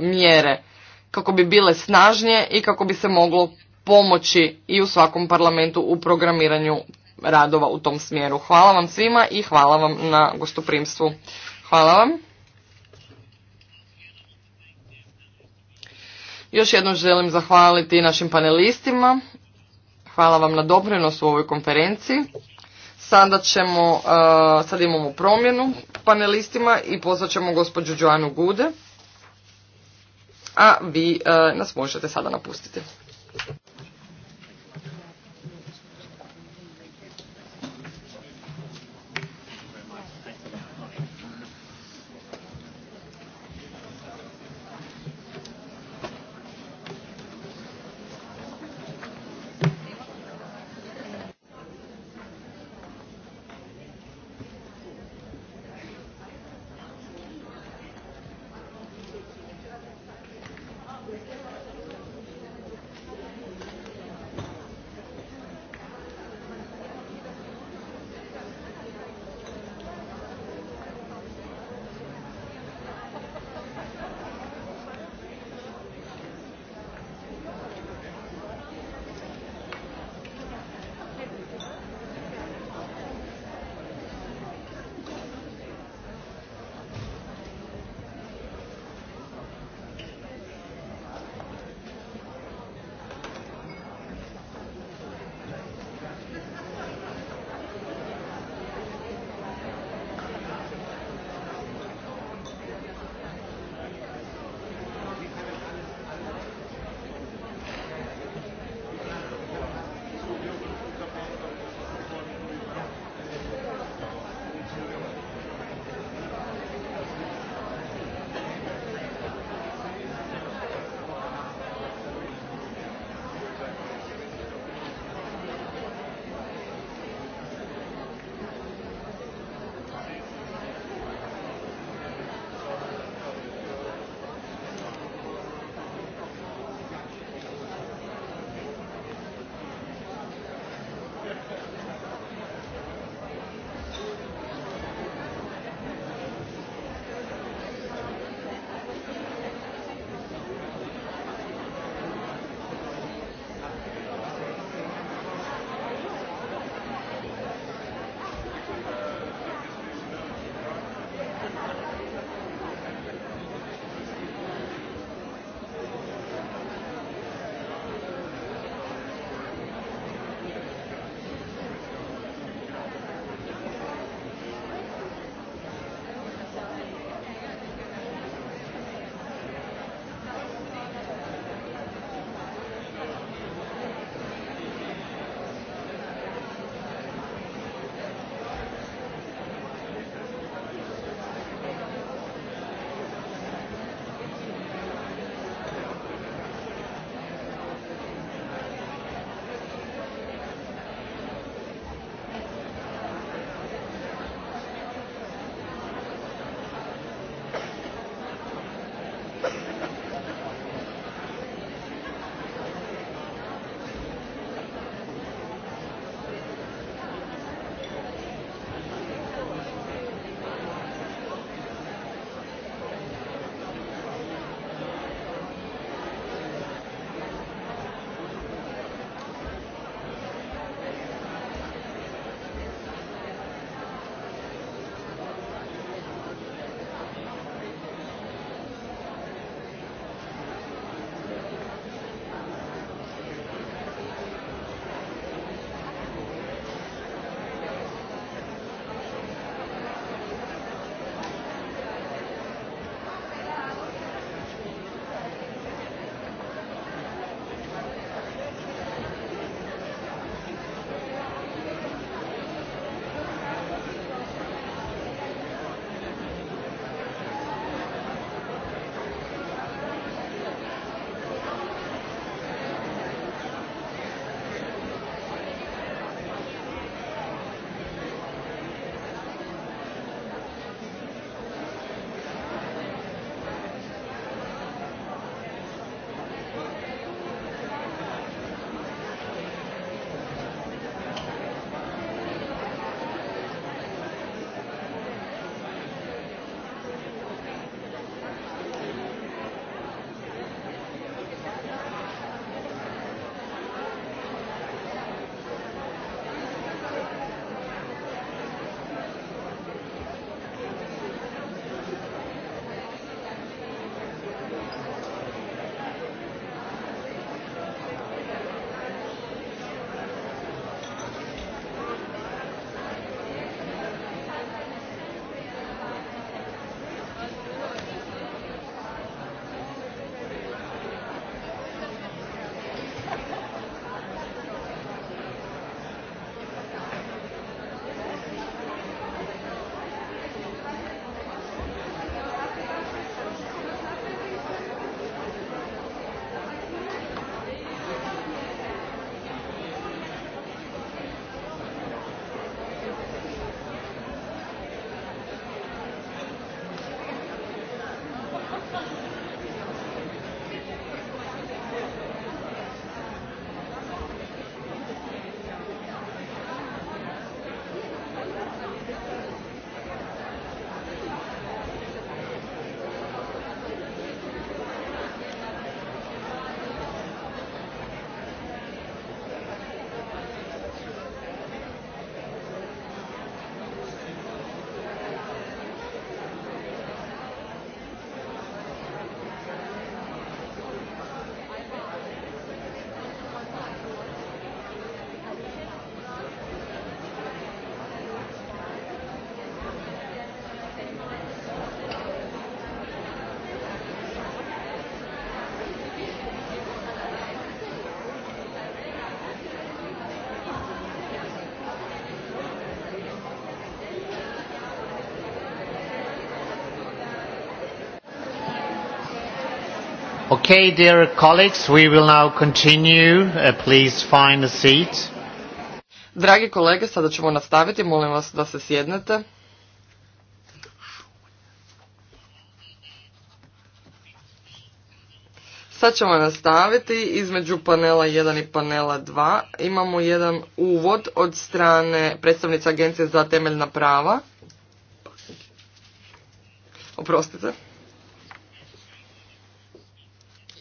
mjere kako bi bile snažnije i kako bi se moglo pomoći i u svakom parlamentu u programiranju radova u tom smjeru. Hvala vam svima i hvala vam na gostoprimstvu. Hvala vam. Još jednom želim zahvaliti našim panelistima. Hvala vam na doprinos u ovoj konferenciji. Sada ćemo, uh, sad imamo promjenu panelistima i pozvat ćemo gospođu Joanu Gude, a vi uh, nas možete sada napustiti. Okay, dear colleagues, we will now continue. Uh, please find a seat. Dragi kolege, sada ćemo nastaviti. Molim vas da se sjednete. Sad ćemo nastaviti. Između panela 1 i panela 2 imamo jedan uvod od strane predstavnice Agencije za temeljna prava. Oprostite.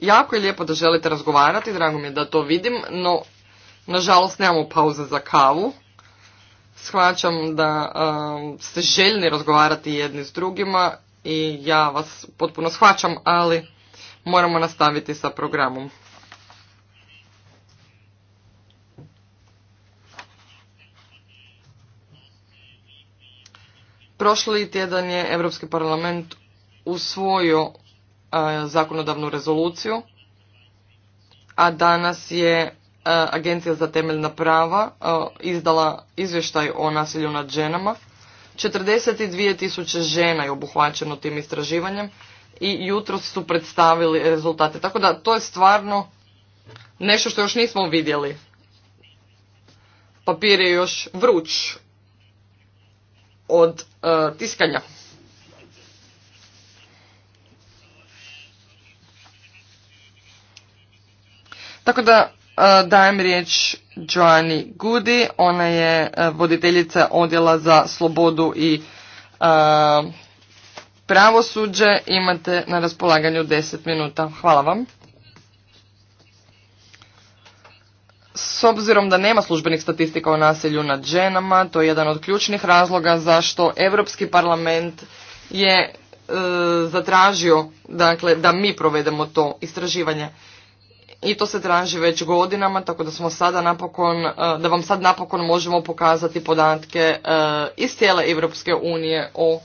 Jako je lijepo da želite razgovarati, drago mi je da to vidim, no nažalost nemamo pauze za kavu. Shvaćam da um, ste željni razgovarati jedni s drugima i ja vas potpuno shvaćam, ali moramo nastaviti sa programom. Prošli tjedan je Europski parlament usvojio zakonodavnu rezoluciju, a danas je e, Agencija za temeljna prava e, izdala izvještaj o nasilju nad ženama. 42 tisuće žena je obuhvaćeno tim istraživanjem i jutro su predstavili rezultate. Tako da to je stvarno nešto što još nismo vidjeli. Papir je još vruć od e, tiskanja. Tako da e, dajem riječ Joani Gudi, ona je e, voditeljica odjela za slobodu i e, pravosuđe. Imate na raspolaganju 10 minuta. Hvala vam. S obzirom da nema službenih statistika o nasilju nad ženama, to je jedan od ključnih razloga zašto Europski parlament je zatražio dakle, da mi provedemo to istraživanje i to se traži već godinama, tako da smo sada napokon, e, da vam sad napokon možemo pokazati podatke e, iz cijele Evropske unije o,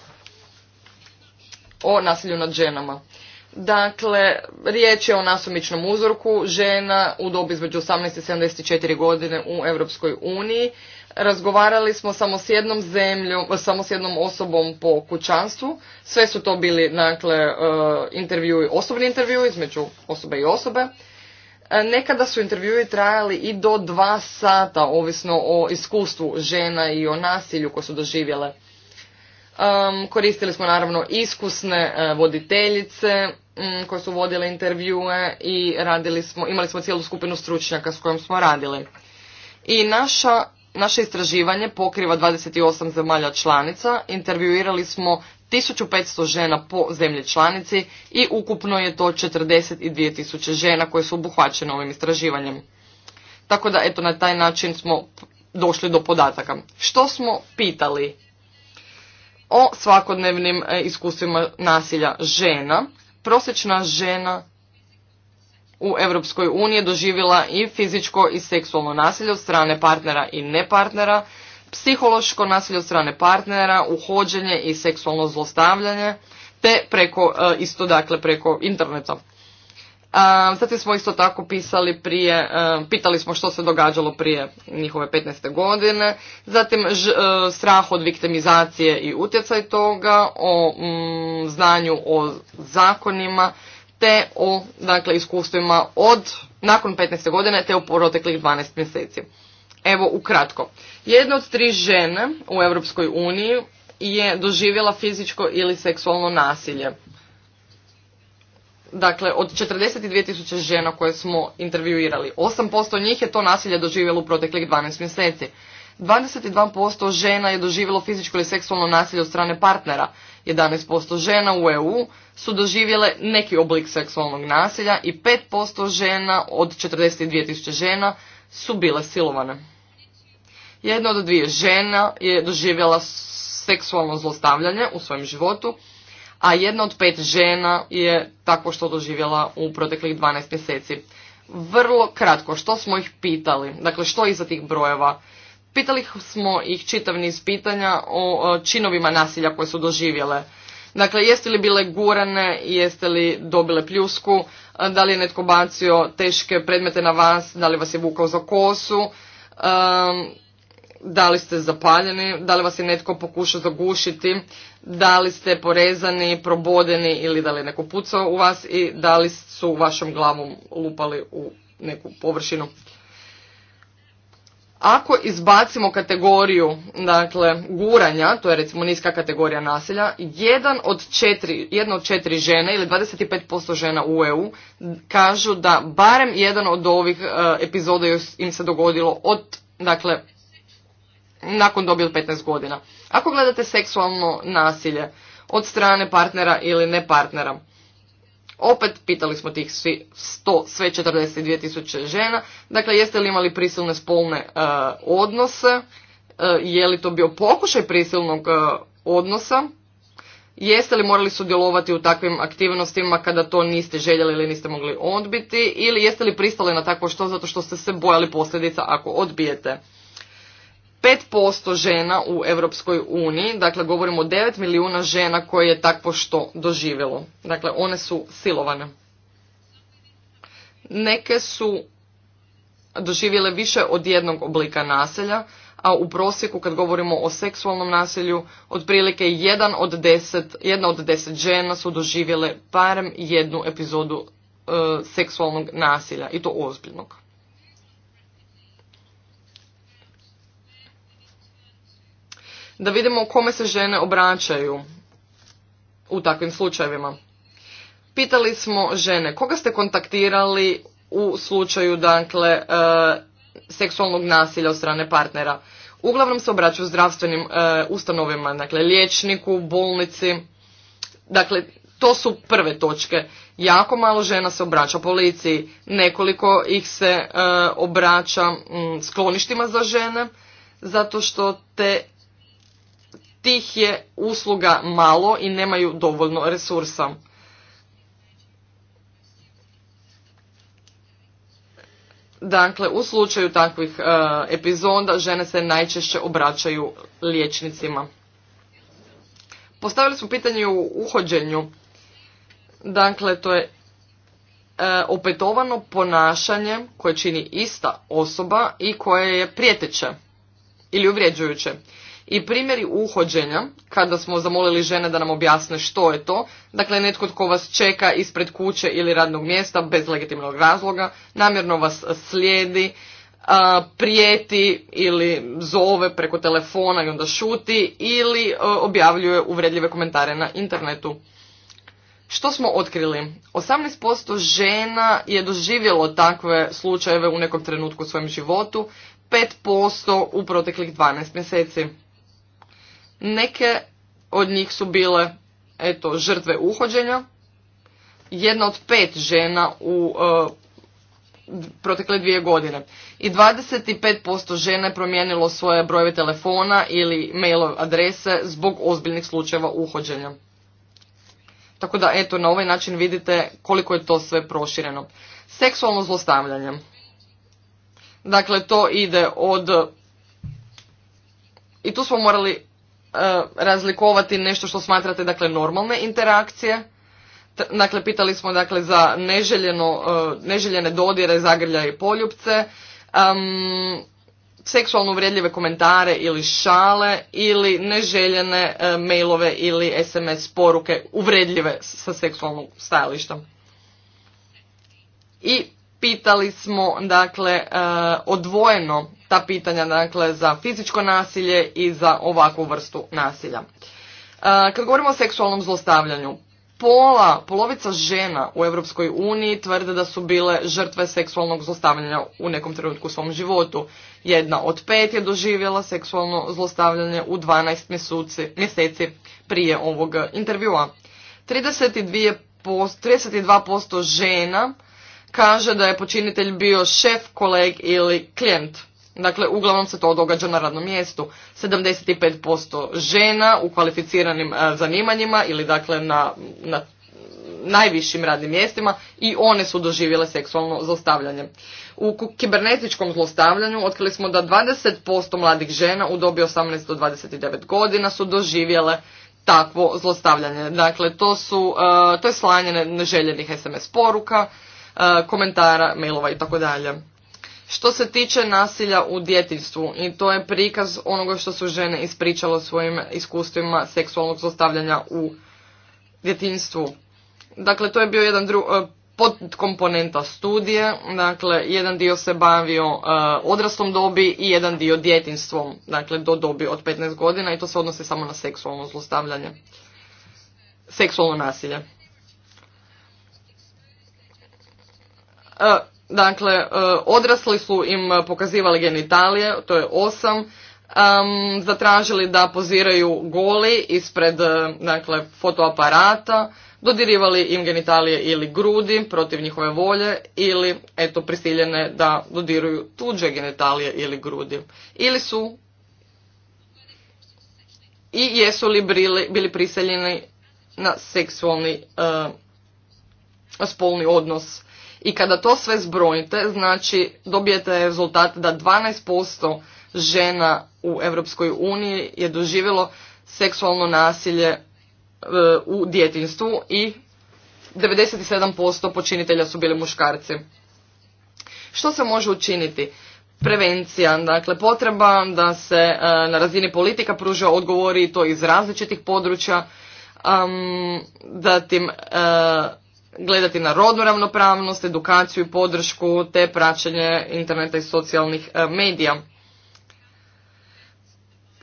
o nasilju nad ženama. Dakle, riječ je o nasumičnom uzorku žena u dobi između 18 i 74 godine u Europskoj uniji. Razgovarali smo samo s jednom zemljom, samo s jednom osobom po kućanstvu. Sve su to bili, dakle, e, intervjui, osobni intervjui između osobe i osobe. Nekada su intervjui trajali i do dva sata, ovisno o iskustvu žena i o nasilju koje su doživjele. Um, koristili smo naravno iskusne e, voditeljice koje su vodile intervjue i radili smo, imali smo cijelu skupinu stručnjaka s kojom smo radili. I naša, naše istraživanje pokriva 28 zemalja članica, intervjuirali smo 1500 žena po zemlji članici i ukupno je to 42.000 žena koje su obuhvaćene ovim istraživanjem. Tako da eto na taj način smo došli do podataka. Što smo pitali o svakodnevnim e, iskustvima nasilja žena? Prosječna žena u Europskoj uniji doživjela i fizičko i seksualno nasilje od strane partnera i nepartnera, psihološko nasilje od strane partnera, uhođenje i seksualno zlostavljanje, te preko, e, isto dakle preko interneta. Zatim smo isto tako pisali prije, e, pitali smo što se događalo prije njihove 15. godine, zatim e, strah od viktimizacije i utjecaj toga, o mm, znanju o zakonima, te o dakle, iskustvima od nakon 15. godine te u proteklih 12 mjeseci. Evo ukratko. Jedna od tri žene u Europskoj uniji je doživjela fizičko ili seksualno nasilje. Dakle, od 42.000 žena koje smo intervjuirali, 8% njih je to nasilje doživjelo u proteklih 12 mjeseci. 22% žena je doživjelo fizičko ili seksualno nasilje od strane partnera. 11% žena u EU su doživjele neki oblik seksualnog nasilja i 5% žena od 42.000 žena su bile silovane. Jedna od dvije žena je doživjela seksualno zlostavljanje u svojem životu, a jedna od pet žena je tako što doživjela u proteklih 12 mjeseci. Vrlo kratko, što smo ih pitali? Dakle, što iza tih brojeva? Pitali smo ih čitav niz pitanja o činovima nasilja koje su doživjele. Dakle, jeste li bile gurane, jeste li dobile pljusku, da li je netko bacio teške predmete na vas, da li vas je vukao za kosu, ehm, da li ste zapaljeni, da li vas je netko pokušao zagušiti, da li ste porezani, probodeni ili da li je neko pucao u vas i da li su vašom glavom lupali u neku površinu. Ako izbacimo kategoriju, dakle, guranja, to je recimo niska kategorija nasilja, jedan od četiri, jedna od četiri žene ili 25% žena u EU kažu da barem jedan od ovih uh, epizoda im se dogodilo od, dakle, nakon dobi od 15 godina. Ako gledate seksualno nasilje od strane partnera ili ne partnera, opet pitali smo tih svi 100, sve 42 tisuće žena, dakle jeste li imali prisilne spolne e, odnose, e, je li to bio pokušaj prisilnog e, odnosa, jeste li morali sudjelovati u takvim aktivnostima kada to niste željeli ili niste mogli odbiti ili jeste li pristali na takvo što zato što ste se bojali posljedica ako odbijete. 5% žena u Europskoj uniji, dakle govorimo o 9 milijuna žena koje je takvo što doživjelo. Dakle, one su silovane. Neke su doživjele više od jednog oblika naselja, a u prosjeku kad govorimo o seksualnom nasilju, otprilike jedan od jedna od deset žena su doživjele parem jednu epizodu e, seksualnog nasilja, i to ozbiljnog. da vidimo kome se žene obraćaju u takvim slučajevima. Pitali smo žene koga ste kontaktirali u slučaju dakle e, seksualnog nasilja od strane partnera. Uglavnom se obraćaju zdravstvenim e, ustanovima, dakle liječniku, bolnici. Dakle, to su prve točke. Jako malo žena se obraća policiji, nekoliko ih se e, obraća skloništima za žene zato što te tih je usluga malo i nemaju dovoljno resursa. Dakle, u slučaju takvih e, epizoda žene se najčešće obraćaju liječnicima. Postavili smo pitanje u uhođenju. Dakle, to je e, opetovano ponašanje koje čini ista osoba i koje je prijeteće ili uvrijeđujuće. I primjeri uhođenja, kada smo zamolili žene da nam objasne što je to, dakle netko tko vas čeka ispred kuće ili radnog mjesta bez legitimnog razloga, namjerno vas slijedi, prijeti ili zove preko telefona i onda šuti ili e, objavljuje uvredljive komentare na internetu. Što smo otkrili? 18% žena je doživjelo takve slučajeve u nekom trenutku u svojem životu, 5% u proteklih 12 mjeseci. Neke od njih su bile eto, žrtve uhođenja. Jedna od pet žena u e, protekle dvije godine. I 25% žena je promijenilo svoje brojeve telefona ili mailove adrese zbog ozbiljnih slučajeva uhođenja. Tako da, eto, na ovaj način vidite koliko je to sve prošireno. Seksualno zlostavljanje. Dakle, to ide od... I tu smo morali E, razlikovati nešto što smatrate dakle normalne interakcije. Dakle, pitali smo dakle za neželjeno, e, neželjene dodire, zagrlja i poljupce, seksualno uvredljive komentare ili šale ili neželjene e, mailove ili SMS poruke uvredljive sa seksualnom stajališta. I pitali smo dakle e, odvojeno ta pitanja dakle za fizičko nasilje i za ovakvu vrstu nasilja. E, kad govorimo o seksualnom zlostavljanju, pola, polovica žena u Europskoj uniji tvrde da su bile žrtve seksualnog zlostavljanja u nekom trenutku u svom životu. Jedna od pet je doživjela seksualno zlostavljanje u 12 mjeseci prije ovog intervjua. 32%, 32% žena kaže da je počinitelj bio šef, koleg ili klijent. Dakle, uglavnom se to događa na radnom mjestu. 75% žena u kvalificiranim e, zanimanjima ili dakle na, na najvišim radnim mjestima i one su doživjele seksualno zlostavljanje. U kibernetičkom zlostavljanju otkrili smo da 20% mladih žena u dobi 18 do 29 godina su doživjele takvo zlostavljanje. Dakle, to, su, e, to je slanje neželjenih SMS poruka, E, komentara, mailova i tako dalje. Što se tiče nasilja u djetinstvu, i to je prikaz onoga što su žene ispričale o svojim iskustvima seksualnog zlostavljanja u djetinstvu. Dakle, to je bio jedan e, podkomponenta studije, dakle, jedan dio se bavio e, odraslom dobi i jedan dio djetinjstvom, dakle, do dobi od 15 godina i to se odnosi samo na seksualno zlostavljanje, seksualno nasilje. E, dakle, e, odrasli su im pokazivali genitalije, to je osam, zatražili da poziraju goli ispred e, dakle, fotoaparata, dodirivali im genitalije ili grudi protiv njihove volje ili eto prisiljene da dodiruju tuđe genitalije ili grudi. Ili su i jesu li bili, bili prisiljeni na seksualni spolni odnos i kada to sve zbrojite, znači dobijete rezultat da 12% žena u Europskoj uniji je doživjelo seksualno nasilje e, u djetinstvu i 97% počinitelja su bili muškarci. Što se može učiniti? Prevencija, dakle potreba da se e, na razini politika pruža odgovori to iz različitih područja, zatim. E, gledati na rodnu ravnopravnost, edukaciju i podršku te praćenje interneta i socijalnih e, medija.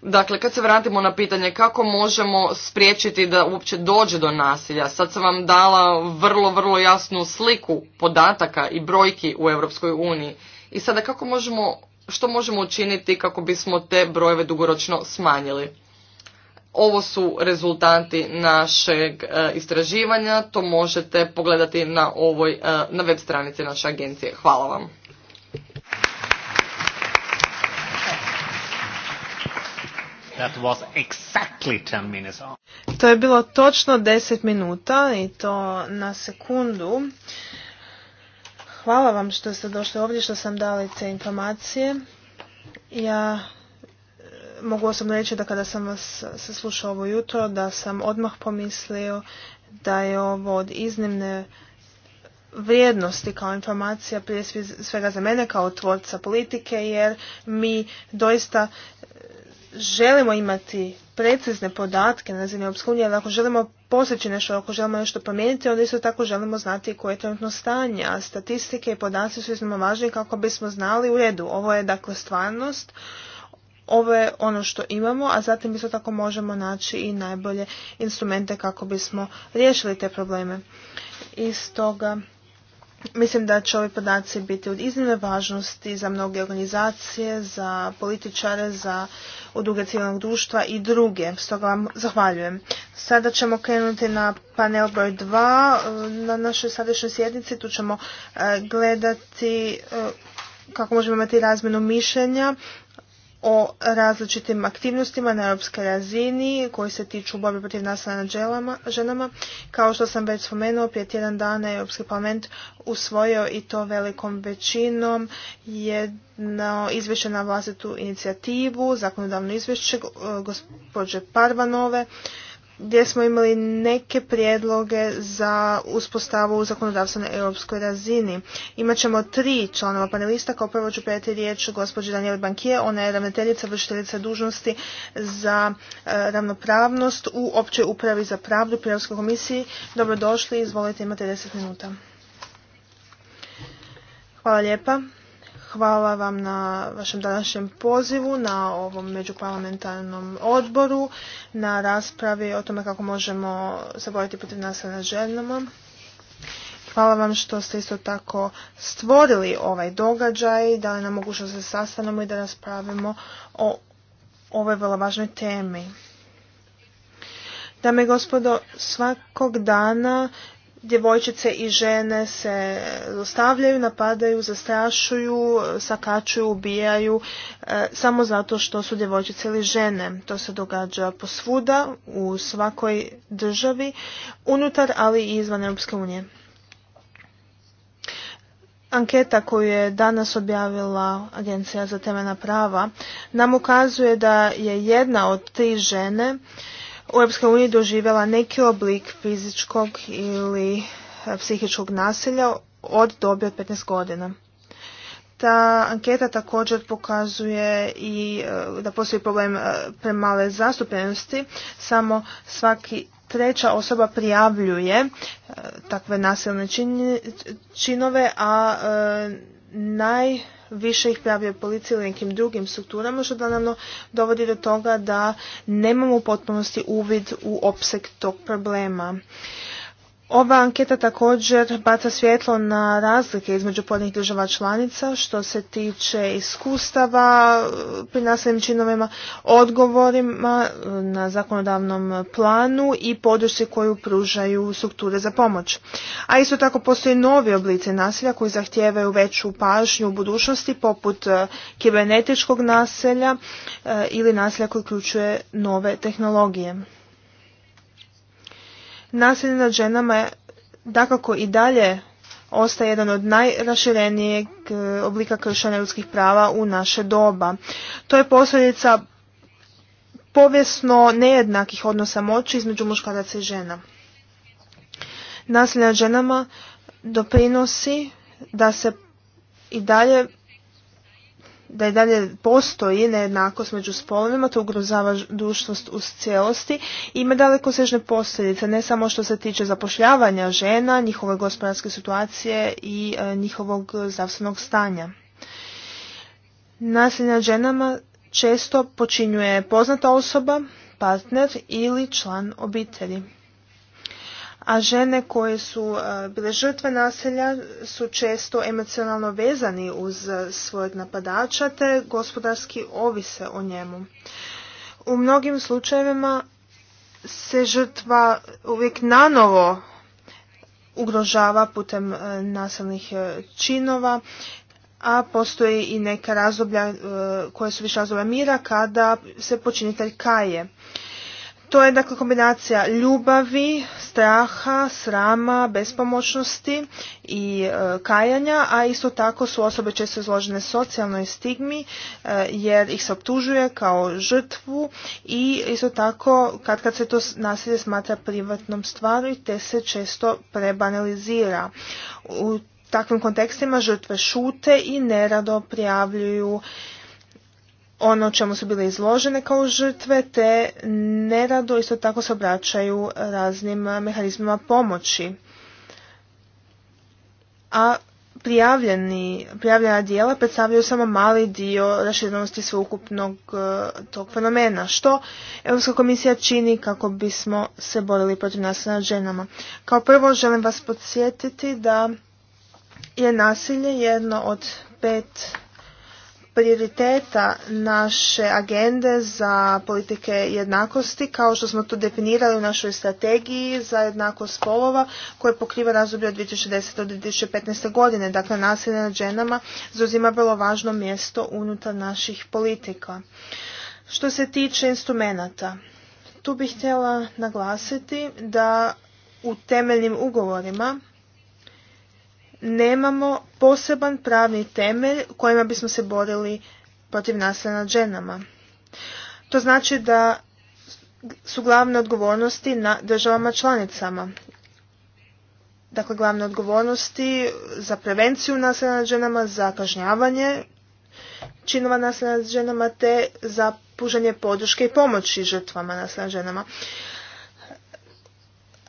Dakle, kad se vratimo na pitanje kako možemo spriječiti da uopće dođe do nasilja, sad sam vam dala vrlo, vrlo jasnu sliku podataka i brojki u Europskoj uniji. I sada kako možemo, što možemo učiniti kako bismo te brojeve dugoročno smanjili? Ovo su rezultati našeg e, istraživanja, to možete pogledati na, ovoj, e, na web stranici naše agencije. Hvala vam. That was exactly 10 minutes. To je bilo točno 10 minuta i to na sekundu. Hvala vam što ste došli ovdje, što sam dali te informacije. Ja mogu osobno reći da kada sam vas saslušao ovo jutro, da sam odmah pomislio da je ovo od iznimne vrijednosti kao informacija prije svega za mene kao tvorca politike jer mi doista želimo imati precizne podatke na razini Europske unije, ali ako želimo postići nešto, ako želimo nešto promijeniti, onda isto tako želimo znati koje je trenutno stanje, a statistike i podaci su iznimno važni kako bismo znali u redu. Ovo je dakle stvarnost ovo je ono što imamo, a zatim isto tako možemo naći i najbolje instrumente kako bismo riješili te probleme. I stoga mislim da će ovi podaci biti od iznimne važnosti za mnoge organizacije, za političare, za udruge civilnog društva i druge. Stoga vam zahvaljujem. Sada ćemo krenuti na panel broj 2 eh, na našoj sadašnjoj sjednici. Tu ćemo eh, gledati eh, kako možemo imati razmjenu mišljenja o različitim aktivnostima na europskoj razini koji se tiču borbe protiv nasilja nad ženama. Kao što sam već spomenuo, prije tjedan dana je Europski parlament usvojio i to velikom većinom jedno izvješće na vlastitu inicijativu, zakonodavno izvješće e, gospođe Parvanove gdje smo imali neke prijedloge za uspostavu zakonodavstva na europskoj razini. Imaćemo tri članova panelista, kao prvo ću prijeti riječ gospođi Danijeli Bankije, ona je ravnateljica vršiteljica dužnosti za e, ravnopravnost u općoj upravi za pravdu pri Europskoj komisiji. Dobrodošli, izvolite, imate deset minuta. Hvala lijepa. Hvala vam na vašem današnjem pozivu, na ovom međuparlamentarnom odboru, na raspravi o tome kako možemo se boriti protiv nasilja na ženama. Hvala vam što ste isto tako stvorili ovaj događaj, dali nam mogućnost da se sastanemo i da raspravimo o ovoj vrlo važnoj temi. Dame i gospodo, svakog dana djevojčice i žene se dostavljaju, napadaju, zastrašuju, sakačuju, ubijaju e, samo zato što su djevojčice ili žene. To se događa posvuda u svakoj državi, unutar ali i izvan Europske unije. Anketa koju je danas objavila Agencija za temena prava nam ukazuje da je jedna od tri žene u EU doživjela neki oblik fizičkog ili e, psihičkog nasilja od dobi od 15 godina. Ta anketa također pokazuje i e, da postoji problem e, premale zastupljenosti, samo svaki treća osoba prijavljuje takve nasilne činove, a najviše ih prijavljuje policiji ili nekim drugim strukturama što naravno dovodi do toga da nemamo u potpunosti uvid u opseg tog problema. Ova anketa također baca svjetlo na razlike između pojedinih država članica što se tiče iskustava pri nasljednim činovima, odgovorima na zakonodavnom planu i podršci koju pružaju strukture za pomoć. A isto tako postoje novi oblici nasilja koji zahtijevaju veću pažnju u budućnosti poput e, kibernetičkog naselja e, ili nasilja koji uključuje nove tehnologije. Nasilje nad ženama dakako i dalje ostaje jedan od najraširenijeg e, oblika kršenja ljudskih prava u naše doba. To je posljedica povijesno nejednakih odnosa moći između muškaraca i žena. Nasilje nad ženama doprinosi da se i dalje da i dalje postoji nejednakost među spolovima, to ugrozava dušnost u cijelosti i ima daleko sežne posljedice, ne samo što se tiče zapošljavanja žena, njihove gospodarske situacije i e, njihovog zdravstvenog stanja. Nasilje ženama često počinjuje poznata osoba, partner ili član obitelji a žene koje su e, bile žrtve naselja su često emocionalno vezani uz e, svojeg napadača te gospodarski ovise o njemu. U mnogim slučajevima se žrtva uvijek nanovo ugrožava putem e, nasilnih činova, a postoji i neka razdoblja koje su više razdoblja mira kada se počinitelj kaje. To je dakle kombinacija ljubavi, straha, srama, bespomoćnosti i e, kajanja, a isto tako su osobe često izložene socijalnoj stigmi e, jer ih se optužuje kao žrtvu i isto tako kad kad se to nasilje smatra privatnom stvari te se često prebanalizira. U takvim kontekstima žrtve šute i nerado prijavljuju ono čemu su bile izložene kao žrtve, te nerado isto tako se obraćaju raznim mehanizmima pomoći. A prijavljeni, prijavljena dijela predstavljaju samo mali dio raširnosti sveukupnog e, tog fenomena, što Europska komisija čini kako bismo se borili protiv nasilja nad ženama. Kao prvo želim vas podsjetiti da je nasilje jedno od pet prioriteta naše agende za politike jednakosti, kao što smo to definirali u našoj strategiji za jednakost spolova, koja pokriva razdoblje od 2010. do 2015. godine. Dakle, nasilje nad ženama zauzima vrlo važno mjesto unutar naših politika. Što se tiče instrumenata, tu bih htjela naglasiti da u temeljnim ugovorima nemamo poseban pravni temelj kojima bismo se borili protiv nasilja nad ženama. To znači da su glavne odgovornosti na državama članicama. Dakle, glavne odgovornosti za prevenciju nasilja nad ženama, za kažnjavanje činova nasilja nad ženama te za pružanje podrške i pomoći žrtvama nasilja nad ženama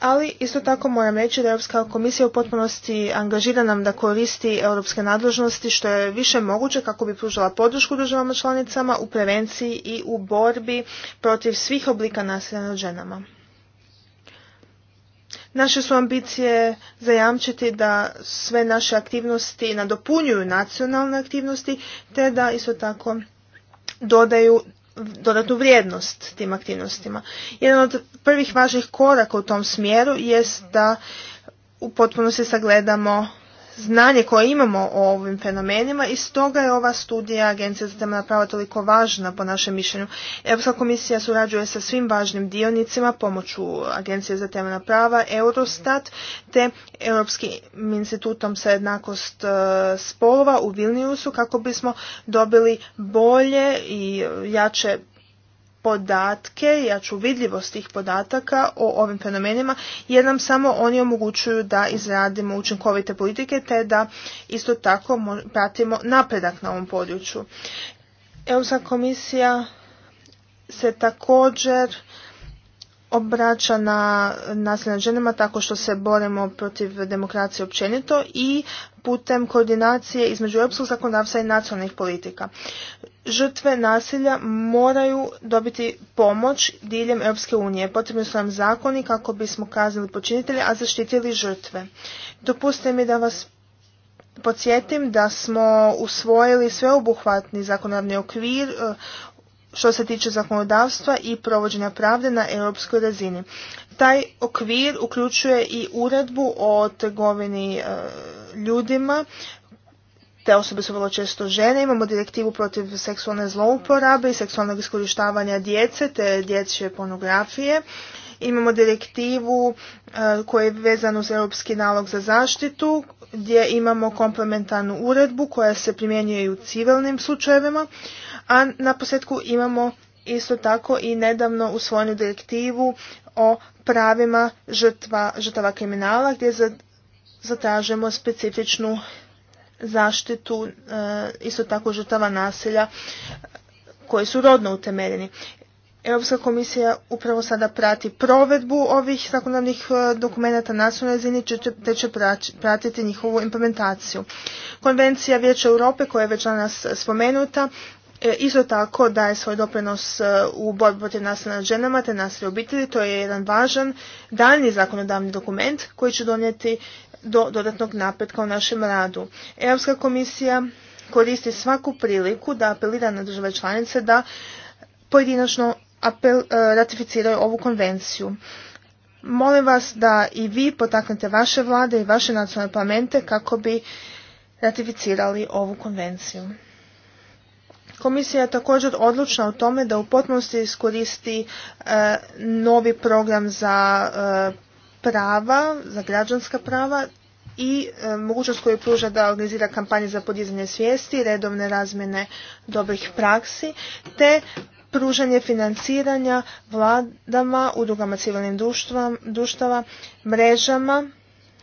ali isto tako moram reći da Europska komisija u potpunosti nam da koristi europske nadležnosti što je više moguće kako bi pružila podršku državama članicama u prevenciji i u borbi protiv svih oblika nasilja nad ženama. Naše su ambicije zajamčiti da sve naše aktivnosti nadopunjuju nacionalne aktivnosti te da isto tako dodaju dodatnu vrijednost tim aktivnostima. Jedan od prvih važnih koraka u tom smjeru jest da u potpunosti sagledamo znanje koje imamo o ovim fenomenima i stoga je ova studija Agencije za temeljna prava toliko važna po našem mišljenju. Europska komisija surađuje sa svim važnim dionicima pomoću Agencije za temeljna prava, Eurostat te Europskim institutom za jednakost e, spolova u Vilniusu kako bismo dobili bolje i jače podatke jaču vidljivost tih podataka o ovim fenomenima jer nam samo oni omogućuju da izradimo učinkovite politike te da isto tako pratimo napredak na ovom području. Europska komisija se također obraća na nasilje nad ženama tako što se borimo protiv demokracije općenito i putem koordinacije između europskog zakonodavstva i nacionalnih politika. Žrtve nasilja moraju dobiti pomoć diljem Europske unije. Potrebni su nam zakoni kako bismo kaznili počinitelje, a zaštitili žrtve. Dopustite mi da vas podsjetim da smo usvojili sveobuhvatni zakonodavni okvir što se tiče zakonodavstva i provođenja pravde na europskoj razini. Taj okvir uključuje i uredbu o trgovini e, ljudima, te osobe su vrlo često žene. Imamo direktivu protiv seksualne zlouporabe i seksualnog iskorištavanja djece te dječje pornografije. Imamo direktivu e, koja je vezana uz europski nalog za zaštitu gdje imamo komplementarnu uredbu koja se primjenjuje i u civilnim slučajevima. A na posljedku imamo isto tako i nedavno usvojenu direktivu o pravima žrtva, žrtava kriminala gdje zatražemo specifičnu zaštitu e, isto tako žrtava nasilja e, koji su rodno utemeljeni. Europska komisija upravo sada prati provedbu ovih zakonodavnih e, dokumenata nacionalnoj razini te će pratiti njihovu implementaciju. Konvencija Vijeća Europe koja je već danas spomenuta E, isto tako daje svoj doprinos e, u borbi protiv nasilja nad ženama te nasilja obitelji. To je jedan važan daljnji zakonodavni dokument koji će donijeti do dodatnog napretka u našem radu. Europska komisija koristi svaku priliku da apelira na države članice da pojedinačno apel, e, ratificiraju ovu konvenciju. Molim vas da i vi potaknete vaše vlade i vaše nacionalne parlamente kako bi ratificirali ovu konvenciju. Komisija je također odlučna u tome da u potpunosti iskoristi e, novi program za e, prava, za građanska prava i e, mogućnost koju pruža da organizira kampanje za podizanje svijesti, redovne razmjene dobrih praksi, te pružanje financiranja vladama, udrugama civilnim društava, mrežama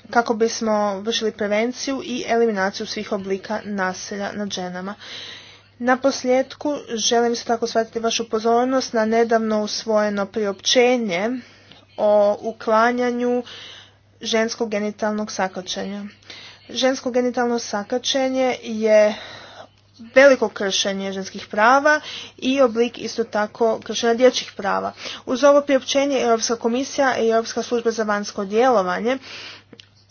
kako bismo vršili prevenciju i eliminaciju svih oblika nasilja nad ženama. Na posljedku želim se tako shvatiti vašu pozornost na nedavno usvojeno priopćenje o uklanjanju ženskog genitalnog sakačenja. Žensko genitalno sakačenje je veliko kršenje ženskih prava i oblik isto tako kršenja dječjih prava. Uz ovo priopćenje Europska komisija i Europska služba za vanjsko djelovanje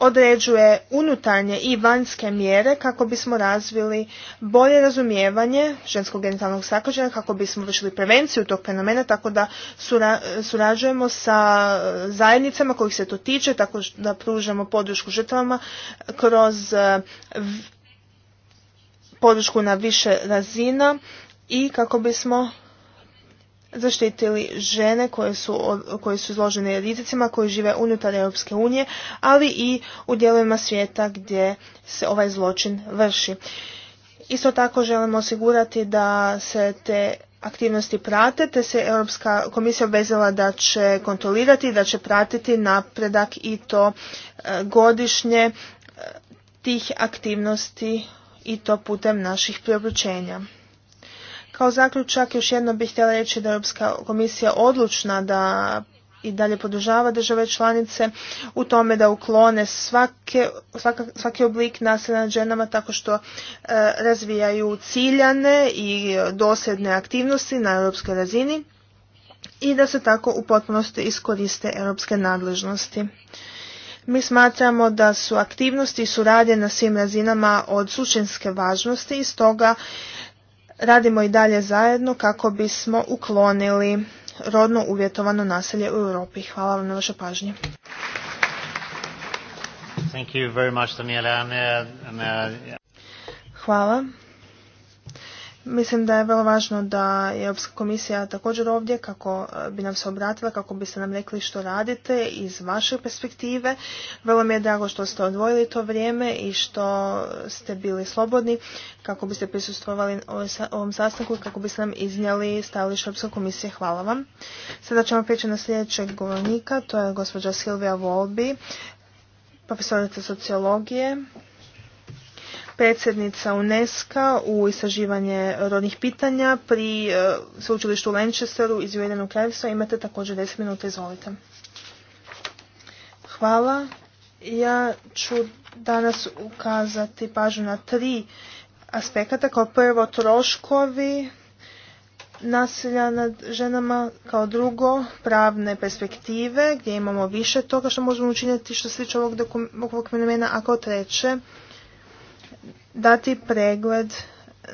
određuje unutarnje i vanjske mjere kako bismo razvili bolje razumijevanje ženskog genitalnog sakađenja, kako bismo vršili prevenciju tog fenomena, tako da surađujemo sa e, zajednicama kojih se to tiče, tako da pružamo podršku žrtvama kroz e, podršku na više razina i kako bismo zaštitili žene koje su, koje su izložene rizicima, koje žive unutar Europske unije, ali i u dijelovima svijeta gdje se ovaj zločin vrši. Isto tako želimo osigurati da se te aktivnosti prate, te se Europska komisija obvezala da će kontrolirati, da će pratiti napredak i to e, godišnje e, tih aktivnosti i to putem naših priobručenja. Kao zaključak još jednom bih htjela reći da je Europska komisija odlučna da i dalje podržava države članice u tome da uklone svake, svaka, svaki oblik nasilja nad ženama tako što e, razvijaju ciljane i dosljedne aktivnosti na europskoj razini i da se tako u potpunosti iskoriste europske nadležnosti. Mi smatramo da su aktivnosti i suradnje na svim razinama od suštinske važnosti i stoga radimo i dalje zajedno kako bismo uklonili rodno uvjetovano nasilje u Europi. Hvala vam na vašoj pažnji. Hvala. Mislim da je vrlo važno da je Europska komisija također ovdje kako e, bi nam se obratila, kako biste nam rekli što radite iz vaše perspektive. Vrlo mi je drago što ste odvojili to vrijeme i što ste bili slobodni kako biste prisustvovali ovom sastanku i kako biste nam iznijeli stajalište Europske komisije. Hvala vam. Sada ćemo prijeći na sljedećeg govornika, to je gospođa Silvija Volbi, profesorica sociologije predsjednica UNESCO u istraživanje rodnih pitanja pri e, sveučilištu u Lancasteru iz Ujedinog kraljevstva. Imate također 10 minuta, izvolite. Hvala. Ja ću danas ukazati pažnju na tri aspekata. Kao prvo troškovi nasilja nad ženama, kao drugo pravne perspektive gdje imamo više toga što možemo učiniti što se tiče ovog, ovog fenomena, a kao treće dati pregled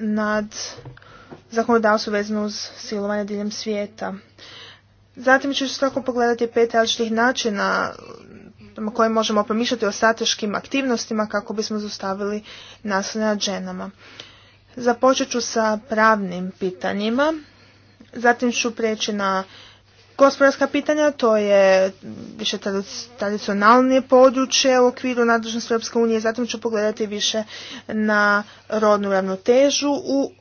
nad zakonodavstvo vezano uz silovanje diljem svijeta. Zatim ću se tako pogledati pet različitih načina na koje možemo promišljati o strateškim aktivnostima kako bismo zaustavili nasilje nad ženama. Započet ću sa pravnim pitanjima, zatim ću prijeći na gospodarska pitanja, to je više tradicionalnije područje u okviru nadležnosti Europske unije, zatim ću pogledati više na rodnu ravnotežu u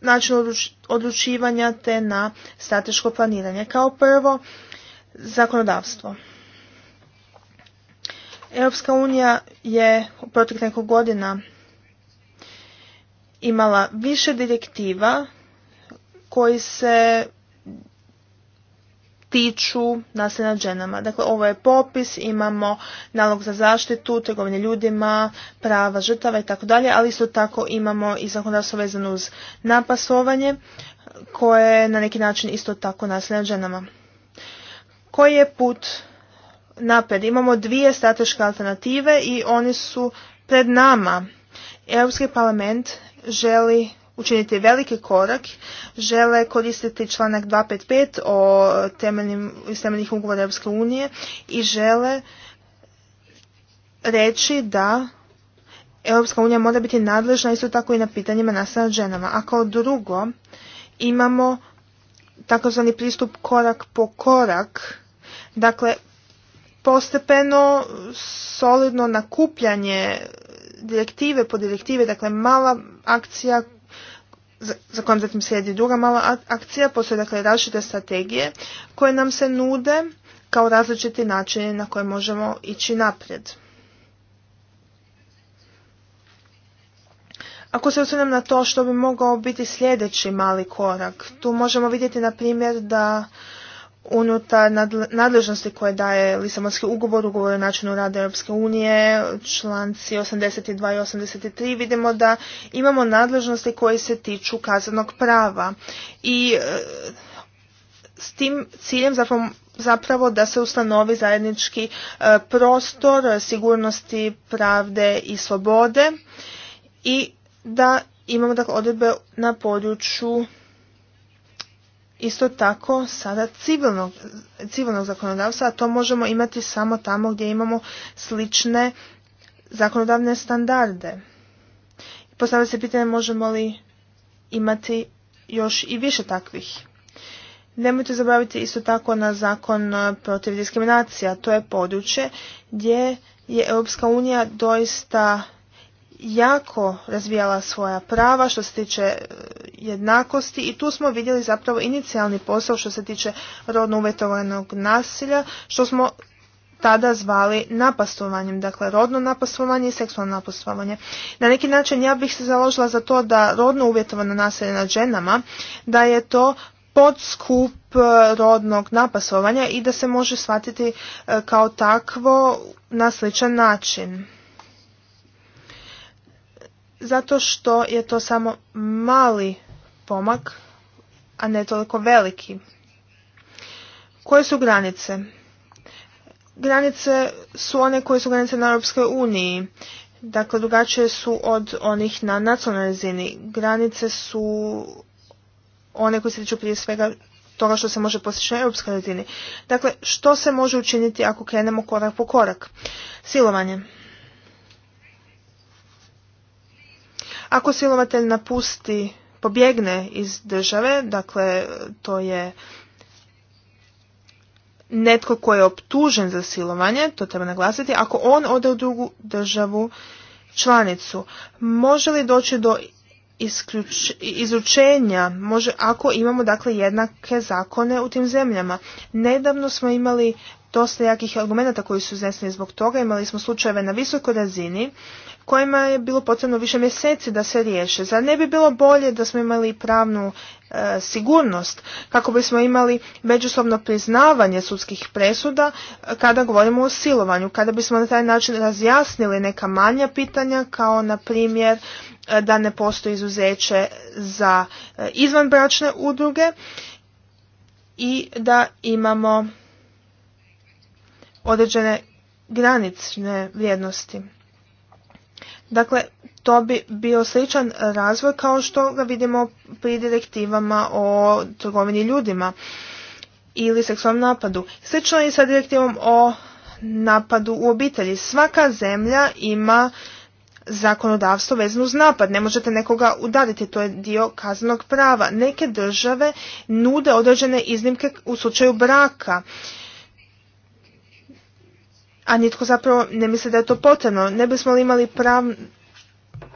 načinu odlučivanja te na strateško planiranje. Kao prvo, zakonodavstvo. Europska unija je u proteklih nekog godina imala više direktiva koji se tiču nasilja nad ženama. Dakle, ovo je popis, imamo nalog za zaštitu, trgovine ljudima, prava žrtava i tako dalje, ali isto tako imamo i zakonodavstvo vezano uz napasovanje, koje je na neki način isto tako nasilje nad ženama. Koji je put napred? Imamo dvije strateške alternative i oni su pred nama. Europski parlament želi učiniti veliki korak, žele koristiti članak 255 o temeljnim, temeljnih ugovora Europske unije i žele reći da Europska unija mora biti nadležna isto tako i na pitanjima nasilja ženama. A kao drugo imamo takozvani pristup korak po korak, dakle postepeno solidno nakupljanje direktive po direktive, dakle mala akcija za, kojom zatim slijedi druga mala akcija, postoje dakle različite strategije koje nam se nude kao različiti načini na koje možemo ići naprijed. Ako se osvrnem na to što bi mogao biti sljedeći mali korak, tu možemo vidjeti na primjer da unutar nadležnosti koje daje Lisabonski ugovor, ugovor o načinu rada Europske unije, članci 82 i 83, vidimo da imamo nadležnosti koje se tiču kaznenog prava. I e, s tim ciljem zapravo, da se ustanovi zajednički e, prostor sigurnosti, pravde i slobode i da imamo dakle odredbe na području isto tako sada civilnog, civilnog zakonodavstva, a to možemo imati samo tamo gdje imamo slične zakonodavne standarde. Postavlja se pitanje možemo li imati još i više takvih. Nemojte zaboraviti isto tako na zakon e, protiv diskriminacija. To je područje gdje je Europska unija doista jako razvijala svoja prava što se tiče e, jednakosti i tu smo vidjeli zapravo inicijalni posao što se tiče rodno uvjetovanog nasilja što smo tada zvali napastovanjem, dakle rodno napastovanje i seksualno napastovanje. Na neki način ja bih se založila za to da rodno uvjetovano nasilje nad ženama, da je to podskup e, rodnog napasovanja i da se može shvatiti e, kao takvo na sličan način zato što je to samo mali pomak, a ne toliko veliki. Koje su granice? Granice su one koje su granice na Europskoj uniji. Dakle, drugačije su od onih na nacionalnoj razini. Granice su one koje se tiču prije svega toga što se može postići na europskoj razini. Dakle, što se može učiniti ako krenemo korak po korak? Silovanje. Ako silovatelj napusti, pobjegne iz države, dakle to je netko tko je optužen za silovanje, to treba naglasiti, ako on ode u drugu državu članicu, može li doći do isključ, izučenja, može, ako imamo dakle jednake zakone u tim zemljama. Nedavno smo imali dosta jakih argumenta koji su izneseni zbog toga. Imali smo slučajeve na visokoj razini kojima je bilo potrebno više mjeseci da se riješe. Zar ne bi bilo bolje da smo imali pravnu e, sigurnost kako bismo imali međusobno priznavanje sudskih presuda e, kada govorimo o silovanju, kada bismo na taj način razjasnili neka manja pitanja kao na primjer e, da ne postoji izuzeće za izvanbračne udruge i da imamo određene granične vrijednosti. Dakle, to bi bio sličan razvoj kao što ga vidimo pri direktivama o trgovini ljudima ili seksualnom napadu. Slično je i sa direktivom o napadu u obitelji. Svaka zemlja ima zakonodavstvo vezano uz napad. Ne možete nekoga udariti, to je dio kaznog prava. Neke države nude određene iznimke u slučaju braka a nitko zapravo ne misli da je to potrebno. Ne bismo li imali prav,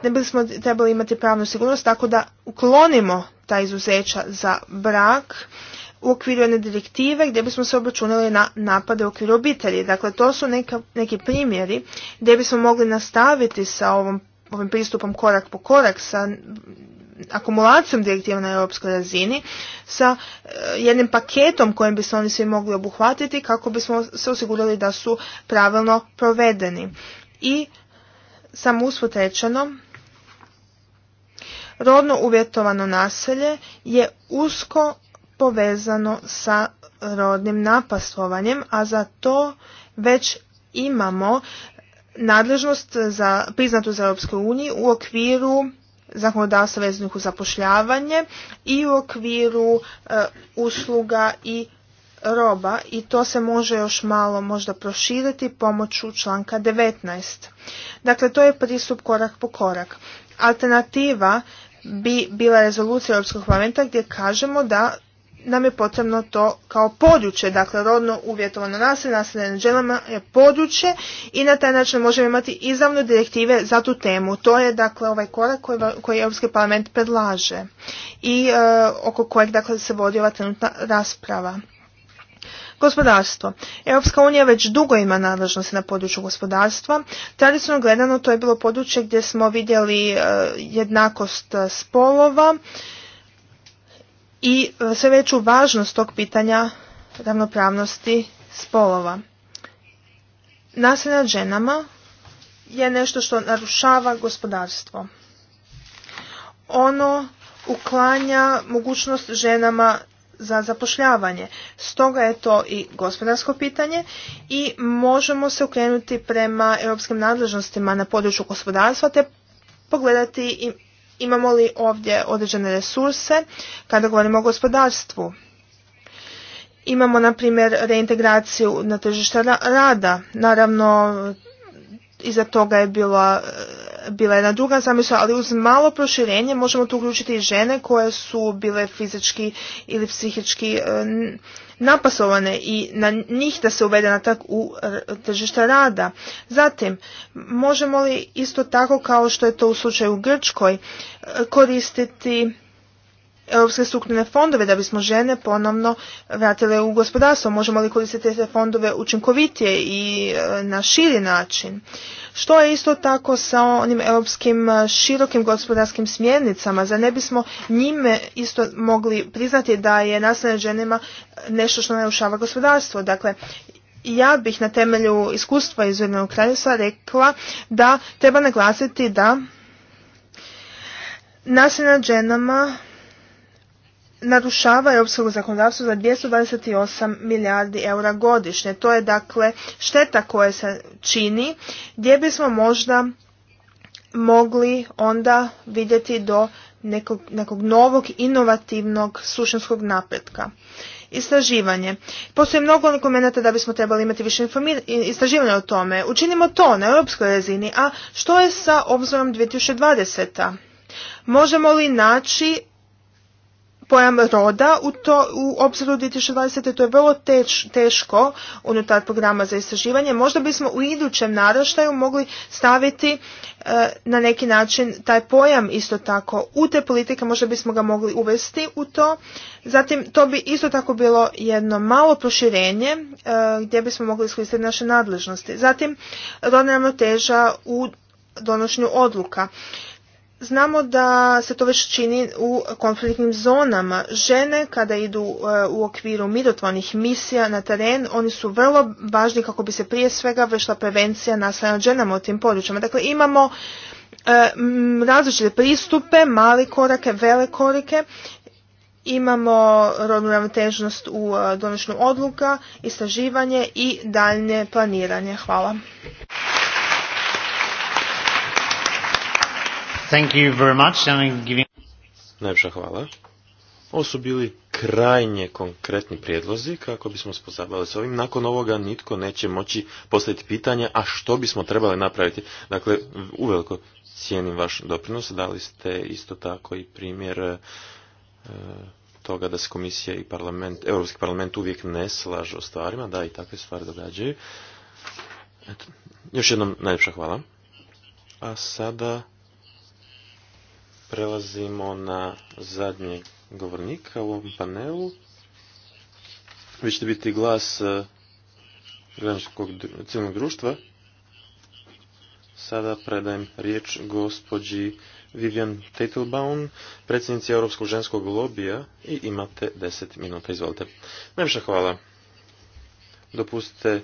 ne bismo trebali imati pravnu sigurnost tako da uklonimo ta izuzeća za brak u okviru jedne direktive gdje bismo se obračunali na napade u okviru obitelji. Dakle, to su neka, neki primjeri gdje bismo mogli nastaviti sa ovom, ovim pristupom korak po korak sa akumulacijom direktiva na europskoj razini sa e, jednim paketom kojim bi se oni svi mogli obuhvatiti kako bismo se osigurali da su pravilno provedeni. I samo usput rečeno, rodno uvjetovano naselje je usko povezano sa rodnim napastovanjem, a za to već imamo nadležnost za, priznatu za Europsku uniju u okviru zakonodavstva vezanih u zapošljavanje i u okviru e, usluga i roba i to se može još malo možda proširiti pomoću članka 19. Dakle, to je pristup korak po korak. Alternativa bi bila rezolucija Europskog parlamenta gdje kažemo da nam je potrebno to kao područje, dakle rodno uvjetovano nasilje, nasilje na ženama je područje i na taj način možemo imati izravno direktive za tu temu. To je dakle ovaj korak koji, Europski parlament predlaže i e, oko kojeg dakle se vodi ova trenutna rasprava. Gospodarstvo. Europska unija već dugo ima nadležnosti na području gospodarstva. Tradicionalno gledano to je bilo područje gdje smo vidjeli e, jednakost spolova i e, sve veću važnost tog pitanja ravnopravnosti spolova. Nasilje nad ženama je nešto što narušava gospodarstvo. Ono uklanja mogućnost ženama za zapošljavanje. Stoga je to i gospodarsko pitanje i možemo se okrenuti prema europskim nadležnostima na području gospodarstva te pogledati i imamo li ovdje određene resurse kada govorimo o gospodarstvu. Imamo, na primjer, reintegraciju na tržište rada. Naravno, iza toga je bila bila jedna druga zamisla, ali uz malo proširenje možemo tu uključiti i žene koje su bile fizički ili psihički e, napasovane i na njih da se uvede natak u tržišta rada. Zatim, možemo li isto tako kao što je to u slučaju u Grčkoj e, koristiti europske strukturne fondove da bismo žene ponovno vratile u gospodarstvo? Možemo li koristiti te fondove učinkovitije i e, na širi način? Što je isto tako sa onim europskim e, širokim gospodarskim smjernicama? Za ne bismo njime isto mogli priznati da je nasilje ženima e, nešto što narušava gospodarstvo? Dakle, ja bih na temelju iskustva iz Ujedinog kraljevstva rekla da treba naglasiti da nasilje nad ženama narušava europsko zakonodavstvo za 228 milijardi eura godišnje. To je dakle šteta koja se čini gdje bismo možda mogli onda vidjeti do nekog, nekog novog inovativnog suštinskog napretka. Istraživanje. Postoji mnogo rekomendata da bismo trebali imati više istraživanja o tome. Učinimo to na europskoj razini, a što je sa obzorom 2020. Možemo li naći pojam roda u, to, u obzoru 2020. to je vrlo teč, teško unutar programa za istraživanje. Možda bismo u idućem naraštaju mogli staviti e, na neki način taj pojam isto tako u te politike, možda bismo ga mogli uvesti u to. Zatim to bi isto tako bilo jedno malo proširenje e, gdje bismo mogli iskoristiti naše nadležnosti. Zatim rodna ravnoteža u donošenju odluka. Znamo da se to već čini u konfliktnim zonama. Žene kada idu e, u okviru mirotvornih misija na teren, oni su vrlo važni kako bi se prije svega vešla prevencija nasilja nad ženama u tim područjima. Dakle, imamo e, različite pristupe, mali korake, vele korake. Imamo rodnu ravnotežnost u e, donošenju odluka, istraživanje i daljnje planiranje. Hvala. Thank you very much. hvala. Ovo su bili krajnje konkretni prijedlozi kako bismo spozabali s ovim. Nakon ovoga nitko neće moći postaviti pitanje, a što bismo trebali napraviti. Dakle, uveliko cijenim vaš doprinos. Dali ste isto tako i primjer e, toga da se komisija i parlament, Europski parlament uvijek ne slažu o stvarima. Da, i takve stvari događaju. još jednom najljepša hvala. A sada Prelazimo na zadnji govornik u ovom panelu. Vi ćete biti glas e, graničkog civilnog društva. Sada predajem riječ gospođi Vivian Teitelbaum, predsjednici Europskog ženskog lobija i imate deset minuta. Izvolite. Najviše hvala. Dopustite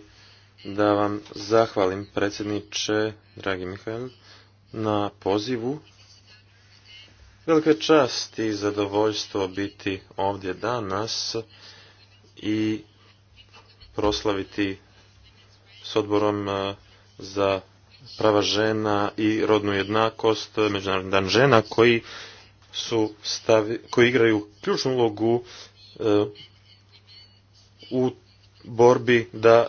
da vam zahvalim predsjedniče, dragi Mihael na pozivu Velika čast i zadovoljstvo biti ovdje danas i proslaviti s odborom e, za prava žena i rodnu jednakost, Međunarodni dan žena, koji, su koji igraju ključnu ulogu e, u borbi da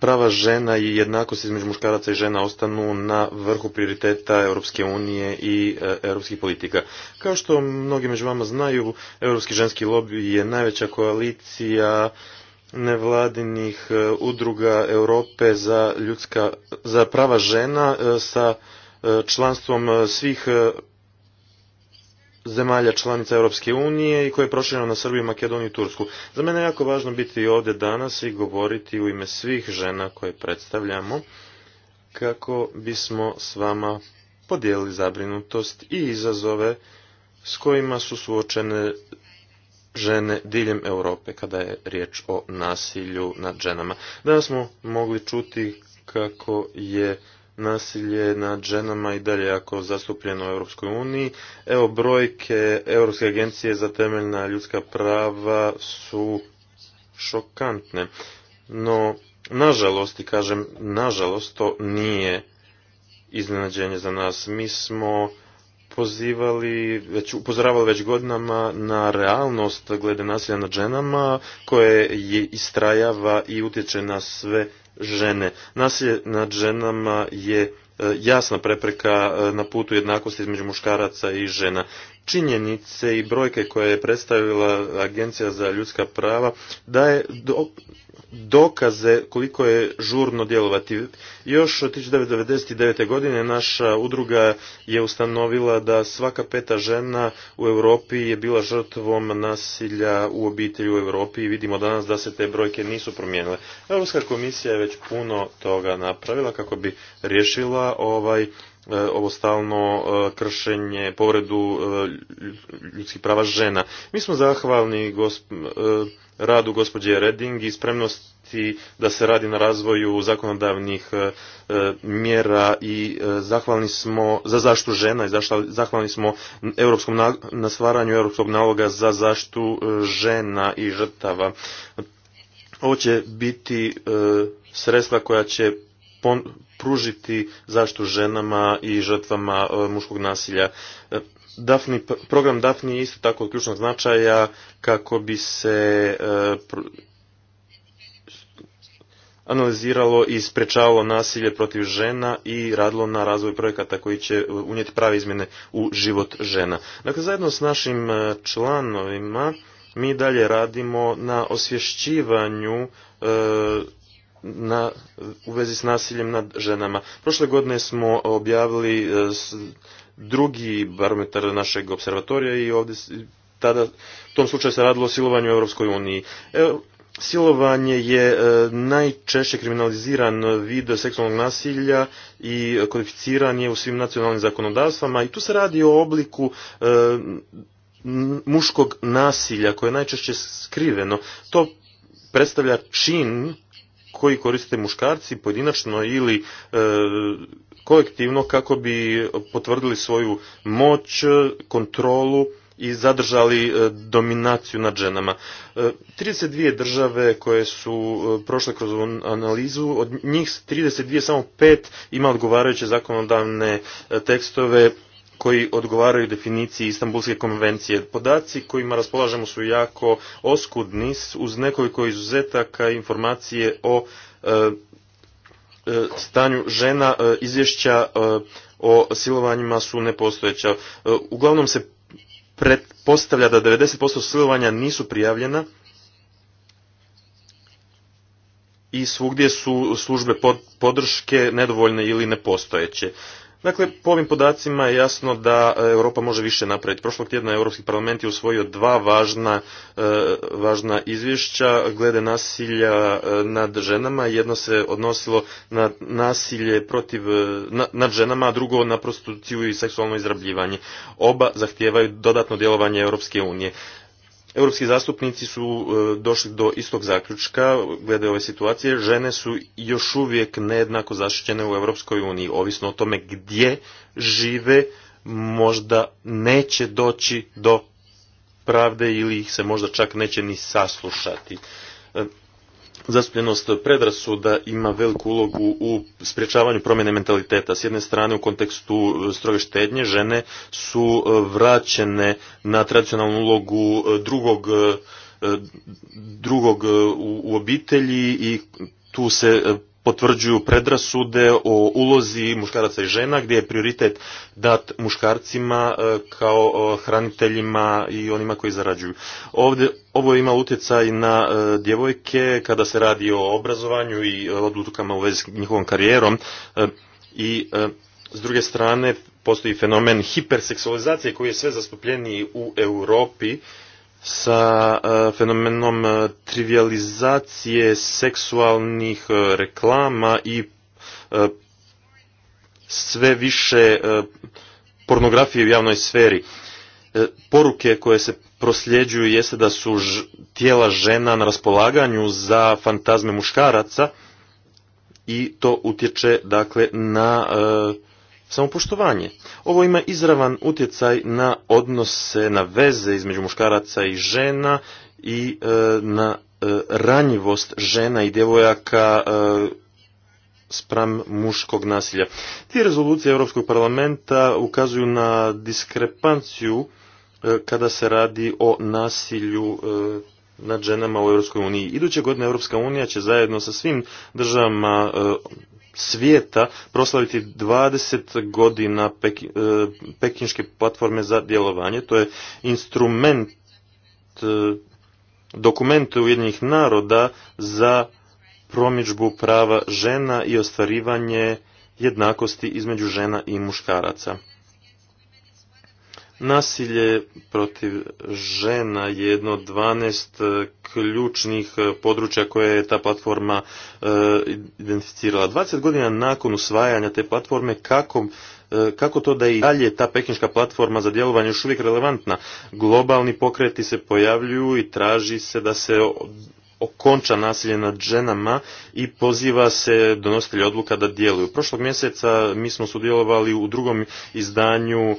prava žena i jednakost između muškaraca i žena ostanu na vrhu prioriteta Europske unije i e, europskih politika. Kao što mnogi među vama znaju, Europski ženski lobby je najveća koalicija nevladinih e, udruga Europe za ljudska za prava žena e, sa članstvom svih zemalja članica Europske unije i koje je prošireno na Srbiju, Makedoniju i Tursku. Za mene je jako važno biti ovdje danas i govoriti u ime svih žena koje predstavljamo kako bismo s vama podijelili zabrinutost i izazove s kojima su suočene žene diljem Europe kada je riječ o nasilju nad ženama. Danas smo mogli čuti kako je nasilje nad ženama i dalje jako zastupljeno u Europskoj uniji. Evo brojke Europske agencije za temeljna ljudska prava su šokantne. No, nažalost, i kažem, nažalost, to nije iznenađenje za nas. Mi smo pozivali, već upozoravali već godinama na realnost glede nasilja nad ženama koje je istrajava i utječe na sve žene. Nasilje nad ženama je jasna prepreka e, na putu jednakosti između muškaraca i žena. Činjenice i brojke koje je predstavila Agencija za ljudska prava daje dokaze koliko je žurno djelovati. Još od 1999. godine naša udruga je ustanovila da svaka peta žena u Europi je bila žrtvom nasilja u obitelji u Europi i vidimo danas da se te brojke nisu promijenile. Europska komisija je već puno toga napravila kako bi riješila ovaj e, ovo stalno e, kršenje, povredu e, ljudskih prava žena. Mi smo zahvalni radu gospođe Reding i spremnosti da se radi na razvoju zakonodavnih mjera i zahvalni smo za zaštitu žena i zahvalni smo europskom na... stvaranju europskog naloga za zaštu žena i žrtava. Ovo će biti sredstva koja će pružiti zaštu ženama i žrtvama e, muškog nasilja. E, Dafni, program Dafni je isto tako od ključnog značaja kako bi se e, analiziralo i sprečavalo nasilje protiv žena i radilo na razvoju projekata koji će unijeti prave izmjene u život žena. Dakle, zajedno s našim članovima mi dalje radimo na osvješćivanju na, u vezi s nasiljem nad ženama. Prošle godine smo objavili e, drugi barometar našeg observatorija i ovdje tada u tom slučaju se radilo o silovanju u Europskoj uniji. E, silovanje je e, najčešće kriminaliziran vid seksualnog nasilja i kodificiran je u svim nacionalnim zakonodavstvama i tu se radi o obliku muškog nasilja koje je najčešće skriveno. To predstavlja čin koji koriste muškarci pojedinačno ili e, kolektivno kako bi potvrdili svoju moć, kontrolu i zadržali e, dominaciju nad ženama. 32 e, države koje su prošle kroz ovu analizu, od njih 32 samo pet ima odgovarajuće zakonodavne tekstove koji odgovaraju definiciji Istanbulske konvencije. Podaci kojima raspolažemo su jako oskudni uz nekoliko izuzetaka informacije o e, e, stanju žena e, izvješća o silovanjima su nepostojeća. Uglavnom se pretpostavlja da 90% silovanja nisu prijavljena i svugdje su službe podrške nedovoljne ili nepostojeće. Dakle, po ovim podacima je jasno da e, Europa može više napraviti. Prošlog tjedna Europski parlament je usvojio dva važna, e, važna izvješća glede nasilja e, nad ženama. Jedno se odnosilo na nasilje protiv, nad ženama, a drugo na prostituciju i seksualno izrabljivanje. Oba zahtijevaju dodatno djelovanje Europske unije. Europski zastupnici su e, došli do istog zaključka glede ove situacije. Žene su još uvijek nejednako zaštićene u Europskoj uniji. Ovisno o tome gdje žive, možda neće doći do pravde ili ih se možda čak neće ni saslušati. E, zastupljenost predrasuda ima veliku ulogu u sprječavanju promjene mentaliteta. S jedne strane u kontekstu e, stroge štednje žene su e, vraćene na tradicionalnu ulogu e, drugog, drugog u obitelji i tu se potvrđuju predrasude o ulozi muškaraca i žena gdje je prioritet dat muškarcima e, kao e, hraniteljima i onima koji zarađuju. ovo ima utjecaj na e, djevojke kada se radi o obrazovanju i odlukama u vezi s njihovom karijerom i s druge strane postoji fenomen hiperseksualizacije koji je sve zastupljeniji u Europi sa e, fenomenom e, trivializacije seksualnih e, reklama i sve više pornografije u javnoj sferi. Poruke koje se prosljeđuju jeste da su tijela žena na raspolaganju za fantazme muškaraca i to utječe dakle na samopoštovanje. Ovo ima izravan utjecaj na odnose, na veze između muškaraca i žena i e, na e, ranjivost žena i djevojaka e, spram muškog nasilja. Ti rezolucije Europskog parlamenta ukazuju na diskrepanciju kada se radi o nasilju nad ženama u Europskoj uniji. Iduće godine Europska unija će zajedno sa svim državama svijeta proslaviti 20 godina Pekinjske pekinške platforme za djelovanje. To je instrument, e, dokument Ujedinjenih naroda za promičbu prava žena i ostvarivanje jednakosti između žena i muškaraca. Nasilje protiv žena je jedno od 12 e, ključnih e, područja koje je ta platforma e, identificirala. 20 godina nakon usvajanja te platforme kako kako to da i dalje ta pekinška platforma za djelovanje još uvijek relevantna? Globalni pokreti se pojavljuju i traži se da se okonča nasilje nad ženama i poziva se donositelje odluka da djeluju. Prošlog mjeseca mi smo sudjelovali u drugom izdanju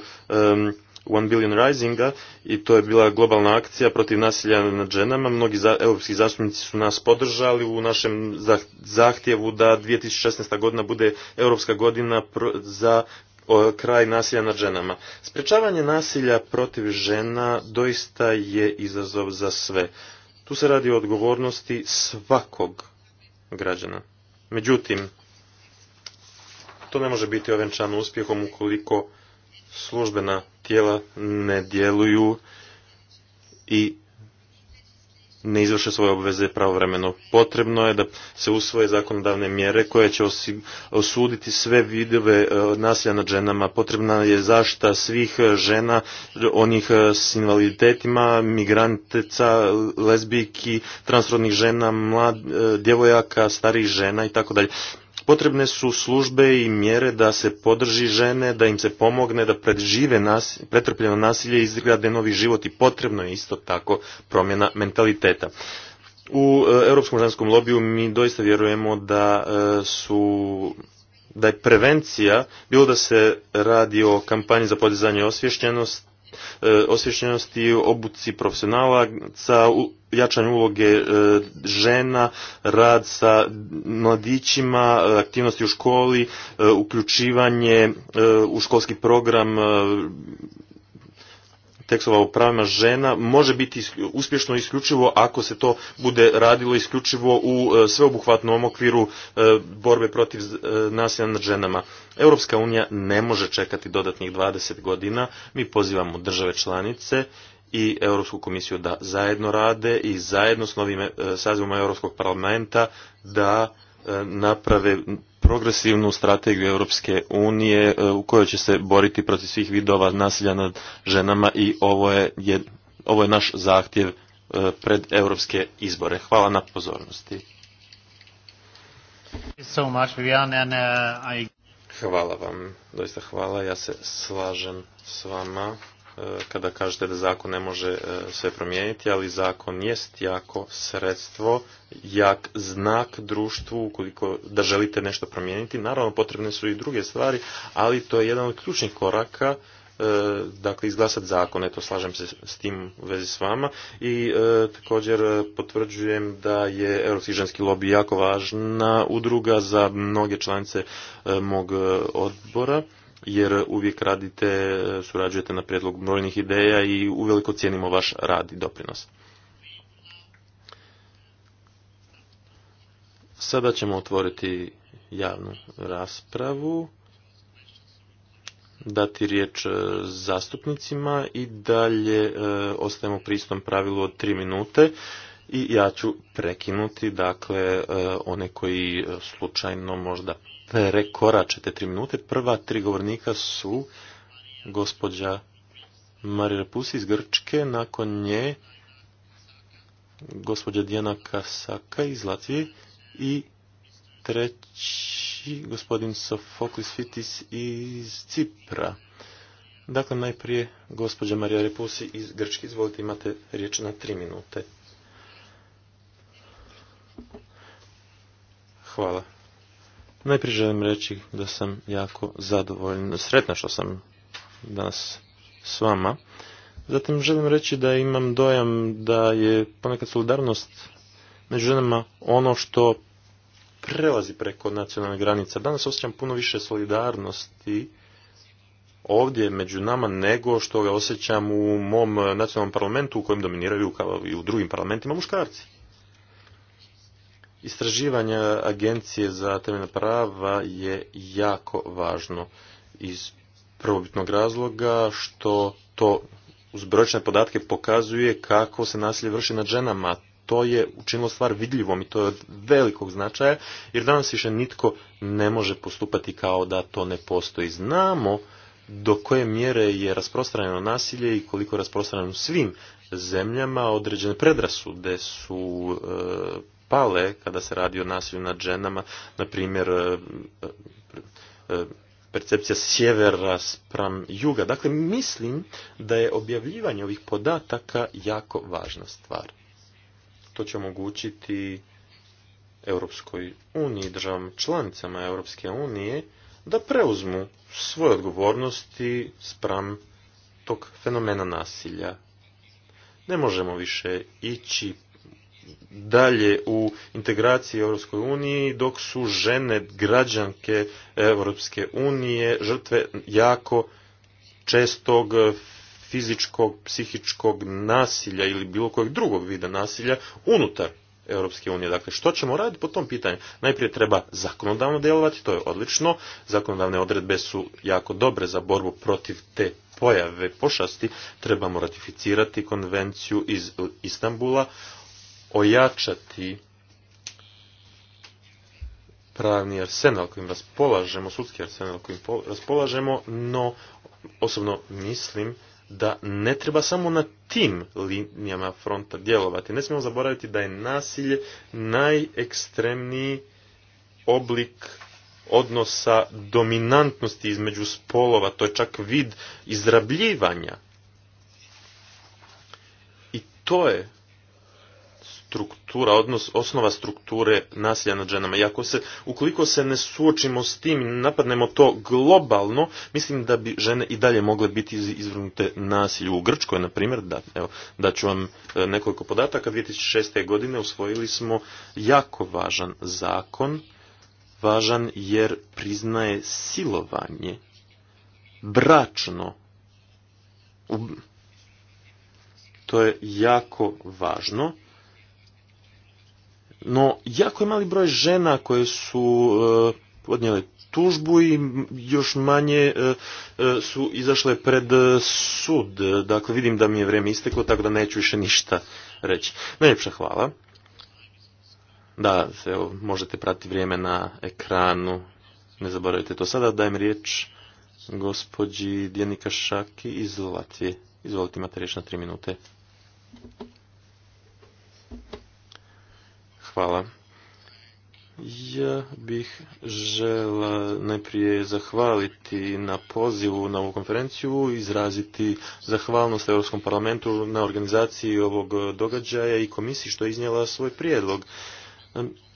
one Billion Risinga i to je bila globalna akcija protiv nasilja nad ženama. Mnogi za, europski zastupnici su nas podržali u našem zahtjevu da 2016. godina bude europska godina za kraj nasilja nad ženama. Sprečavanje nasilja protiv žena doista je izazov za sve. Tu se radi o odgovornosti svakog građana. Međutim, to ne može biti ovenčano uspjehom ukoliko službena tijela ne djeluju i ne izvrše svoje obveze pravovremeno. Potrebno je da se usvoje zakonodavne mjere koje će osuditi sve vidove e, nasilja nad ženama. Potrebna je zašta svih e, žena, onih e, s invaliditetima, migrantica, lezbijki, transrodnih žena, mlad, djevojaka, starih žena i tako Potrebne su službe i mjere da se podrži žene, da im se pomogne, da prežive pretrpljeno nasilje i izgrade novi život i potrebno je isto tako promjena mentaliteta. U e, Europskom ženskom lobiju mi doista vjerujemo da e, su da je prevencija, bilo da se radi o kampanji za podizanje osvješćenost, E, osvješćenosti obuci profesionalaca, jačanje uloge e, žena, rad sa mladićima, aktivnosti u školi, e, uključivanje u školski program tekstova o pravima žena može biti uspješno isključivo ako se to bude radilo isključivo u e, sveobuhvatnom okviru e, borbe protiv e, nasilja nad ženama. Europska unija ne može čekati dodatnih 20 godina. Mi pozivamo države članice i Europsku komisiju da zajedno rade i zajedno s novim sazivom Europskog parlamenta da naprave progresivnu strategiju Europske unije e, u kojoj će se boriti protiv svih vidova nasilja nad ženama i ovo je, ovo je naš zahtjev e, pred europske izbore. Hvala na pozornosti. Uh, hvala vam, doista hvala, ja se slažem s vama kada kažete da zakon ne može e, sve promijeniti, ali zakon jest jako sredstvo, jak znak društvu ukoliko da želite nešto promijeniti. Naravno potrebne su i druge stvari, ali to je jedan od ključnih koraka e, dakle izglasati zakon, eto slažem se s tim u vezi s vama i e, također potvrđujem da je Europski ženski lobby jako važna udruga za mnoge članice mog odbora jer uvijek radite, surađujete na prijedlog brojnih ideja i uveliko cijenimo vaš rad i doprinos. Sada ćemo otvoriti javnu raspravu, dati riječ e, zastupnicima i dalje e, ostajemo pristom istom pravilu od tri minute i ja ću prekinuti dakle e, one koji slučajno možda Rekoračete tri minute. Prva tri govornika su gospođa Marija Repusi iz Grčke, nakon nje gospođa Dijana Kasaka iz Latvije i treći gospodin Sofoklis Fitis iz Cipra. Dakle, najprije gospođa Marija Repusi iz Grčke. Izvolite, imate riječ na tri minute. Hvala, Najprije želim reći da sam jako zadovoljan, sretna što sam danas s vama. Zatim želim reći da imam dojam da je ponekad solidarnost među ženama ono što prelazi preko nacionalne granice. Danas osjećam puno više solidarnosti ovdje među nama nego što ga osjećam u mom nacionalnom parlamentu u kojem dominiraju kao i u drugim parlamentima muškarci. Istraživanje agencije za temeljna prava je jako važno iz prvobitnog razloga što to uz brojčne podatke pokazuje kako se nasilje vrši nad ženama. To je učinilo stvar vidljivom i to je od velikog značaja jer danas više nitko ne može postupati kao da to ne postoji. Znamo do koje mjere je rasprostranjeno nasilje i koliko je rasprostranjeno svim zemljama određene predrasude su e, pale kada se radi o nasilju nad ženama, na primjer e, e, e, percepcija sjevera spram juga. Dakle, mislim da je objavljivanje ovih podataka jako važna stvar. To će omogućiti Europskoj uniji, državama članicama Europske unije, da preuzmu svoje odgovornosti spram tog fenomena nasilja. Ne možemo više ići dalje u integraciji Europskoj uniji, dok su žene građanke Europske unije žrtve jako čestog fizičkog, psihičkog nasilja ili bilo kojeg drugog vida nasilja unutar Europske unije. Dakle, što ćemo raditi po tom pitanju? Najprije treba zakonodavno djelovati, to je odlično. Zakonodavne odredbe su jako dobre za borbu protiv te pojave pošasti. Trebamo ratificirati konvenciju iz Istambula ojačati pravni arsenal kojim raspolažemo, sudski arsenal kojim raspolažemo, no osobno mislim da ne treba samo na tim linijama fronta djelovati. Ne smijemo zaboraviti da je nasilje najekstremniji oblik odnosa dominantnosti između spolova, to je čak vid izrabljivanja. I to je struktura, odnos, osnova strukture nasilja nad ženama. I ako se, ukoliko se ne suočimo s tim i napadnemo to globalno, mislim da bi žene i dalje mogle biti izvrnute nasilju. U Grčkoj, na primjer, da, evo, da ću vam e, nekoliko podataka, 2006. godine usvojili smo jako važan zakon, važan jer priznaje silovanje, bračno, to je jako važno no, jako je mali broj žena koje su e, podnijele tužbu i još manje e, e, su izašle pred sud. Dakle, vidim da mi je vrijeme isteklo, tako da neću više ništa reći. Najljepša hvala. Da, evo, možete pratiti vrijeme na ekranu. Ne zaboravite to. Sada dajem riječ gospođi Djenika Šaki iz Latvije. Izvolite, imate riječ na tri minute. Hvala. Ja bih žela najprije zahvaliti na pozivu na ovu konferenciju, izraziti zahvalnost Europskom parlamentu na organizaciji ovog događaja i komisiji što je iznijela svoj prijedlog.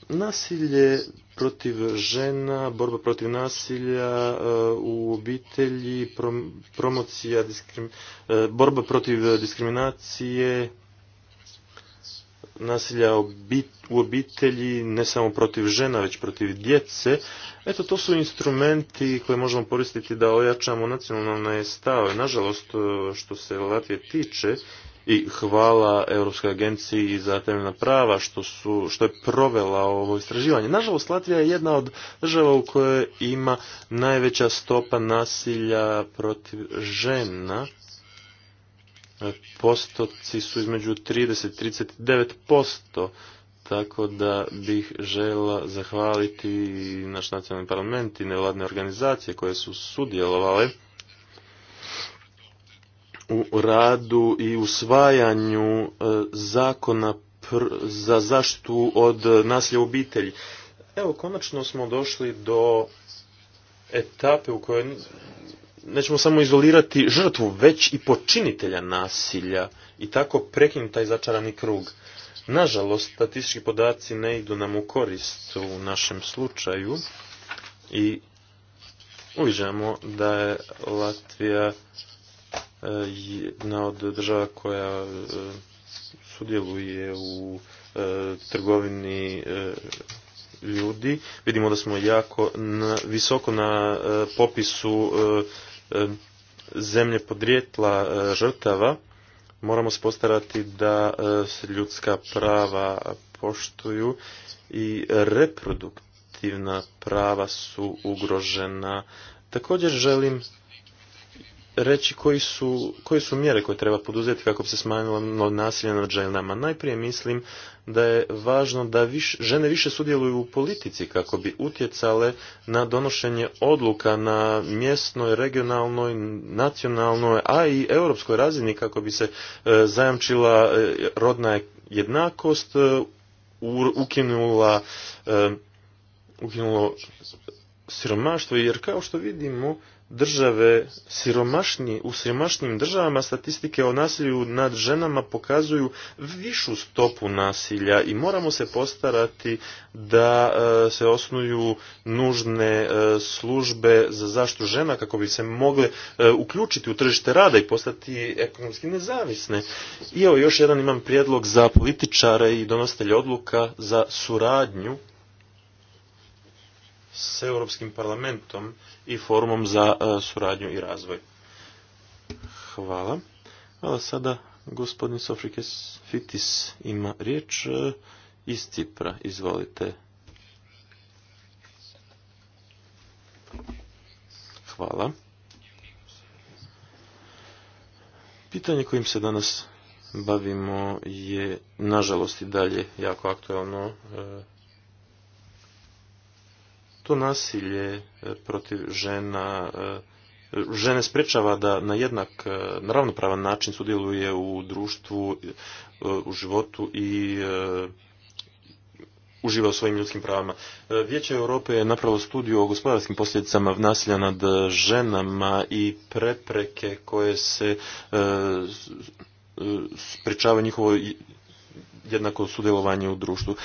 Nasilje protiv žena, borba protiv nasilja uh, u obitelji, promocija, uh, borba protiv diskriminacije, nasilja u obitelji, ne samo protiv žena, već protiv djece. Eto, to su instrumenti koje možemo koristiti da ojačamo nacionalne stave. Nažalost, e, što se Latvije tiče, i hvala Europskoj agenciji za temeljna prava što, su, što je provela ovo istraživanje. Nažalost, Latvija je jedna od država u kojoj ima najveća stopa nasilja protiv žena postoci su između 30 39%, tako da bih žela zahvaliti naš nacionalni parlament i nevladne organizacije koje su sudjelovale u radu i usvajanju e, zakona za zaštitu od nasilja u obitelji. Evo, konačno smo došli do etape u kojoj nećemo samo izolirati žrtvu, već i počinitelja nasilja i tako prekinuti taj začarani krug. Nažalost, statistički podaci ne idu nam u korist u našem slučaju i uviđamo da je Latvija e, jedna od država koja e, sudjeluje u e, trgovini ljudi. Vidimo da smo jako visoko na popisu E, zemlje podrijetla e, žrtava, moramo spostarati da e, se ljudska prava poštuju i reproduktivna prava su ugrožena. Također želim reći koji su, koje su mjere koje treba poduzeti kako bi se smanjilo nasilje nad ženama. Najprije mislim da je važno da više žene više sudjeluju u politici kako bi utjecale na donošenje odluka na mjesnoj, regionalnoj, nacionalnoj, a i europskoj razini kako bi se e, zajamčila e, rodna jednakost, e, ukinula, e, ukinulo siromaštvo, jer kao što vidimo države siromašnije, u siromašnim državama statistike o nasilju nad ženama pokazuju višu stopu nasilja i moramo se postarati da e, se osnuju nužne e, službe za zaštitu žena kako bi se mogle e, uključiti u tržište rada i postati ekonomski nezavisne. I evo još jedan imam prijedlog za političare i donositelje odluka za suradnju s Europskim parlamentom i forumom za e, suradnju i razvoj. Hvala. Hvala sada gospodin Sofrikes Fitis ima riječ e, iz Cipra. Izvolite. Hvala. Pitanje kojim se danas bavimo je nažalost i dalje jako aktualno e, to nasilje e, protiv žena e, žene sprečava da na jednak, e, na ravnopravan način sudjeluje u društvu, u životu i uživa u svojim ljudskim pravama. Vijeće Europe je napravo studiju o gospodarskim posljedicama nasilja nad ženama i prepreke koje se sprečavaju njihovo jednako sudjelovanje u društvu.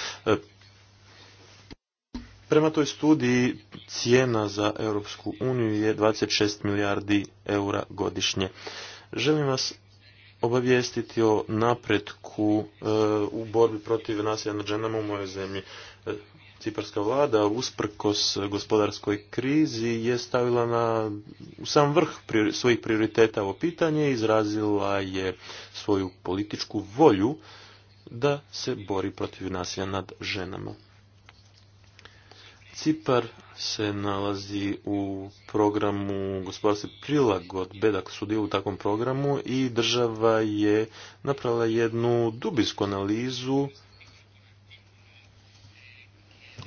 Prema toj studiji cijena za Europsku uniju je 26 milijardi eura godišnje. Želim vas obavijestiti o napretku e, u borbi protiv nasilja nad ženama u mojoj zemlji. E, Ciparska vlada usprkos gospodarskoj krizi je stavila na u sam vrh svojih prioriteta ovo pitanje i izrazila je svoju političku volju da se bori protiv nasilja nad ženama. Cipar se nalazi u programu gospodarske prilagodbe, dakle sudjeluje u takvom programu i država je napravila jednu dubinsku analizu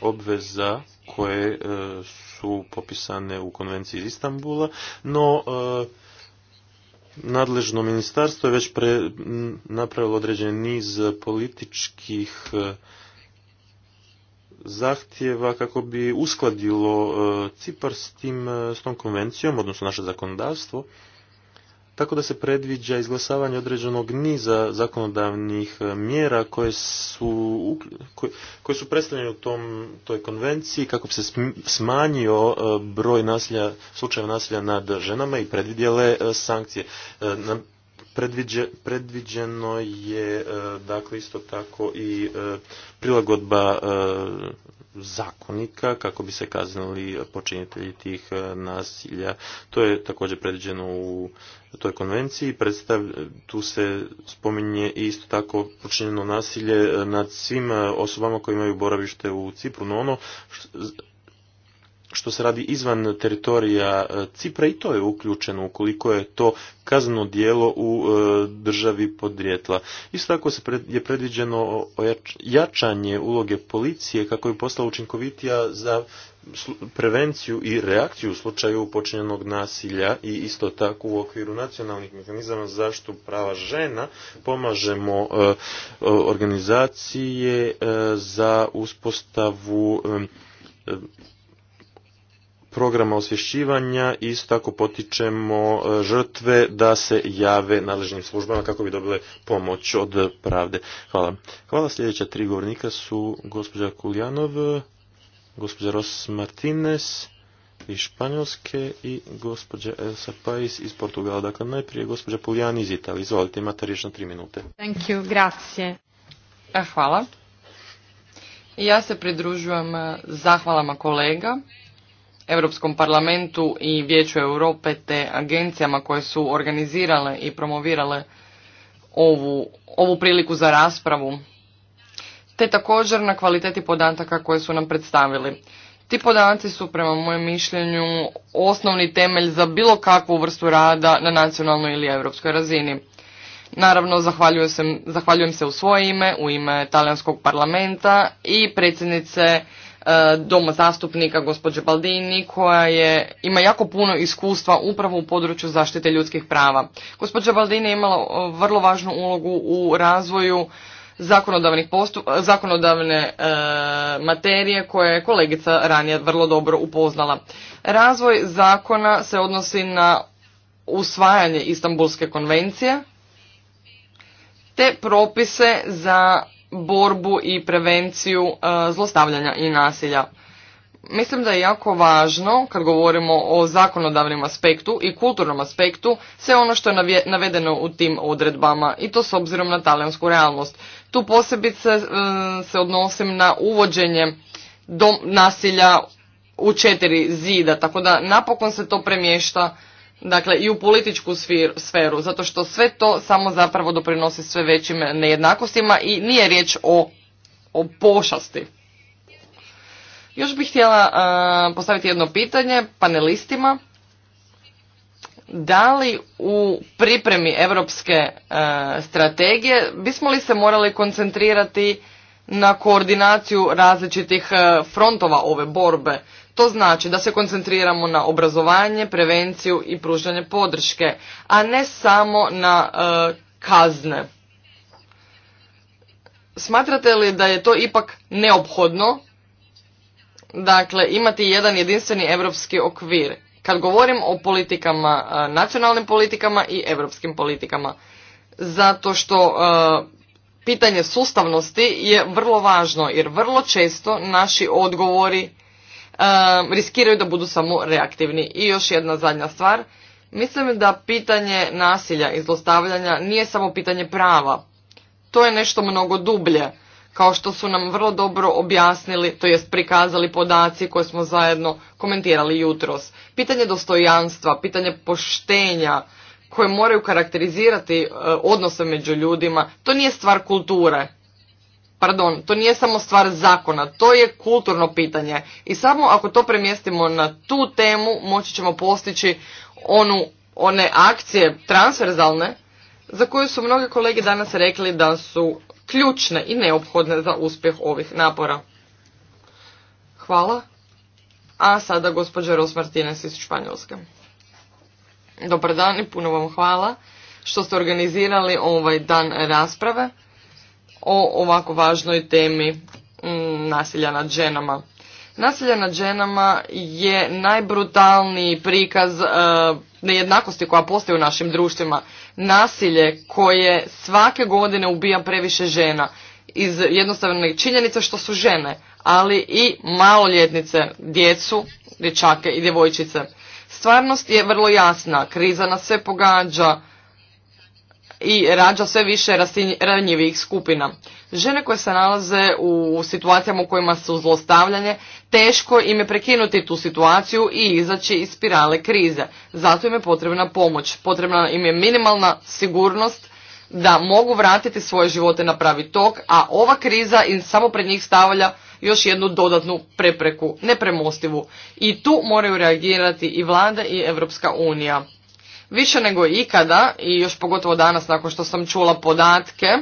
obveza koje e, su popisane u konvenciji iz Istambula, no e, nadležno ministarstvo je već napravilo određen niz političkih e, zahtjeva kako bi uskladilo e, Cipar s, tim, e, s tom konvencijom, odnosno naše zakonodavstvo, tako da se predviđa izglasavanje određenog niza zakonodavnih e, mjera koje su, koje, su predstavljene u tom, toj konvenciji kako bi se smanjio broj nasilja, slučajeva nasilja nad ženama i predvidjele sankcije predviđeno je e, dakle isto tako i e, prilagodba e, zakonika kako bi se kaznili počinitelji tih nasilja. To je također predviđeno u toj konvenciji. Predstav, tu se spominje isto tako počinjeno nasilje nad svim osobama koje imaju boravište u Cipru, no ono što se radi izvan teritorija e, Cipra i to je uključeno ukoliko je to kazneno dijelo u e, državi podrijetla. Isto tako se je predviđeno jačanje uloge policije kako je postala učinkovitija za prevenciju i reakciju u slučaju počinjenog nasilja i isto tako u okviru nacionalnih mehanizama za zaštitu prava žena pomažemo e, organizacije za uspostavu programa osvješćivanja isto tako potičemo e, žrtve da se jave nadležnim službama kako bi dobile pomoć od pravde. Hvala. Hvala. Sljedeća tri govornika su gospođa Kuljanov, gospođa Ros Martinez iz Španjolske i gospođa Elsa Pais iz Portugala. Dakle, najprije gospođa Puljan iz Italije. Izvolite, imate riječ na tri minute. Thank you, grazie. E, hvala. Ja se pridružujem e, zahvalama kolega Europskom parlamentu i Vijeću Europe te agencijama koje su organizirale i promovirale ovu, ovu priliku za raspravu, te također na kvaliteti podataka koje su nam predstavili. Ti podaci su prema mojem mišljenju osnovni temelj za bilo kakvu vrstu rada na nacionalnoj ili europskoj razini. Naravno, zahvaljujem se, zahvaljujem se u svoje ime, u ime talijanskog parlamenta i predsjednice E, doma zastupnika gospođe Baldini koja je, ima jako puno iskustva upravo u području zaštite ljudskih prava. Gospođa Baldini je imala e, vrlo važnu ulogu u razvoju zakonodavnih postup, e, zakonodavne materije koje je kolegica ranije vrlo dobro upoznala. Razvoj zakona se odnosi na usvajanje Istanbulske konvencije te propise za borbu i prevenciju e, zlostavljanja i nasilja. Mislim da je jako važno, kad govorimo o zakonodavnim aspektu i kulturnom aspektu, sve ono što je navedeno u tim odredbama i to s obzirom na talijansku realnost. Tu posebice e, se odnosim na uvođenje dom nasilja u četiri zida, tako da napokon se to premješta dakle i u političku sferu, zato što sve to samo zapravo doprinosi sve većim nejednakostima i nije riječ o, pošasti. Još bih htjela e, postaviti jedno pitanje panelistima. Da li u pripremi europske e, strategije bismo li se morali koncentrirati na koordinaciju različitih e, frontova ove borbe? To znači da se koncentriramo na obrazovanje, prevenciju i pružanje podrške, a ne samo na e, kazne. Smatrate li da je to ipak neophodno? Dakle, imati jedan jedinstveni europski okvir. Kad govorim o politikama, e, nacionalnim politikama i europskim politikama. Zato što e, pitanje sustavnosti je vrlo važno jer vrlo često naši odgovori riskiraju da budu samo reaktivni. I još jedna zadnja stvar. Mislim da pitanje nasilja i zlostavljanja nije samo pitanje prava. To je nešto mnogo dublje, kao što su nam vrlo dobro objasnili, to jest prikazali podaci koje smo zajedno komentirali jutros. Pitanje dostojanstva, pitanje poštenja koje moraju karakterizirati e, odnose među ljudima, to nije stvar kulture pardon, to nije samo stvar zakona, to je kulturno pitanje. I samo ako to premjestimo na tu temu, moći ćemo postići onu, one akcije transverzalne, za koje su mnogi kolege danas rekli da su ključne i neophodne za uspjeh ovih napora. Hvala. A sada gospođa Ros Martinez iz Španjolske. Dobar dan i puno vam hvala što ste organizirali ovaj dan rasprave o ovako važnoj temi mm, nasilja nad ženama. Nasilje nad ženama je najbrutalniji prikaz e, nejednakosti koja postoji u našim društvima. Nasilje koje svake godine ubija previše žena iz jednostavne činjenice što su žene, ali i maloljetnice, djecu, dječake i djevojčice. Stvarnost je vrlo jasna, kriza nas sve pogađa, i rađa sve više ranjivih skupina. Žene koje se nalaze u situacijama u kojima su zlostavljanje, teško im je prekinuti tu situaciju i izaći iz spirale krize. Zato im je potrebna pomoć. Potrebna im je minimalna sigurnost da mogu vratiti svoje živote na pravi tok, a ova kriza im samo pred njih stavlja još jednu dodatnu prepreku, nepremostivu. I tu moraju reagirati i vlada i Europska unija. Više nego ikada i još pogotovo danas nakon što sam čula podatke e,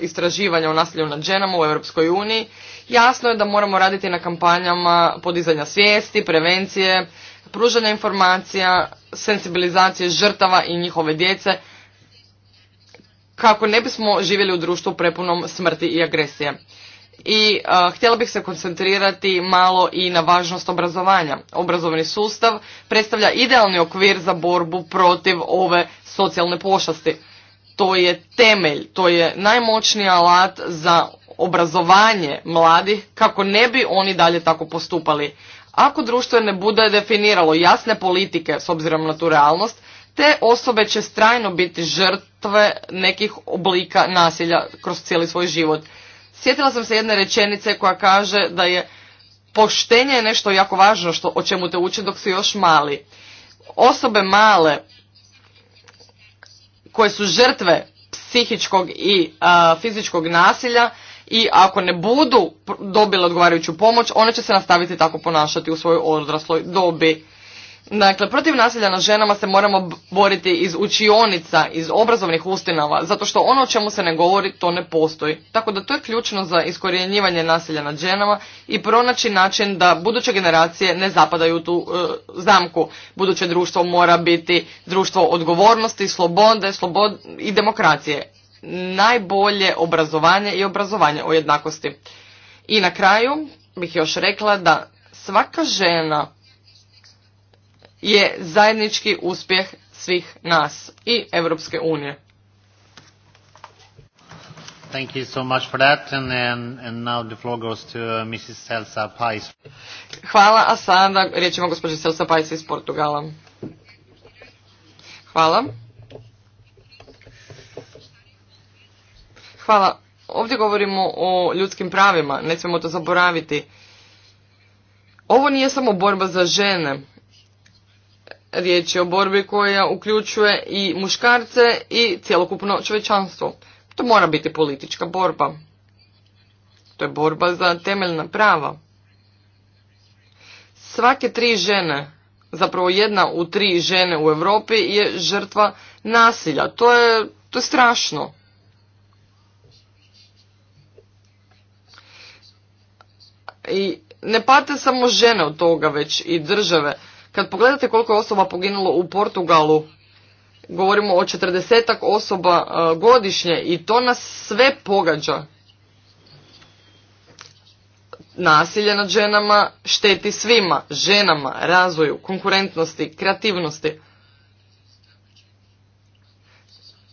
istraživanja o nasilju nad ženama u Europskoj uniji, jasno je da moramo raditi na kampanjama podizanja svijesti, prevencije, pružanja informacija, sensibilizacije žrtava i njihove djece kako ne bismo živjeli u društvu prepunom smrti i agresije i a, htjela bih se koncentrirati malo i na važnost obrazovanja. Obrazovni sustav predstavlja idealni okvir za borbu protiv ove socijalne pošasti. To je temelj, to je najmoćniji alat za obrazovanje mladih kako ne bi oni dalje tako postupali. Ako društvo ne bude definiralo jasne politike s obzirom na tu realnost, te osobe će strajno biti žrtve nekih oblika nasilja kroz cijeli svoj život Sjetila sam se jedne rečenice koja kaže da je poštenje nešto jako važno što, o čemu te uče dok si još mali. Osobe male koje su žrtve psihičkog i fizičkog nasilja i ako ne budu dobile odgovarajuću pomoć, one će se nastaviti tako ponašati u svojoj odrasloj dobi. Dakle, protiv nasilja nad ženama se moramo boriti iz učionica, iz obrazovnih ustinova, zato što ono o čemu se ne govori, to ne postoji. Tako da to je ključno za iskorjenjivanje nasilja nad ženama i pronaći način da buduće generacije ne zapadaju u tu e, zamku. Buduće društvo mora biti društvo odgovornosti, slobode i demokracije. Najbolje obrazovanje i obrazovanje o jednakosti. I na kraju bih još rekla da svaka žena je zajednički uspjeh svih nas i Europske unije. Thank you so much for that. And, Hvala, a sada riječ ima gospođa Selsa Pais iz Portugala. Hvala. Hvala. Ovdje govorimo o ljudskim pravima, ne smijemo to zaboraviti. Ovo nije samo borba za žene. Riječ je o borbi koja uključuje i muškarce i cjelokupno čovečanstvo. To mora biti politička borba. To je borba za temeljna prava. Svake tri žene, zapravo jedna u tri žene u Europi je žrtva nasilja. To je, to je strašno. I ne pate samo žene od toga, već i države kad pogledate koliko je osoba poginulo u Portugalu, govorimo o četrdesetak osoba e, godišnje i to nas sve pogađa. Nasilje nad ženama šteti svima, ženama, razvoju, konkurentnosti, kreativnosti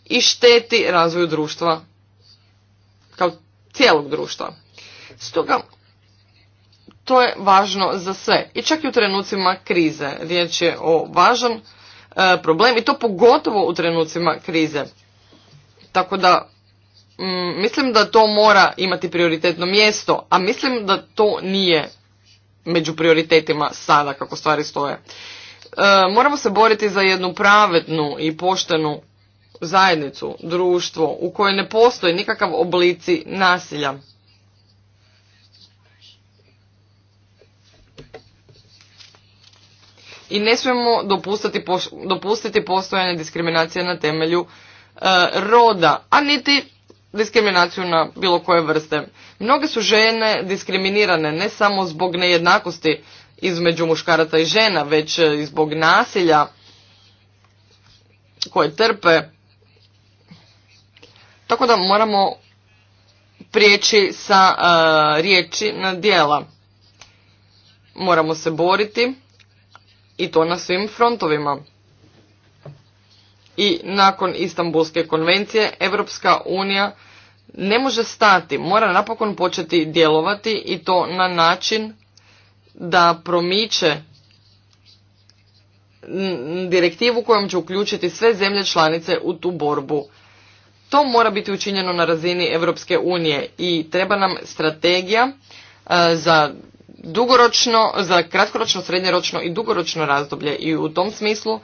i šteti razvoju društva kao cijelog društva. Stoga to je važno za sve. I čak i u trenucima krize. Riječ je o važan e, problem i to pogotovo u trenucima krize. Tako da mm, mislim da to mora imati prioritetno mjesto, a mislim da to nije među prioritetima sada kako stvari stoje. E, moramo se boriti za jednu pravednu i poštenu zajednicu, društvo u kojoj ne postoji nikakav oblici nasilja. i ne smijemo dopustiti, dopustiti postojanje diskriminacije na temelju e, roda, a niti diskriminaciju na bilo koje vrste. Mnoge su žene diskriminirane ne samo zbog nejednakosti između muškaraca i žena, već e, i zbog nasilja koje trpe. Tako da moramo prijeći sa e, riječi na dijela. Moramo se boriti i to na svim frontovima. I nakon Istambulske konvencije Europska unija ne može stati, mora napokon početi djelovati i to na način da promiče direktivu kojom će uključiti sve zemlje članice u tu borbu. To mora biti učinjeno na razini Europske unije i treba nam strategija za dugoročno, za kratkoročno, srednjeročno i dugoročno razdoblje i u tom smislu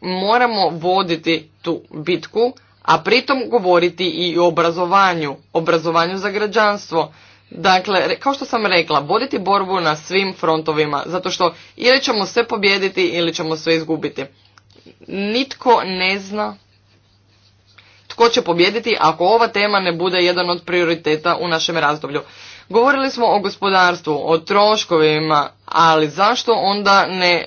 moramo voditi tu bitku, a pritom govoriti i o obrazovanju, obrazovanju za građanstvo. Dakle, kao što sam rekla, voditi borbu na svim frontovima, zato što ili ćemo sve pobijediti ili ćemo sve izgubiti. Nitko ne zna tko će pobijediti ako ova tema ne bude jedan od prioriteta u našem razdoblju. Govorili smo o gospodarstvu, o troškovima, ali zašto onda ne e,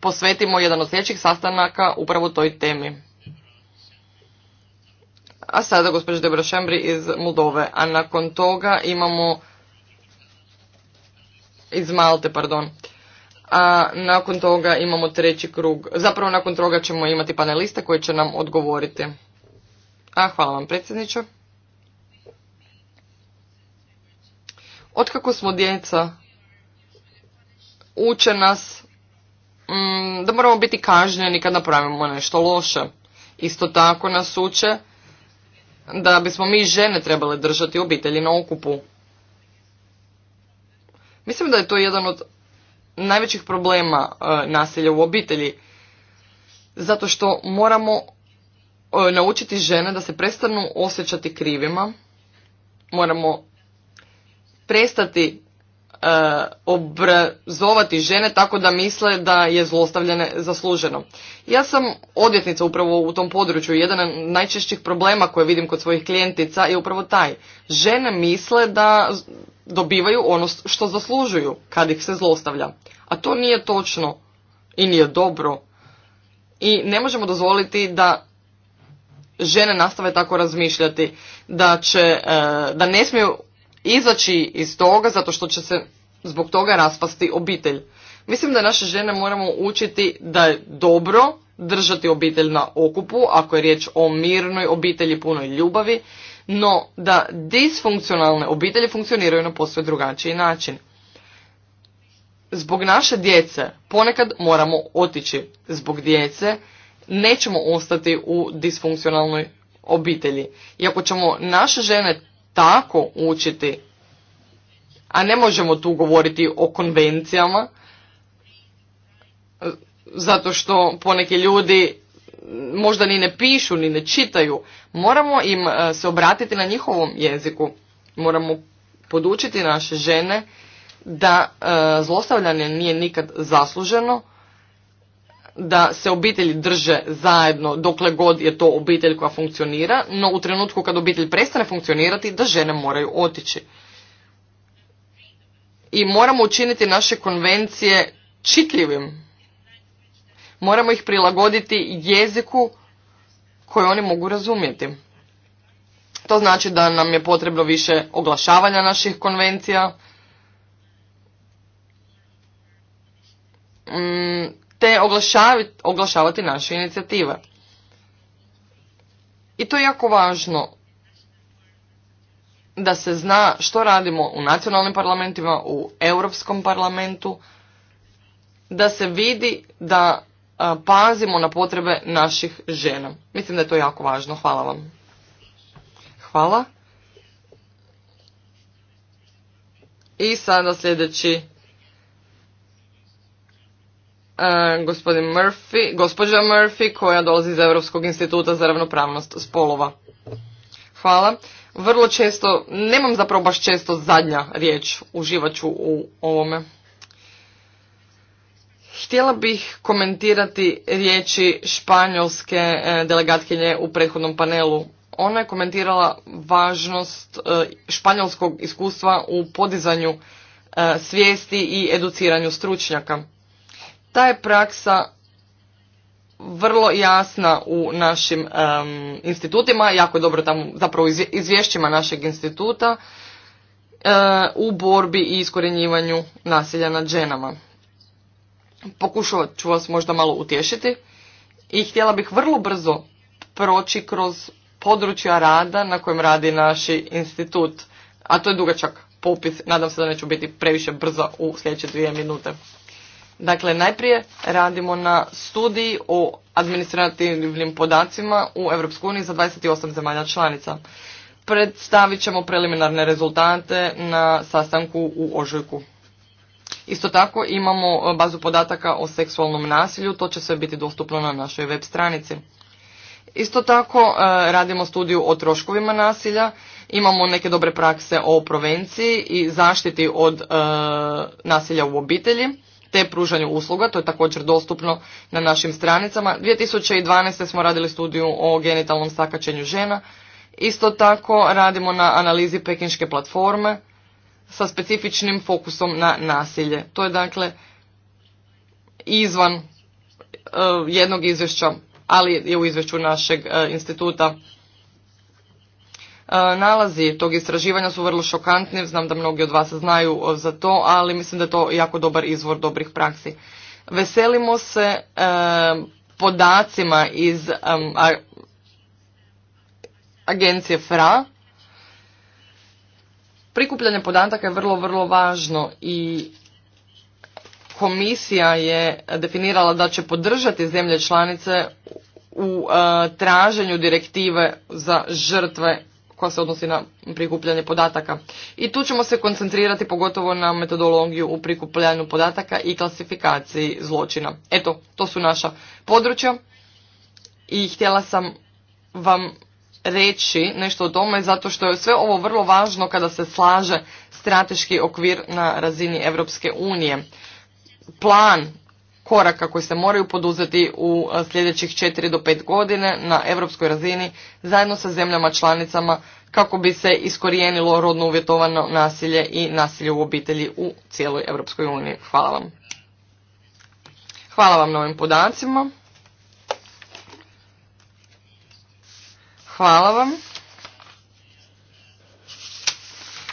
posvetimo jedan od sljedećih sastanaka upravo toj temi? A sada gospođa Debra Šembri iz Moldove, a nakon toga imamo iz Malte, pardon. A nakon toga imamo treći krug. Zapravo nakon toga ćemo imati paneliste koji će nam odgovoriti. A hvala vam predsjedniče. Otkako smo djeca, uče nas mm, da moramo biti kažnjeni kad napravimo nešto loše. Isto tako nas uče da bismo mi žene trebale držati obitelji na okupu. Mislim da je to jedan od najvećih problema e, nasilja u obitelji. Zato što moramo e, naučiti žene da se prestanu osjećati krivima. Moramo prestati e, obrazovati žene tako da misle da je zlostavljanje zasluženo. Ja sam odvjetnica upravo u tom području. Jedan od najčešćih problema koje vidim kod svojih klijentica je upravo taj. Žene misle da dobivaju ono što zaslužuju kad ih se zlostavlja. A to nije točno i nije dobro. I ne možemo dozvoliti da žene nastave tako razmišljati da će, e, da ne smiju izaći iz toga zato što će se zbog toga raspasti obitelj. Mislim da naše žene moramo učiti da je dobro držati obitelj na okupu ako je riječ o mirnoj obitelji punoj ljubavi, no da disfunkcionalne obitelji funkcioniraju na posve drugačiji način. Zbog naše djece ponekad moramo otići. Zbog djece nećemo ostati u disfunkcionalnoj obitelji. Iako ćemo naše žene tako učiti. A ne možemo tu govoriti o konvencijama, zato što poneki ljudi možda ni ne pišu, ni ne čitaju. Moramo im e, se obratiti na njihovom jeziku. Moramo podučiti naše žene da e, zlostavljanje nije nikad zasluženo, da se obitelji drže zajedno dokle god je to obitelj koja funkcionira, no u trenutku kad obitelj prestane funkcionirati da žene moraju otići. I moramo učiniti naše konvencije čitljivim. Moramo ih prilagoditi jeziku koji oni mogu razumjeti. To znači da nam je potrebno više oglašavanja naših konvencija. Mm, te oglašavati naše inicijative. I to je jako važno da se zna što radimo u nacionalnim parlamentima, u Europskom parlamentu, da se vidi da pazimo na potrebe naših žena. Mislim da je to jako važno. Hvala vam. Hvala. I sada sljedeći E, gospodin Murphy, gospođa Murphy koja dolazi iz Europskog instituta za ravnopravnost spolova. Hvala. Vrlo često, nemam zapravo baš često zadnja riječ, uživat ću u ovome. Htjela bih komentirati riječi španjolske e, delegatkinje u prethodnom panelu. Ona je komentirala važnost e, španjolskog iskustva u podizanju svijesti i educiranju stručnjaka. Ta je praksa vrlo jasna u našim institutima, jako je dobro tamo zapravo izvješćima našeg instituta e, u borbi i iskorjenjivanju nasilja nad ženama. Pokušavat ću vas možda malo utješiti i htjela bih vrlo brzo proći kroz područja rada na kojem radi naš institut, a to je dugačak popis, nadam se da neću biti previše brzo u sljedeće dvije minute. Dakle, najprije radimo na studiji o administrativnim podacima u EU za 28 zemalja članica. Predstavit ćemo preliminarne rezultate na sastanku u Ožujku. Isto tako imamo bazu podataka o seksualnom nasilju, to će sve biti dostupno na našoj web stranici. Isto tako e, radimo studiju o troškovima nasilja, imamo neke dobre prakse o provenciji i zaštiti od e, nasilja u obitelji te pružanju usluga, to je također dostupno na našim stranicama. 2012. smo radili studiju o genitalnom sakačenju žena. Isto tako radimo na analizi pekinške platforme sa specifičnim fokusom na nasilje. To je dakle izvan e, jednog izvješća, ali je u izvješću našeg e, instituta E, nalazi tog istraživanja su vrlo šokantni, znam da mnogi od vas znaju e, za to, ali mislim da je to jako dobar izvor dobrih praksi. Veselimo se e, podacima iz agencije FRA. Prikupljanje podataka je vrlo, vrlo važno i komisija je definirala da će podržati zemlje članice u traženju direktive za žrtve koja se odnosi na prikupljanje podataka. I tu ćemo se koncentrirati pogotovo na metodologiju u prikupljanju podataka i klasifikaciji zločina. Eto, to su naša područja i htjela sam vam reći nešto o tome zato što je sve ovo vrlo važno kada se slaže strateški okvir na razini Europske unije. Plan koraka koji se moraju poduzeti u e, sljedećih 4 do 5 godine na europskoj razini zajedno sa zemljama članicama kako bi se iskorijenilo rodno uvjetovano nasilje i nasilje u obitelji u cijeloj Europskoj uniji. Hvala vam. Hvala vam na ovim podacima. Hvala vam.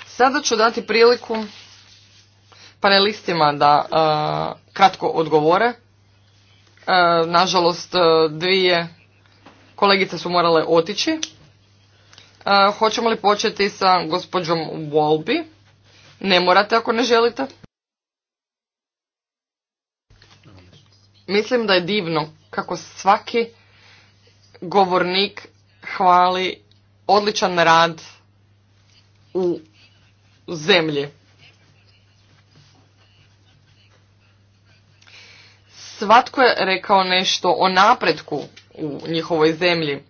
Sada ću dati priliku panelistima da e, kratko odgovore. E, nažalost, e, dvije kolegice su morale otići. hoćemo li početi sa gospođom Wolby? Ne morate ako ne želite. Mislim da je divno kako svaki govornik hvali odličan rad u zemlji Svatko je rekao nešto o napretku u njihovoj zemlji.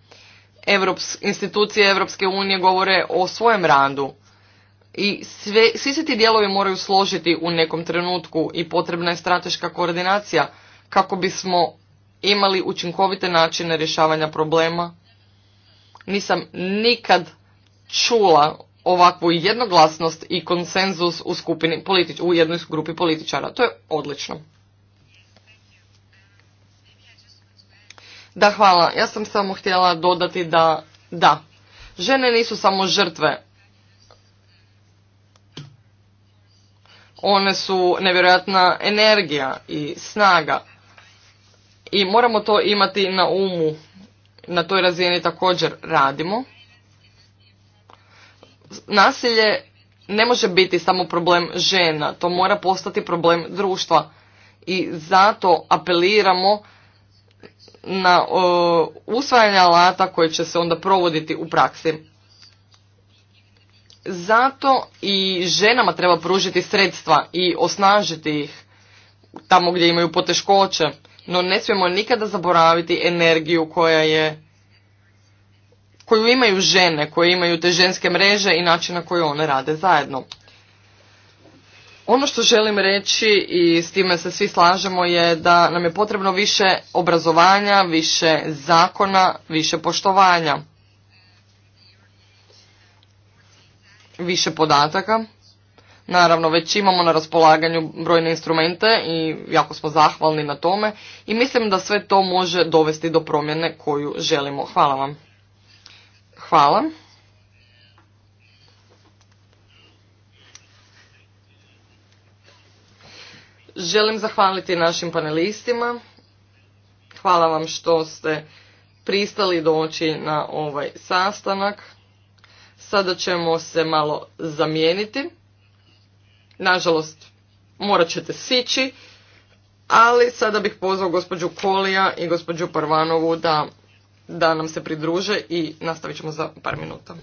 Evrops, institucije Europske unije govore o svojem radu. I sve, svi se ti dijelovi moraju složiti u nekom trenutku i potrebna je strateška koordinacija kako bismo imali učinkovite načine rješavanja problema. Nisam nikad čula ovakvu jednoglasnost i konsenzus u, skupini, u jednoj grupi političara. To je odlično. Da, hvala. Ja sam samo htjela dodati da, da, žene nisu samo žrtve. One su nevjerojatna energija i snaga. I moramo to imati na umu. Na toj razini također radimo. Nasilje ne može biti samo problem žena. To mora postati problem društva. I zato apeliramo na o, usvajanje alata koji će se onda provoditi u praksi. Zato i ženama treba pružiti sredstva i osnažiti ih tamo gdje imaju poteškoće, no ne smijemo nikada zaboraviti energiju koja je koju imaju žene, koje imaju te ženske mreže i način na koji one rade zajedno. Ono što želim reći i s time se svi slažemo je da nam je potrebno više obrazovanja, više zakona, više poštovanja, više podataka. Naravno, već imamo na raspolaganju brojne instrumente i jako smo zahvalni na tome i mislim da sve to može dovesti do promjene koju želimo. Hvala vam. Hvala. Želim zahvaliti našim panelistima. Hvala vam što ste pristali doći na ovaj sastanak. Sada ćemo se malo zamijeniti. Nažalost, morat ćete sići, ali sada bih pozvao gospođu Kolija i gospođu Parvanovu da, nam se pridruže i nastavit ćemo za par minuta.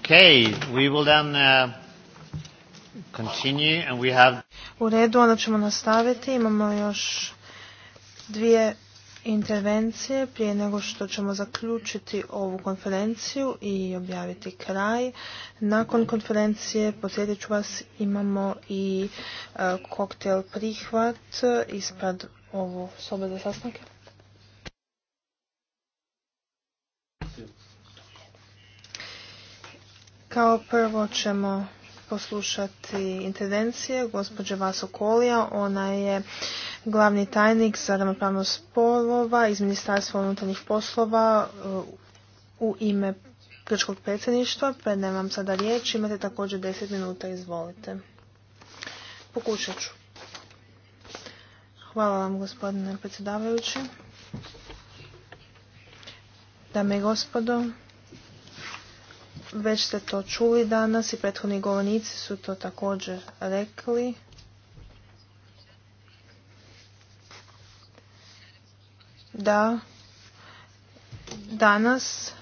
Okay, uh, U redu, onda ćemo nastaviti. Imamo još dvije intervencije prije nego što ćemo zaključiti ovu konferenciju i objaviti kraj. Nakon konferencije, posljedit ću vas, imamo i uh, koktel prihvat ispred ovo sobe za sastanke. Kao prvo ćemo poslušati intervencije gospođe Vaso Kolija. Ona je glavni tajnik za ravnopravnost spolova iz Ministarstva unutarnjih poslova uh, u ime grčkog predsjedništva. Predajem vam sada riječ. Imate također 10 minuta. Izvolite. Pokušat ću. Hvala vam gospodine predsjedavajući. Dame i gospodo, već ste to čuli danas i prethodni govornici su to također rekli. Da, danas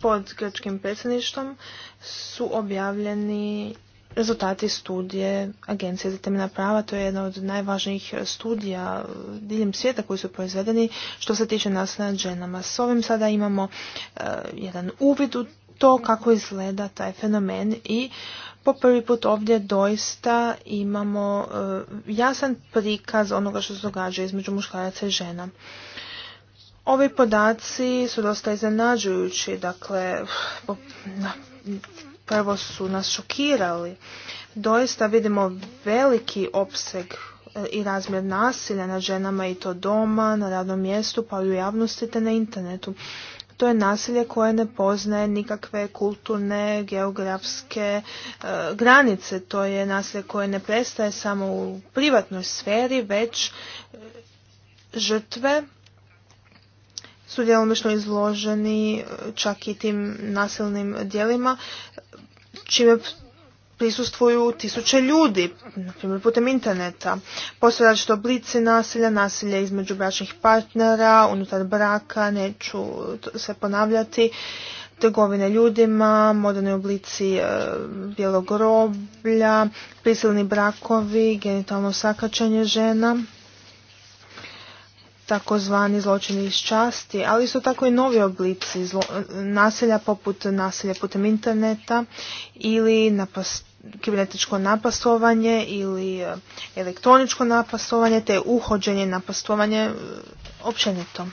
pod grčkim predsjedništvom su objavljeni rezultati studije Agencije za temeljna prava. To je jedna od najvažnijih studija diljem svijeta koji su proizvedeni što se tiče nasilja ženama. S ovim sada imamo e, jedan uvid u to kako izgleda taj fenomen i po prvi put ovdje doista imamo e, jasan prikaz onoga što se događa između muškaraca i žena. Ovi podaci su dosta iznenađujući, dakle, prvo su nas šokirali. Doista vidimo veliki opseg e, i razmjer nasilja na ženama i to doma, na radnom mjestu, pa i u javnosti te na internetu. To je nasilje koje ne poznaje nikakve kulturne, geografske e, granice. To je nasilje koje ne prestaje samo u privatnoj sferi, već e, žrtve su djelomično izloženi e, čak i tim nasilnim dijelima, čime prisustvuju tisuće ljudi, primjer, putem interneta. Postoje različite oblici nasilja, nasilje između bračnih partnera, unutar braka, neću se ponavljati, trgovine ljudima, moderni oblici e, bijelog roblja, prisilni brakovi, genitalno sakačanje žena takozvani zločini iz časti, ali su tako i novi oblici nasilja poput nasilja putem interneta ili napast, kibernetičko napastovanje ili eh, elektroničko napastovanje te uhođenje napastovanje eh, općenito.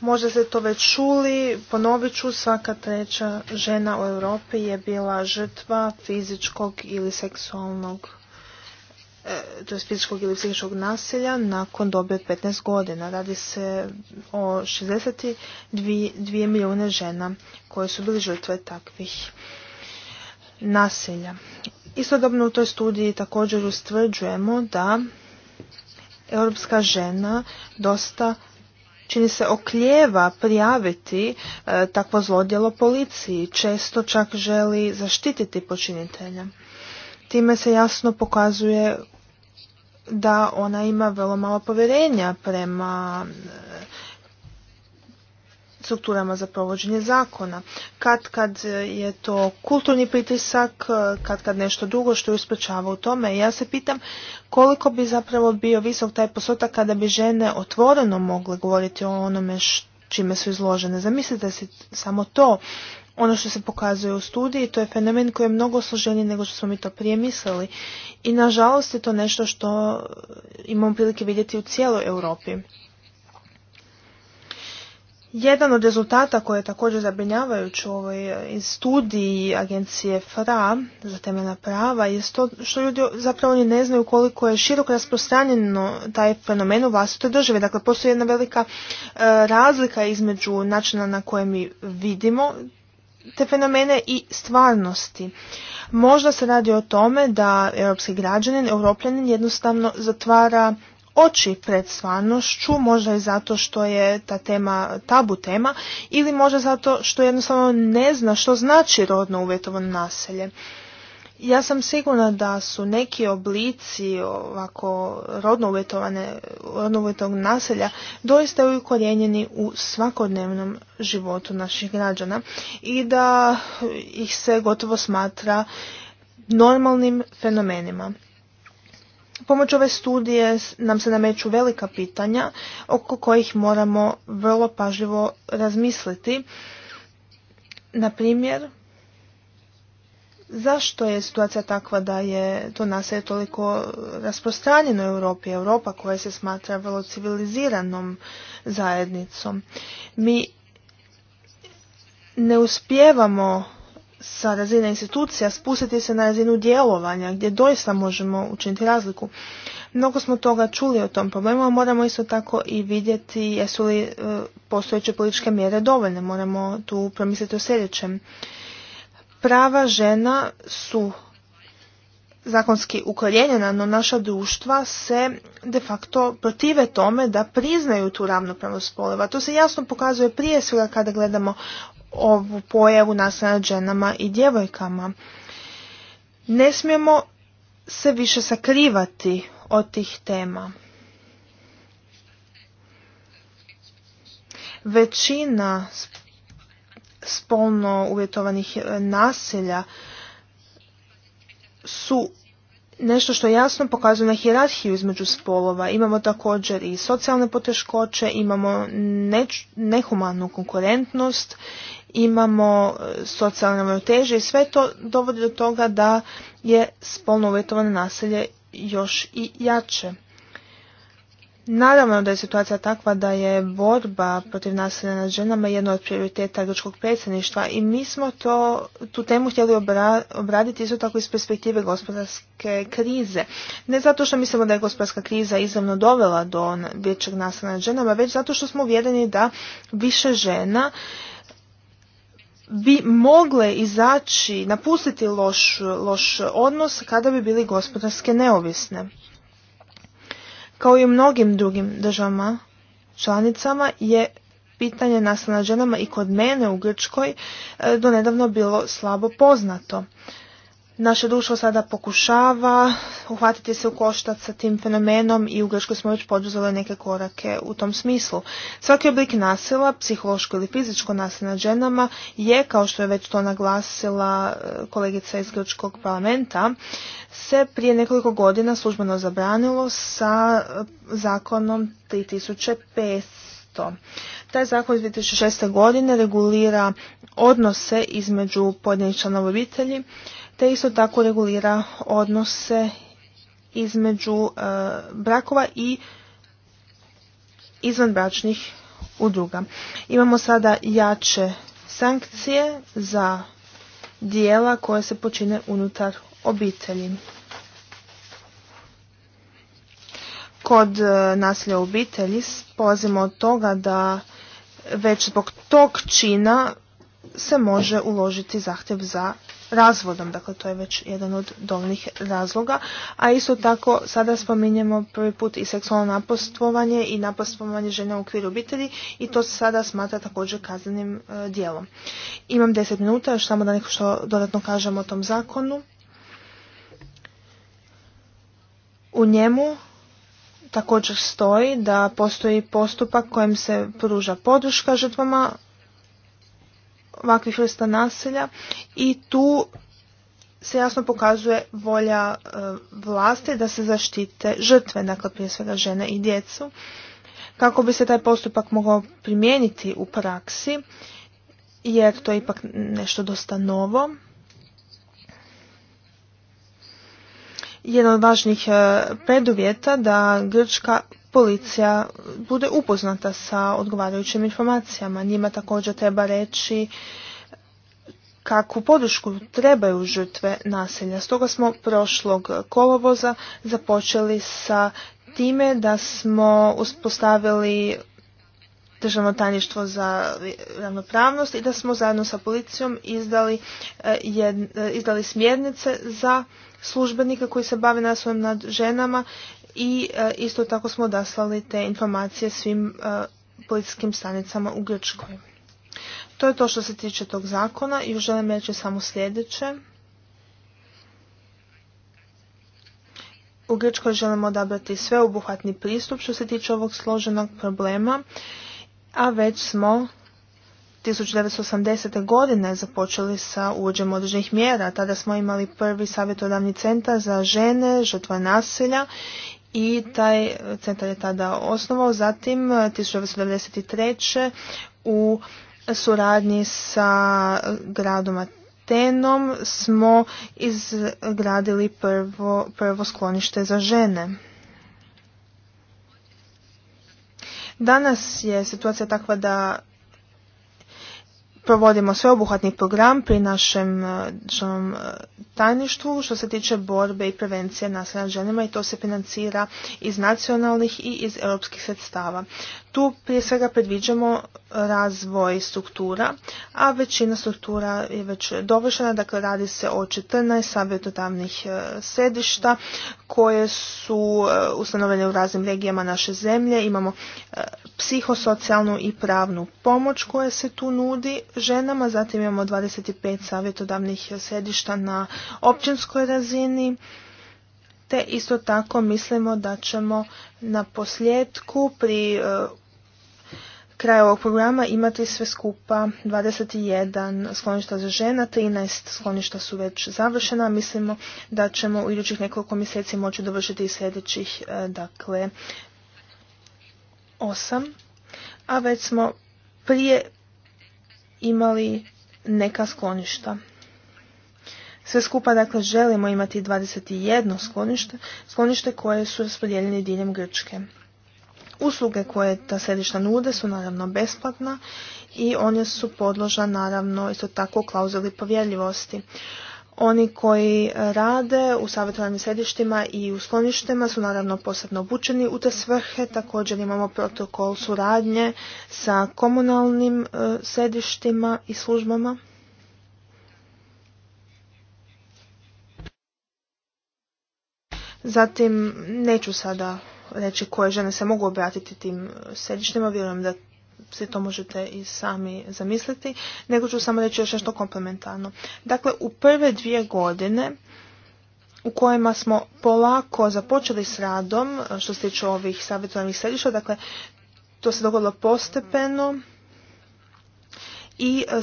Možda ste to već čuli, ponovit ću, svaka treća žena u Europi je bila žrtva fizičkog ili seksualnog eh, to fizičkog ili psihičkog nasilja nakon dobi od 15 godina. Radi se o 62 milijune žena koje su bili žrtve takvih naselja. Istodobno u toj studiji također ustvrđujemo da europska žena dosta čini se okljeva prijaviti e, takvo zlodjelo policiji, često čak želi zaštititi počinitelja. Time se jasno pokazuje da ona ima vrlo malo povjerenja prema e, strukturama za provođenje zakona. Kad kad je to kulturni pritisak, kad kad nešto drugo što ju u tome. Ja se pitam koliko bi zapravo bio visok taj postotak kada bi žene otvoreno mogle govoriti o onome čime su izložene. Zamislite si samo to. Ono što se pokazuje u studiji, to je fenomen koji je mnogo složeniji nego što smo mi to prije mislili. I nažalost je to nešto što imamo prilike vidjeti u cijeloj Europi. Jedan od rezultata koje je također zabrinjavajući u ovoj e, studiji agencije FRA za temeljna prava je to što ljudi zapravo ne znaju koliko je široko rasprostranjeno taj fenomen u vlastitoj državi. Dakle, postoji jedna velika e, razlika između načina na koje mi vidimo te fenomene i stvarnosti. Možda se radi o tome da europski građanin, europljanin jednostavno zatvara oči pred stvarnošću, možda i zato što je ta tema tabu tema ili možda zato što jednostavno ne zna što znači rodno uvjetovano naselje. Ja sam sigurna da su neki oblici ovako rodno uvjetovnog naselja doista ukorijenjeni u svakodnevnom životu naših građana i da ih se gotovo smatra normalnim fenomenima. Pomoć ove studije nam se nameću velika pitanja oko kojih moramo vrlo pažljivo razmisliti. Na primjer, zašto je situacija takva da je to je toliko rasprostranjeno u Europi, Europa koja se smatra vrlo civiliziranom zajednicom. Mi ne uspijevamo sa razine institucija spustiti se na razinu djelovanja gdje doista možemo učiniti razliku. Mnogo smo toga čuli o tom problemu, a moramo isto tako i vidjeti jesu li e, postojeće političke mjere dovoljne. Moramo tu promisliti o sljedećem. Prava žena su zakonski ukorjenjena, no naša društva se de facto protive tome da priznaju tu ravnopravnost spoleva. To se jasno pokazuje prije svega kada gledamo ovu pojavu nasilja nad ženama i djevojkama. Ne smijemo se više sakrivati od tih tema. Većina spolno uvjetovanih e, nasilja su nešto što jasno pokazuje na hjerarhiju između spolova. Imamo također i socijalne poteškoće, imamo nehumanu konkurentnost, imamo e, socijalne ravnoteže i sve to dovodi do toga da je spolno uvjetovano nasilje još i jače. Naravno da je situacija takva da je borba protiv nasilja nad ženama jedna od prioriteta grčkog predsjedništva i mi smo to, tu temu htjeli obraditi isto tako iz perspektive gospodarske krize. Ne zato što mislimo da je gospodarska kriza izravno dovela do većeg nasilja nad ženama, već zato što smo uvjereni da više žena bi mogle izaći, napustiti loš, loš odnos kada bi bili gospodarske neovisne. Kao i u mnogim drugim državama članicama je pitanje nasilja ženama i kod mene u Grčkoj e, donedavno bilo slabo poznato. Naše dušo sada pokušava uhvatiti se u koštac sa tim fenomenom i u Grčkoj smo već poduzeli neke korake u tom smislu. Svaki oblik nasila, psihološko ili fizičko nasilje nad ženama je, kao što je već to naglasila e, kolegica iz Grčkog parlamenta, se prije nekoliko godina službeno zabranilo sa e, zakonom 3500. Taj zakon iz 2006. godine regulira odnose između pojedinih članova obitelji, te isto tako regulira odnose između e, brakova i izvanbračnih udruga. Imamo sada jače sankcije za dijela koje se počine unutar obitelji. Kod e, nasilja u obitelji polazimo od toga da već zbog tog čina se može uložiti zahtjev za razvodom, dakle to je već jedan od dolnih razloga, a isto tako sada spominjemo prvi put i seksualno napostvovanje i napostvovanje žena u okviru obitelji i to se sada smatra također kaznenim e, djelom. dijelom. Imam deset minuta, još samo da nešto što dodatno kažem o tom zakonu. U njemu također stoji da postoji postupak kojem se pruža podrška žrtvama ovakvih vrsta naselja i tu se jasno pokazuje volja e, vlasti da se zaštite žrtve, dakle prije svega žene i djecu, kako bi se taj postupak mogao primijeniti u praksi, jer to je ipak nešto dosta novo. Jedan od važnijih e, preduvjeta da Grčka policija bude upoznata sa odgovarajućim informacijama. Njima također treba reći kakvu podršku trebaju žrtve nasilja. Stoga smo prošlog kolovoza započeli sa time da smo uspostavili državno tajništvo za ravnopravnost i da smo zajedno sa policijom izdali, e, e, izdali smjernice za službenike koji se bave nasiljem nad ženama i e, isto tako smo odaslali te informacije svim e, policijskim stanicama u Grčkoj. To je to što se tiče tog zakona i želim reći samo sljedeće. U Grčkoj želimo odabrati sveobuhvatni pristup što se tiče ovog složenog problema, a već smo 1980. godine započeli sa uvođenjem određenih mjera. Tada smo imali prvi savjetodavni centar za žene, žrtva nasilja i taj centar je tada osnovao. Zatim 1993. u suradnji sa gradom Atenom smo izgradili prvo, prvo sklonište za žene. Danas je situacija takva da provodimo sveobuhvatni program pri našem e, državnom e, tajništvu što se tiče borbe i prevencije nasilja nad ženama i to se financira iz nacionalnih i iz europskih sredstava. Tu prije svega predviđamo razvoj struktura, a većina struktura je već dovršena, dakle radi se o 14 savjetodavnih e, sedišta koje su e, ustanovene u raznim regijama naše zemlje. Imamo e, psihosocijalnu i pravnu pomoć koja se tu nudi ženama, zatim imamo 25 savjetodavnih sedišta na općinskoj razini, te isto tako mislimo da ćemo na posljedku pri kraja ovog programa imati sve skupa 21 skloništa za žena, 13 skloništa su već završena. Mislimo da ćemo u idućih nekoliko mjeseci moći dovršiti i sljedećih e, dakle, 8. A već smo prije imali neka skloništa. Sve skupa dakle želimo imati 21 sklonište, sklonište koje su raspodijeljene diljem Grčke. Usluge koje ta središta nude su naravno besplatna i one su podloža naravno isto tako klauzuli povjerljivosti. Oni koji e, rade u savjetovanim središtima i u skloništima su naravno posebno obučeni u te svrhe. Također imamo protokol suradnje sa komunalnim e, središtima i službama. Zatim, neću sada reći koje žene se mogu obratiti tim e, središtima, vjerujem da svi to možete i sami zamisliti, nego ću samo reći još nešto komplementarno. Dakle, u prve dvije godine u kojima smo polako započeli s radom e, što se tiče ovih savjetovanih središta, dakle, to se dogodilo postepeno, i e,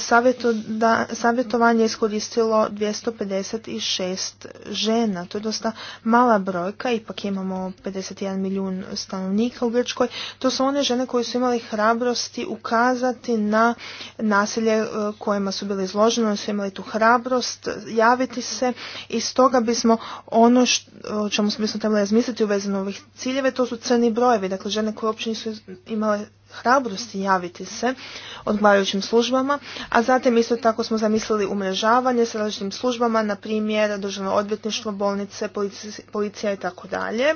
savjetovanje je iskoristilo 256 žena. To je dosta mala brojka, ipak imamo 51 milijun stanovnika u Grčkoj. To su one žene koje su imali hrabrosti ukazati na nasilje e, kojima su bile izložene, su imali tu hrabrost javiti se i stoga bismo ono o čemu bismo trebali razmisliti u vezi ovih ciljeve, to su crni brojevi, dakle žene koje uopće nisu imale hrabrosti javiti se odgovarajućim službama, a zatim isto tako smo zamislili umrežavanje s različitim službama, na primjer državno odvjetništvo, bolnice, policija i tako dalje.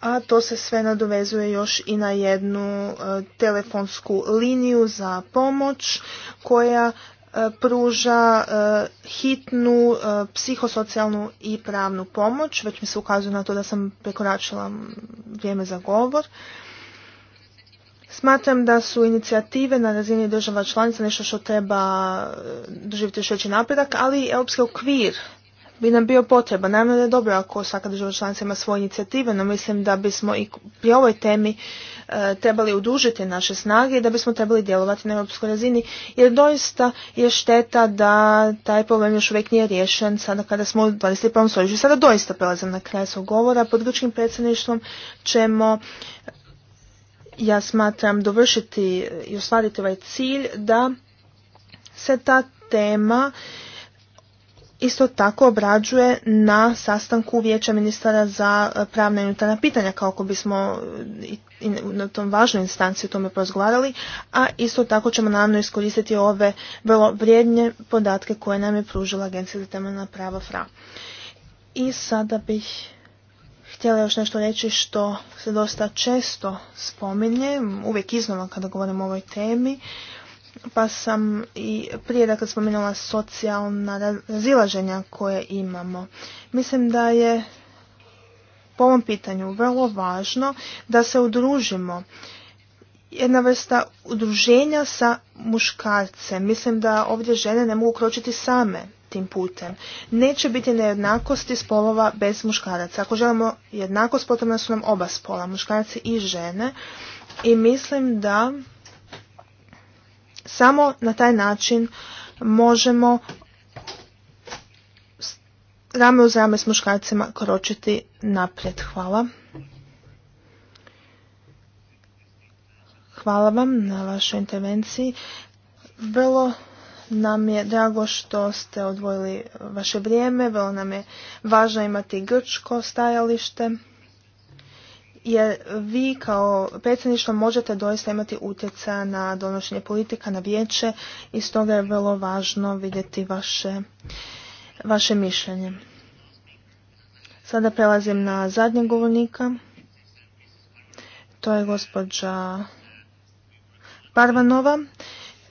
A to se sve nadovezuje još i na jednu e, telefonsku liniju za pomoć koja e, pruža e, hitnu psihosocijalnu i pravnu pomoć. Već mi se ukazuje na to da sam prekoračila vrijeme za govor. Smatram da su inicijative na razini država članica nešto što treba eh, doživjeti još veći napredak, ali europski okvir bi nam bio potreban. Naravno da je dobro ako svaka država članica ima svoje inicijative, no mislim da bismo i pri ovoj temi eh, trebali udužiti naše snage i da bismo trebali djelovati na europskoj razini, jer doista je šteta da taj problem još uvijek nije riješen sada kada smo u 21. stoljeću. Sada doista prelazim na kraj svog govora. Pod gručkim predsjedništvom ćemo eh, ja smatram dovršiti i ostvariti ovaj cilj da se ta tema isto tako obrađuje na sastanku vijeća ministara za pravna i unutarnja pitanja kako bismo na tom važnoj instanciji o tome porazgovarali, a isto tako ćemo naravno iskoristiti ove vrlo vrijedne podatke koje nam je pružila Agencija za temeljna prava FRA. I sada bih htjela još nešto reći što se dosta često spominje, uvijek iznova kada govorim o ovoj temi, pa sam i prije kad dakle, spominjala socijalna razilaženja koje imamo. Mislim da je po ovom pitanju vrlo važno da se udružimo. Jedna vrsta udruženja sa muškarcem. Mislim da ovdje žene ne mogu kročiti same tim putem. Neće biti nejednakosti spolova bez muškaraca. Ako želimo jednakost, potrebna su nam oba spola, muškarci i žene. I mislim da samo na taj način možemo rame uz rame s muškarcima kročiti naprijed. Hvala. Hvala vam na vašoj intervenciji. Vrlo nam je drago što ste odvojili vaše vrijeme, vrlo nam je važno imati grčko stajalište, jer vi kao predsjedništvo možete doista imati utjecaja na donošenje politika, na vijeće i stoga je vrlo važno vidjeti vaše, vaše mišljenje. Sada prelazim na zadnjeg govornika. To je gospođa Parvanova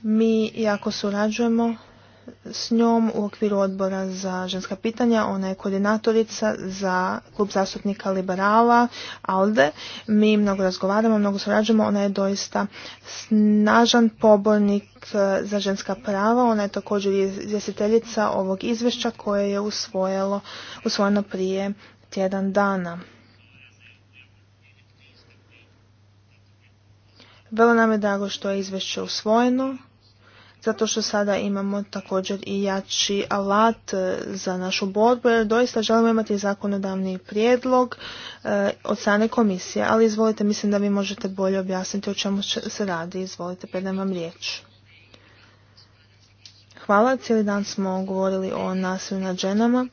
mi jako surađujemo s njom u okviru odbora za ženska pitanja. Ona je koordinatorica za klub zastupnika liberala ALDE. Mi mnogo razgovaramo, mnogo surađujemo. Ona je doista snažan pobornik e, za ženska prava. Ona je također izvjestiteljica ovog izvješća koje je usvojilo, usvojeno prije tjedan dana. Velo nam je drago što je izvješće usvojeno zato što sada imamo također i jači alat e, za našu borbu, jer doista želimo imati zakonodavni prijedlog e, od strane komisije, ali izvolite, mislim da vi možete bolje objasniti o čemu se radi, izvolite, predajem vam riječ. Hvala, cijeli dan smo govorili o nasilju nad ženama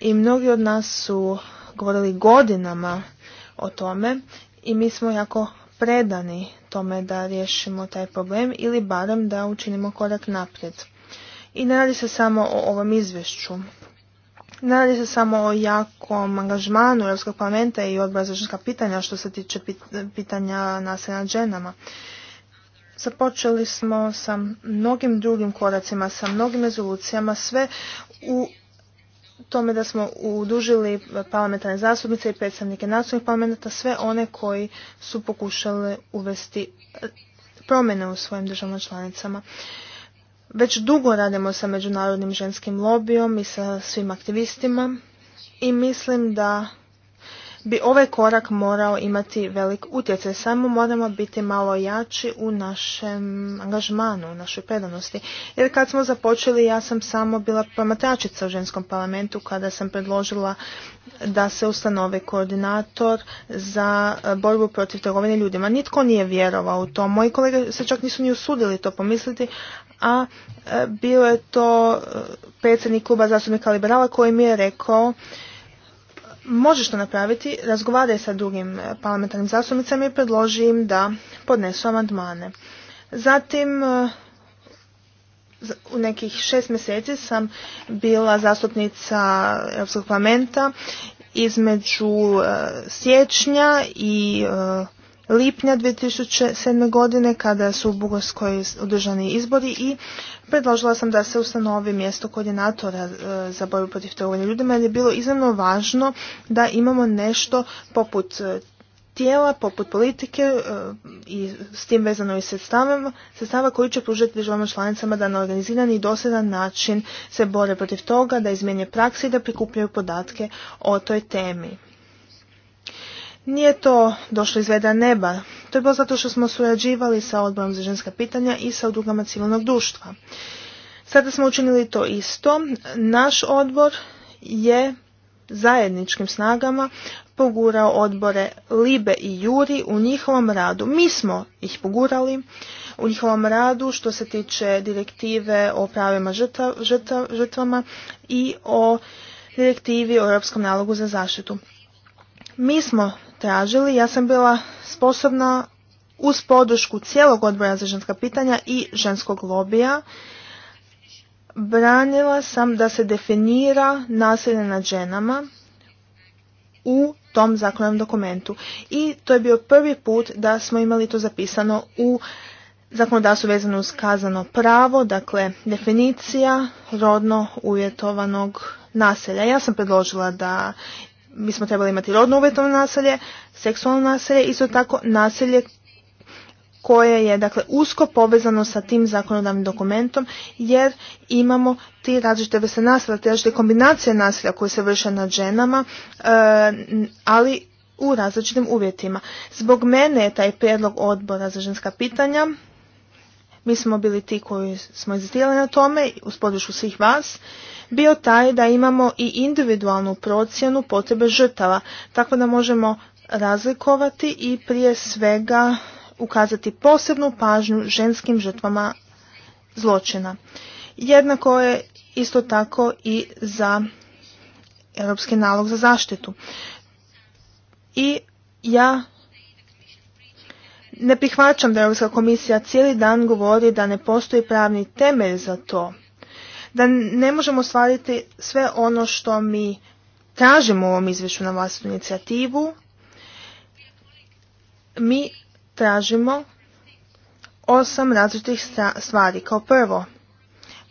i mnogi od nas su govorili godinama o tome i mi smo jako predani tome da riješimo taj problem ili barem da učinimo korak naprijed. I ne radi se samo o ovom izvješću. Ne radi se samo o jakom angažmanu Europskog parlamenta i odbora za pitanja što se tiče pitanja nasilja nad ženama. Započeli smo sa mnogim drugim koracima, sa mnogim rezolucijama, sve u tome da smo udužili parlamentarne zastupnice i predstavnike nacionalnih parlamenta, sve one koji su pokušali uvesti e, promjene u svojim državama članicama. Već dugo radimo sa međunarodnim ženskim lobijom i sa svim aktivistima i mislim da bi ovaj korak morao imati velik utjecaj. Samo moramo biti malo jači u našem angažmanu, u našoj predanosti. Jer kad smo započeli, ja sam samo bila promatračica u ženskom parlamentu kada sam predložila da se ustanove koordinator za e, borbu protiv trgovine ljudima. Nitko nije vjerovao u to. Moji kolege se čak nisu ni usudili to pomisliti, a e, bio je to e, predsjednik kluba zastupnika liberala koji mi je rekao možeš to napraviti, razgovaraj sa drugim e, parlamentarnim zastupnicama i predloži im da podnesu amandmane. Zatim, e, u nekih šest mjeseci sam bila zastupnica Europskog parlamenta između e, siječnja i lipnja 2007. godine kada su u Bugarskoj održani izbori i predložila sam da se ustanovi mjesto koordinatora e, za borbu protiv trgovanja ljudima jer je bilo iznimno važno da imamo nešto poput e, tijela, poput politike e, i s tim vezano i sredstava, koji će pružati državama članicama da na organiziran i dosadan način se bore protiv toga, da izmjenje praksi i da prikupljaju podatke o toj temi. Nije to došlo iz veda neba. To je bilo zato što smo surađivali sa odborom za ženska pitanja i sa udrugama civilnog društva. Sada smo učinili to isto. Naš odbor je zajedničkim snagama pogurao odbore Libe i Juri u njihovom radu. Mi smo ih pogurali u njihovom radu što se tiče direktive o pravima žrtvama i o direktivi o Europskom nalogu za zaštitu. Mi smo tražili, ja sam bila sposobna uz podršku cijelog odbora za ženska pitanja i ženskog lobija branila sam da se definira nasilje nad ženama u tom zakonom dokumentu. I to je bio prvi put da smo imali to zapisano u zakonodavstvu vezano uz kazano pravo, dakle definicija rodno uvjetovanog nasilja. Ja sam predložila da mi smo trebali imati rodno uvjetovano nasilje, seksualno nasilje, isto tako nasilje koje je dakle usko povezano sa tim zakonodavnim dokumentom jer imamo ti različite vrste nasilja, te različite kombinacije nasilja koje se vrše nad ženama, e, ali u različitim uvjetima. Zbog mene je taj prijedlog odbora za ženska pitanja, mi smo bili ti koji smo izistirali na tome uz podršku svih vas bio taj da imamo i individualnu procjenu potrebe žrtava, tako da možemo razlikovati i prije svega ukazati posebnu pažnju ženskim žrtvama zločina. Jednako je isto tako i za Europski nalog za zaštitu. I ja ne prihvaćam da Europska komisija cijeli dan govori da ne postoji pravni temelj za to da ne možemo ostvariti sve ono što mi tražimo u ovom izvješću na vlastnu inicijativu. Mi tražimo osam različitih stvari. Kao prvo,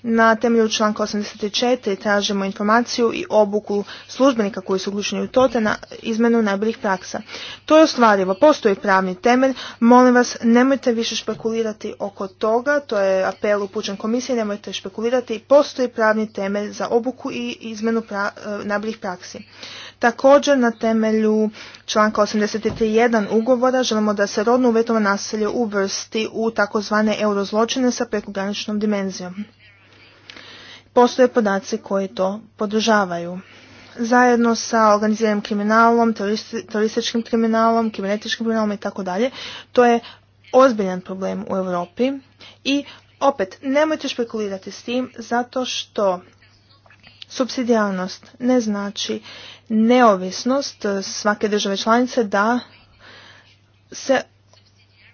na temelju članka 84 tražimo informaciju i obuku službenika koji su uključeni u to te na izmenu najboljih praksa. To je ostvarivo, postoji pravni temelj, molim vas nemojte više špekulirati oko toga, to je apel upućen komisiji, nemojte špekulirati, postoji pravni temelj za obuku i izmenu e, najboljih praksi. Također na temelju članka 81 ugovora želimo da se rodno uvjetovano nasilje uvrsti u takozvane eurozločine sa prekograničnom dimenzijom postoje podaci koji to podržavaju. Zajedno sa organiziranim kriminalom, terorističkim kriminalom, kibernetičkim kriminalom i tako dalje, to je ozbiljan problem u Europi i opet nemojte špekulirati s tim zato što subsidijalnost ne znači neovisnost svake države članice da se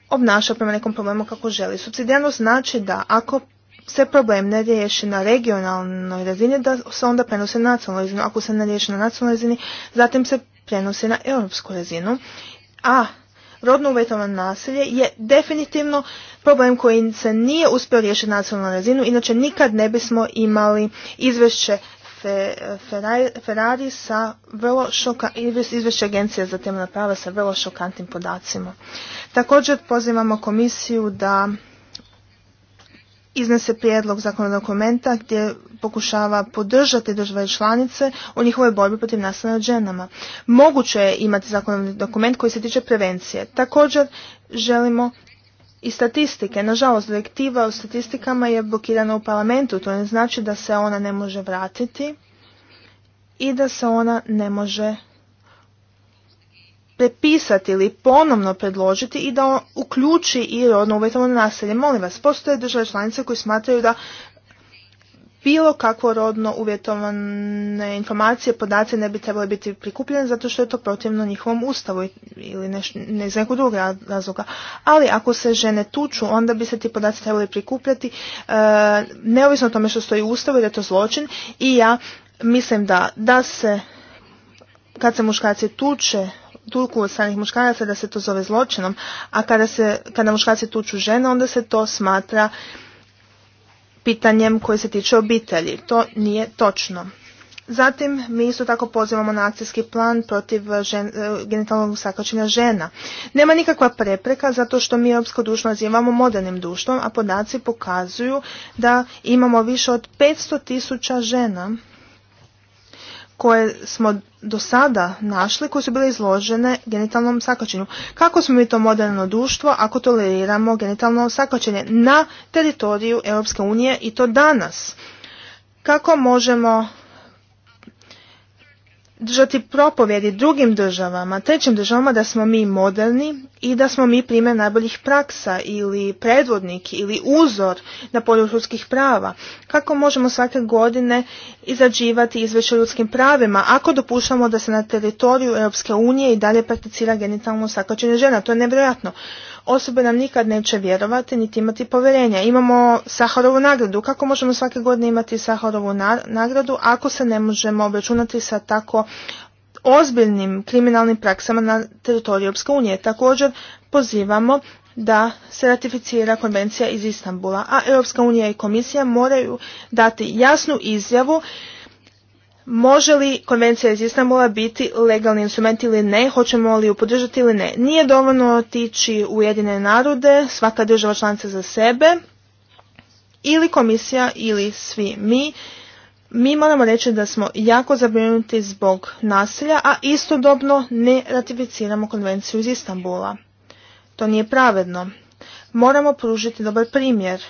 obnaša prema nekom problemu kako želi. Subsidijalnost znači da ako se problem ne riješi na regionalnoj razini, da se onda prenose na nacionalnu razinu. Ako se ne riješi na nacionalnoj razini, zatim se prenose na europsku razinu. A rodno uvjetovano nasilje je definitivno problem koji se nije uspio riješiti na nacionalnu razinu, inače nikad ne bismo imali izvješće Ferrari sa vrlo šoka, izvješće agencije za temeljna prava sa vrlo šokantnim podacima. Također pozivamo komisiju da iznese prijedlog zakona dokumenta gdje pokušava podržati države članice u njihovoj borbi protiv nasilja nad ženama. Moguće je imati zakonodavni dokument koji se tiče prevencije. Također želimo i statistike. Nažalost, direktiva o statistikama je blokirana u parlamentu. To ne znači da se ona ne može vratiti i da se ona ne može prepisati ili ponovno predložiti i da uključi i rodno uvjetovano nasilje. Molim vas, postoje države članice koji smatraju da bilo kakvo rodno uvjetovane informacije, podaci ne bi trebali biti prikupljene zato što je to protivno njihovom ustavu ili ne iz nekog drugog razloga. Ali ako se žene tuču, onda bi se ti podaci trebali prikupljati e, neovisno o tome što stoji u ustavu jer je to zločin i ja mislim da, da se kad se muškarci tuče tuku od stranih muškaraca da se to zove zločinom, a kada, se, kada muškarci tuču žene onda se to smatra pitanjem koje se tiče obitelji. To nije točno. Zatim, mi isto tako pozivamo na akcijski plan protiv eh, žen, eh, genitalnog sakačenja žena. Nema nikakva prepreka zato što mi Europsko društvo nazivamo modernim društvom, a podaci pokazuju da imamo više od 500 tisuća žena koje smo do sada našli koje su bile izložene genitalnom sakačenju. Kako smo mi to moderno društvo ako toleriramo genitalno sakačenje na teritoriju Europske unije i to danas? Kako možemo držati propovjedi drugim državama, trećim državama da smo mi moderni i da smo mi primjer najboljih praksa ili predvodnik ili uzor na polju ljudskih prava. Kako možemo svake godine izrađivati izveće ljudskim pravima ako dopuštamo da se na teritoriju Europske unije i dalje prakticira genitalno sakačenje žena? To je nevjerojatno osobe nam nikad neće vjerovati niti imati povjerenja. Imamo Saharovu nagradu. Kako možemo svake godine imati Saharovu nagradu ako se ne možemo obračunati sa tako ozbiljnim kriminalnim praksama na teritoriju Europske unije. Također pozivamo da se ratificira konvencija iz Istambula, a Europska unija i komisija moraju dati jasnu izjavu može li konvencija iz Istanbula biti legalni instrument ili ne, hoćemo li ju podržati ili ne. Nije dovoljno otići u jedine narode, svaka država članica za sebe, ili komisija ili svi mi. Mi moramo reći da smo jako zabrinuti zbog nasilja, a istodobno ne ratificiramo konvenciju iz Istanbula. To nije pravedno. Moramo pružiti dobar primjer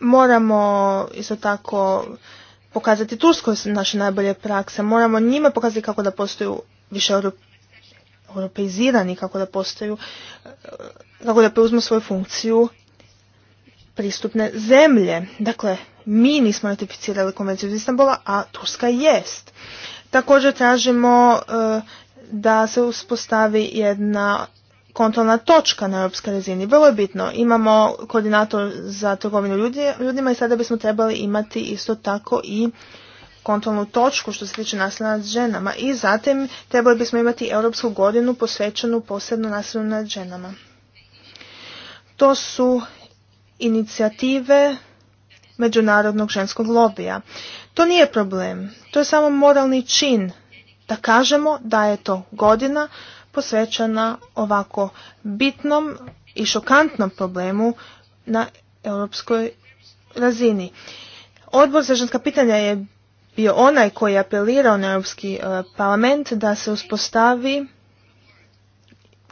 Moramo isto tako pokazati Turskoj naše najbolje prakse. Moramo njima pokazati kako da postaju više europeizirani, kako da postaju, eh, kako da preuzmu svoju funkciju pristupne zemlje. Dakle, mi nismo ratificirali konvenciju iz Istanbula, a Turska jest. Također tražimo eh, da se uspostavi jedna kontrolna točka na europskoj razini. Vrlo je bitno. Imamo koordinator za trgovinu ljudima i sada bismo trebali imati isto tako i kontrolnu točku što se tiče nasilja nad ženama. I zatim trebali bismo imati europsku godinu posvećenu posebno nasilju nad ženama. To su inicijative međunarodnog ženskog lobija. To nije problem. To je samo moralni čin da kažemo da je to godina posvećena ovako bitnom i šokantnom problemu na europskoj razini. Odbor za ženska pitanja je bio onaj koji je apelirao na Europski e, parlament da se uspostavi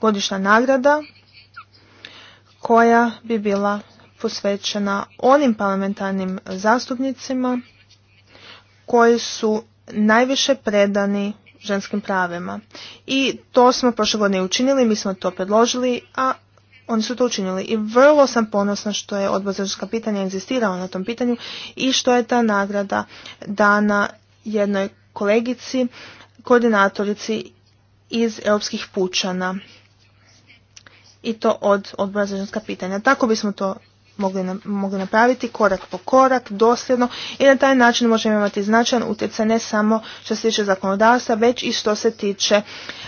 godišnja nagrada koja bi bila posvećena onim parlamentarnim zastupnicima koji su najviše predani ženskim pravima. I to smo prošle godine učinili, mi smo to predložili, a oni su to učinili. I vrlo sam ponosna što je odbor za ženska pitanja inzistirao na tom pitanju i što je ta nagrada dana jednoj kolegici, koordinatorici iz Europskih pučana. I to od odbora za ženska pitanja. Tako bismo to mogli, napraviti korak po korak, dosljedno i na taj način možemo imati značajan utjecaj ne samo što se tiče zakonodavstva, već i što se tiče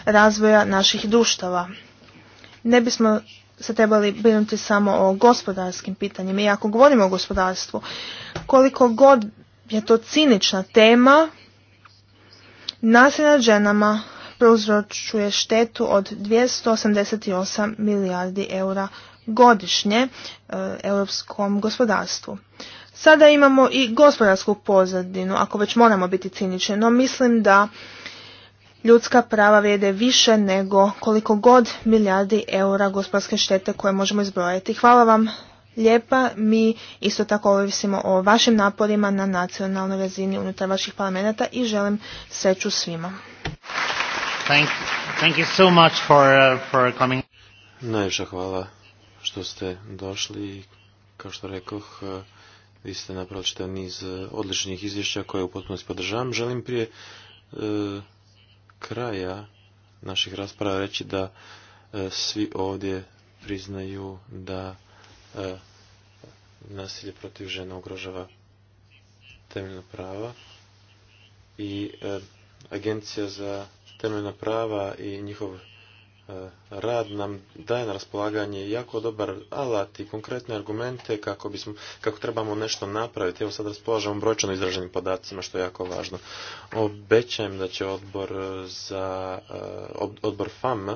razvoja naših društava. Ne bismo se trebali brinuti samo o gospodarskim pitanjima i ako govorimo o gospodarstvu, koliko god je to cinična tema, nasilje nad ženama prouzročuje štetu od 288 milijardi eura godišnje e, europskom gospodarstvu. Sada imamo i gospodarsku pozadinu, ako već moramo biti cinični, no mislim da ljudska prava vrijede više nego koliko god milijardi eura gospodarske štete koje možemo izbrojati. Hvala vam lijepa. Mi isto tako ovisimo o vašim naporima na nacionalnoj razini unutar vaših parlamenta i želim sreću svima. Thank you. Thank you so much for, uh, for Najviše hvala što ste došli. Kao što rekoh, e, vi ste napravili čitav niz e, odličnih izvješća koje u potpunosti podržavam. Želim prije e, kraja naših rasprava reći da svi ovdje priznaju da nasilje protiv žena ugrožava temeljna prava i Agencija za temeljna prava i njihov rad nam daje na raspolaganje jako dobar alat i konkretne argumente kako, bismo, kako trebamo nešto napraviti. Evo sad raspolažemo brojčano izraženim podacima što je jako važno. Obećajem da će odbor za eh, odbor FAM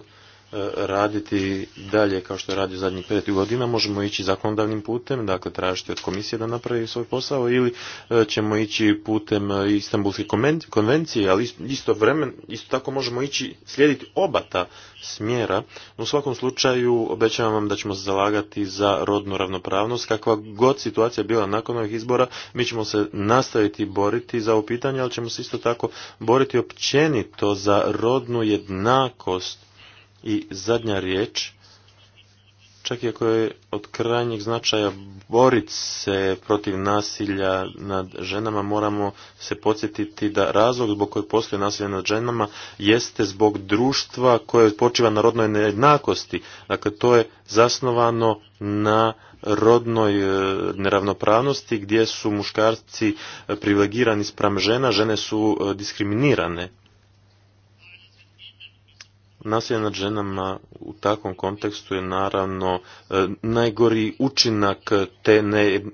E, raditi dalje kao što je radio zadnjih pet godina, možemo ići zakonodavnim putem, dakle tražiti od komisije da napravi svoj posao ili e, ćemo ići putem e, Istanbulske konvencije, ali isto vremen, isto tako možemo ići slijediti oba ta smjera. U svakom slučaju obećavam vam da ćemo se zalagati za rodnu ravnopravnost. Kakva god situacija bila nakon ovih izbora, mi ćemo se nastaviti boriti za ovo pitanje, ali ćemo se isto tako boriti općenito za rodnu jednakost i zadnja riječ, čak i ako je od krajnjeg značaja borit se protiv nasilja nad ženama, moramo se podsjetiti da razlog zbog kojeg postoje nasilje nad ženama jeste zbog društva koje počiva na rodnoj nejednakosti. Dakle, to je zasnovano na rodnoj e, neravnopravnosti gdje su muškarci privilegirani spram žena, žene su e, diskriminirane nasilje nad ženama u takvom kontekstu je naravno e, najgori učinak te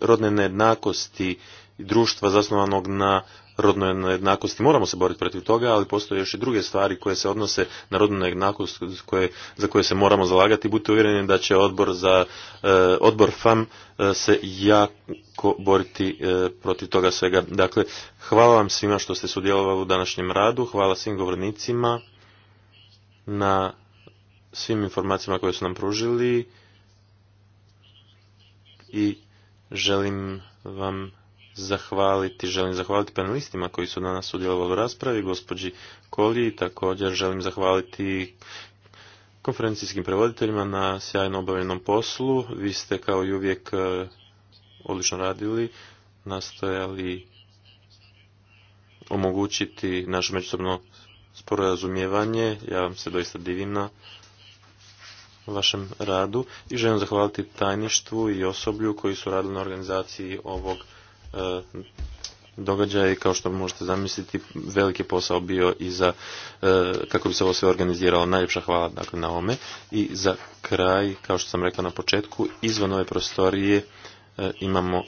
rodne nejednakosti društva zasnovanog na rodnoj nejednakosti. Moramo se boriti protiv toga, ali postoje još i druge stvari koje se odnose na rodnu nejednakost koje, za koje se moramo zalagati. Budite uvjereni da će odbor, za, e, odbor FAM e, se jako boriti protiv toga svega. Dakle, hvala vam svima što ste sudjelovali u današnjem radu, hvala svim govornicima na svim informacijama koje su nam pružili i želim vam zahvaliti, želim zahvaliti panelistima koji su danas sudjelovali u raspravi, gospođi Kolji, također želim zahvaliti konferencijskim prevoditeljima na sjajno obavljenom poslu. Vi ste kao i uvijek e, odlično radili, nastojali omogućiti naše međusobno sporazumijevanje. Ja vam se doista divim na vašem radu i želim zahvaliti tajništvu i osoblju koji su radili na organizaciji ovog e, događaja i kao što možete zamisliti veliki posao bio i za e, kako bi se ovo sve organiziralo. Najljepša hvala dakle, na ome i za kraj, kao što sam rekao na početku, izvan ove prostorije e, imamo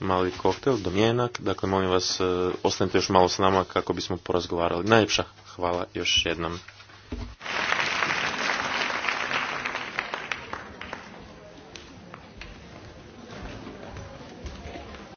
mali koktel, domjenak, dakle molim vas ostanite još malo s nama kako bismo porazgovarali. Najljepša Hvala još jednom.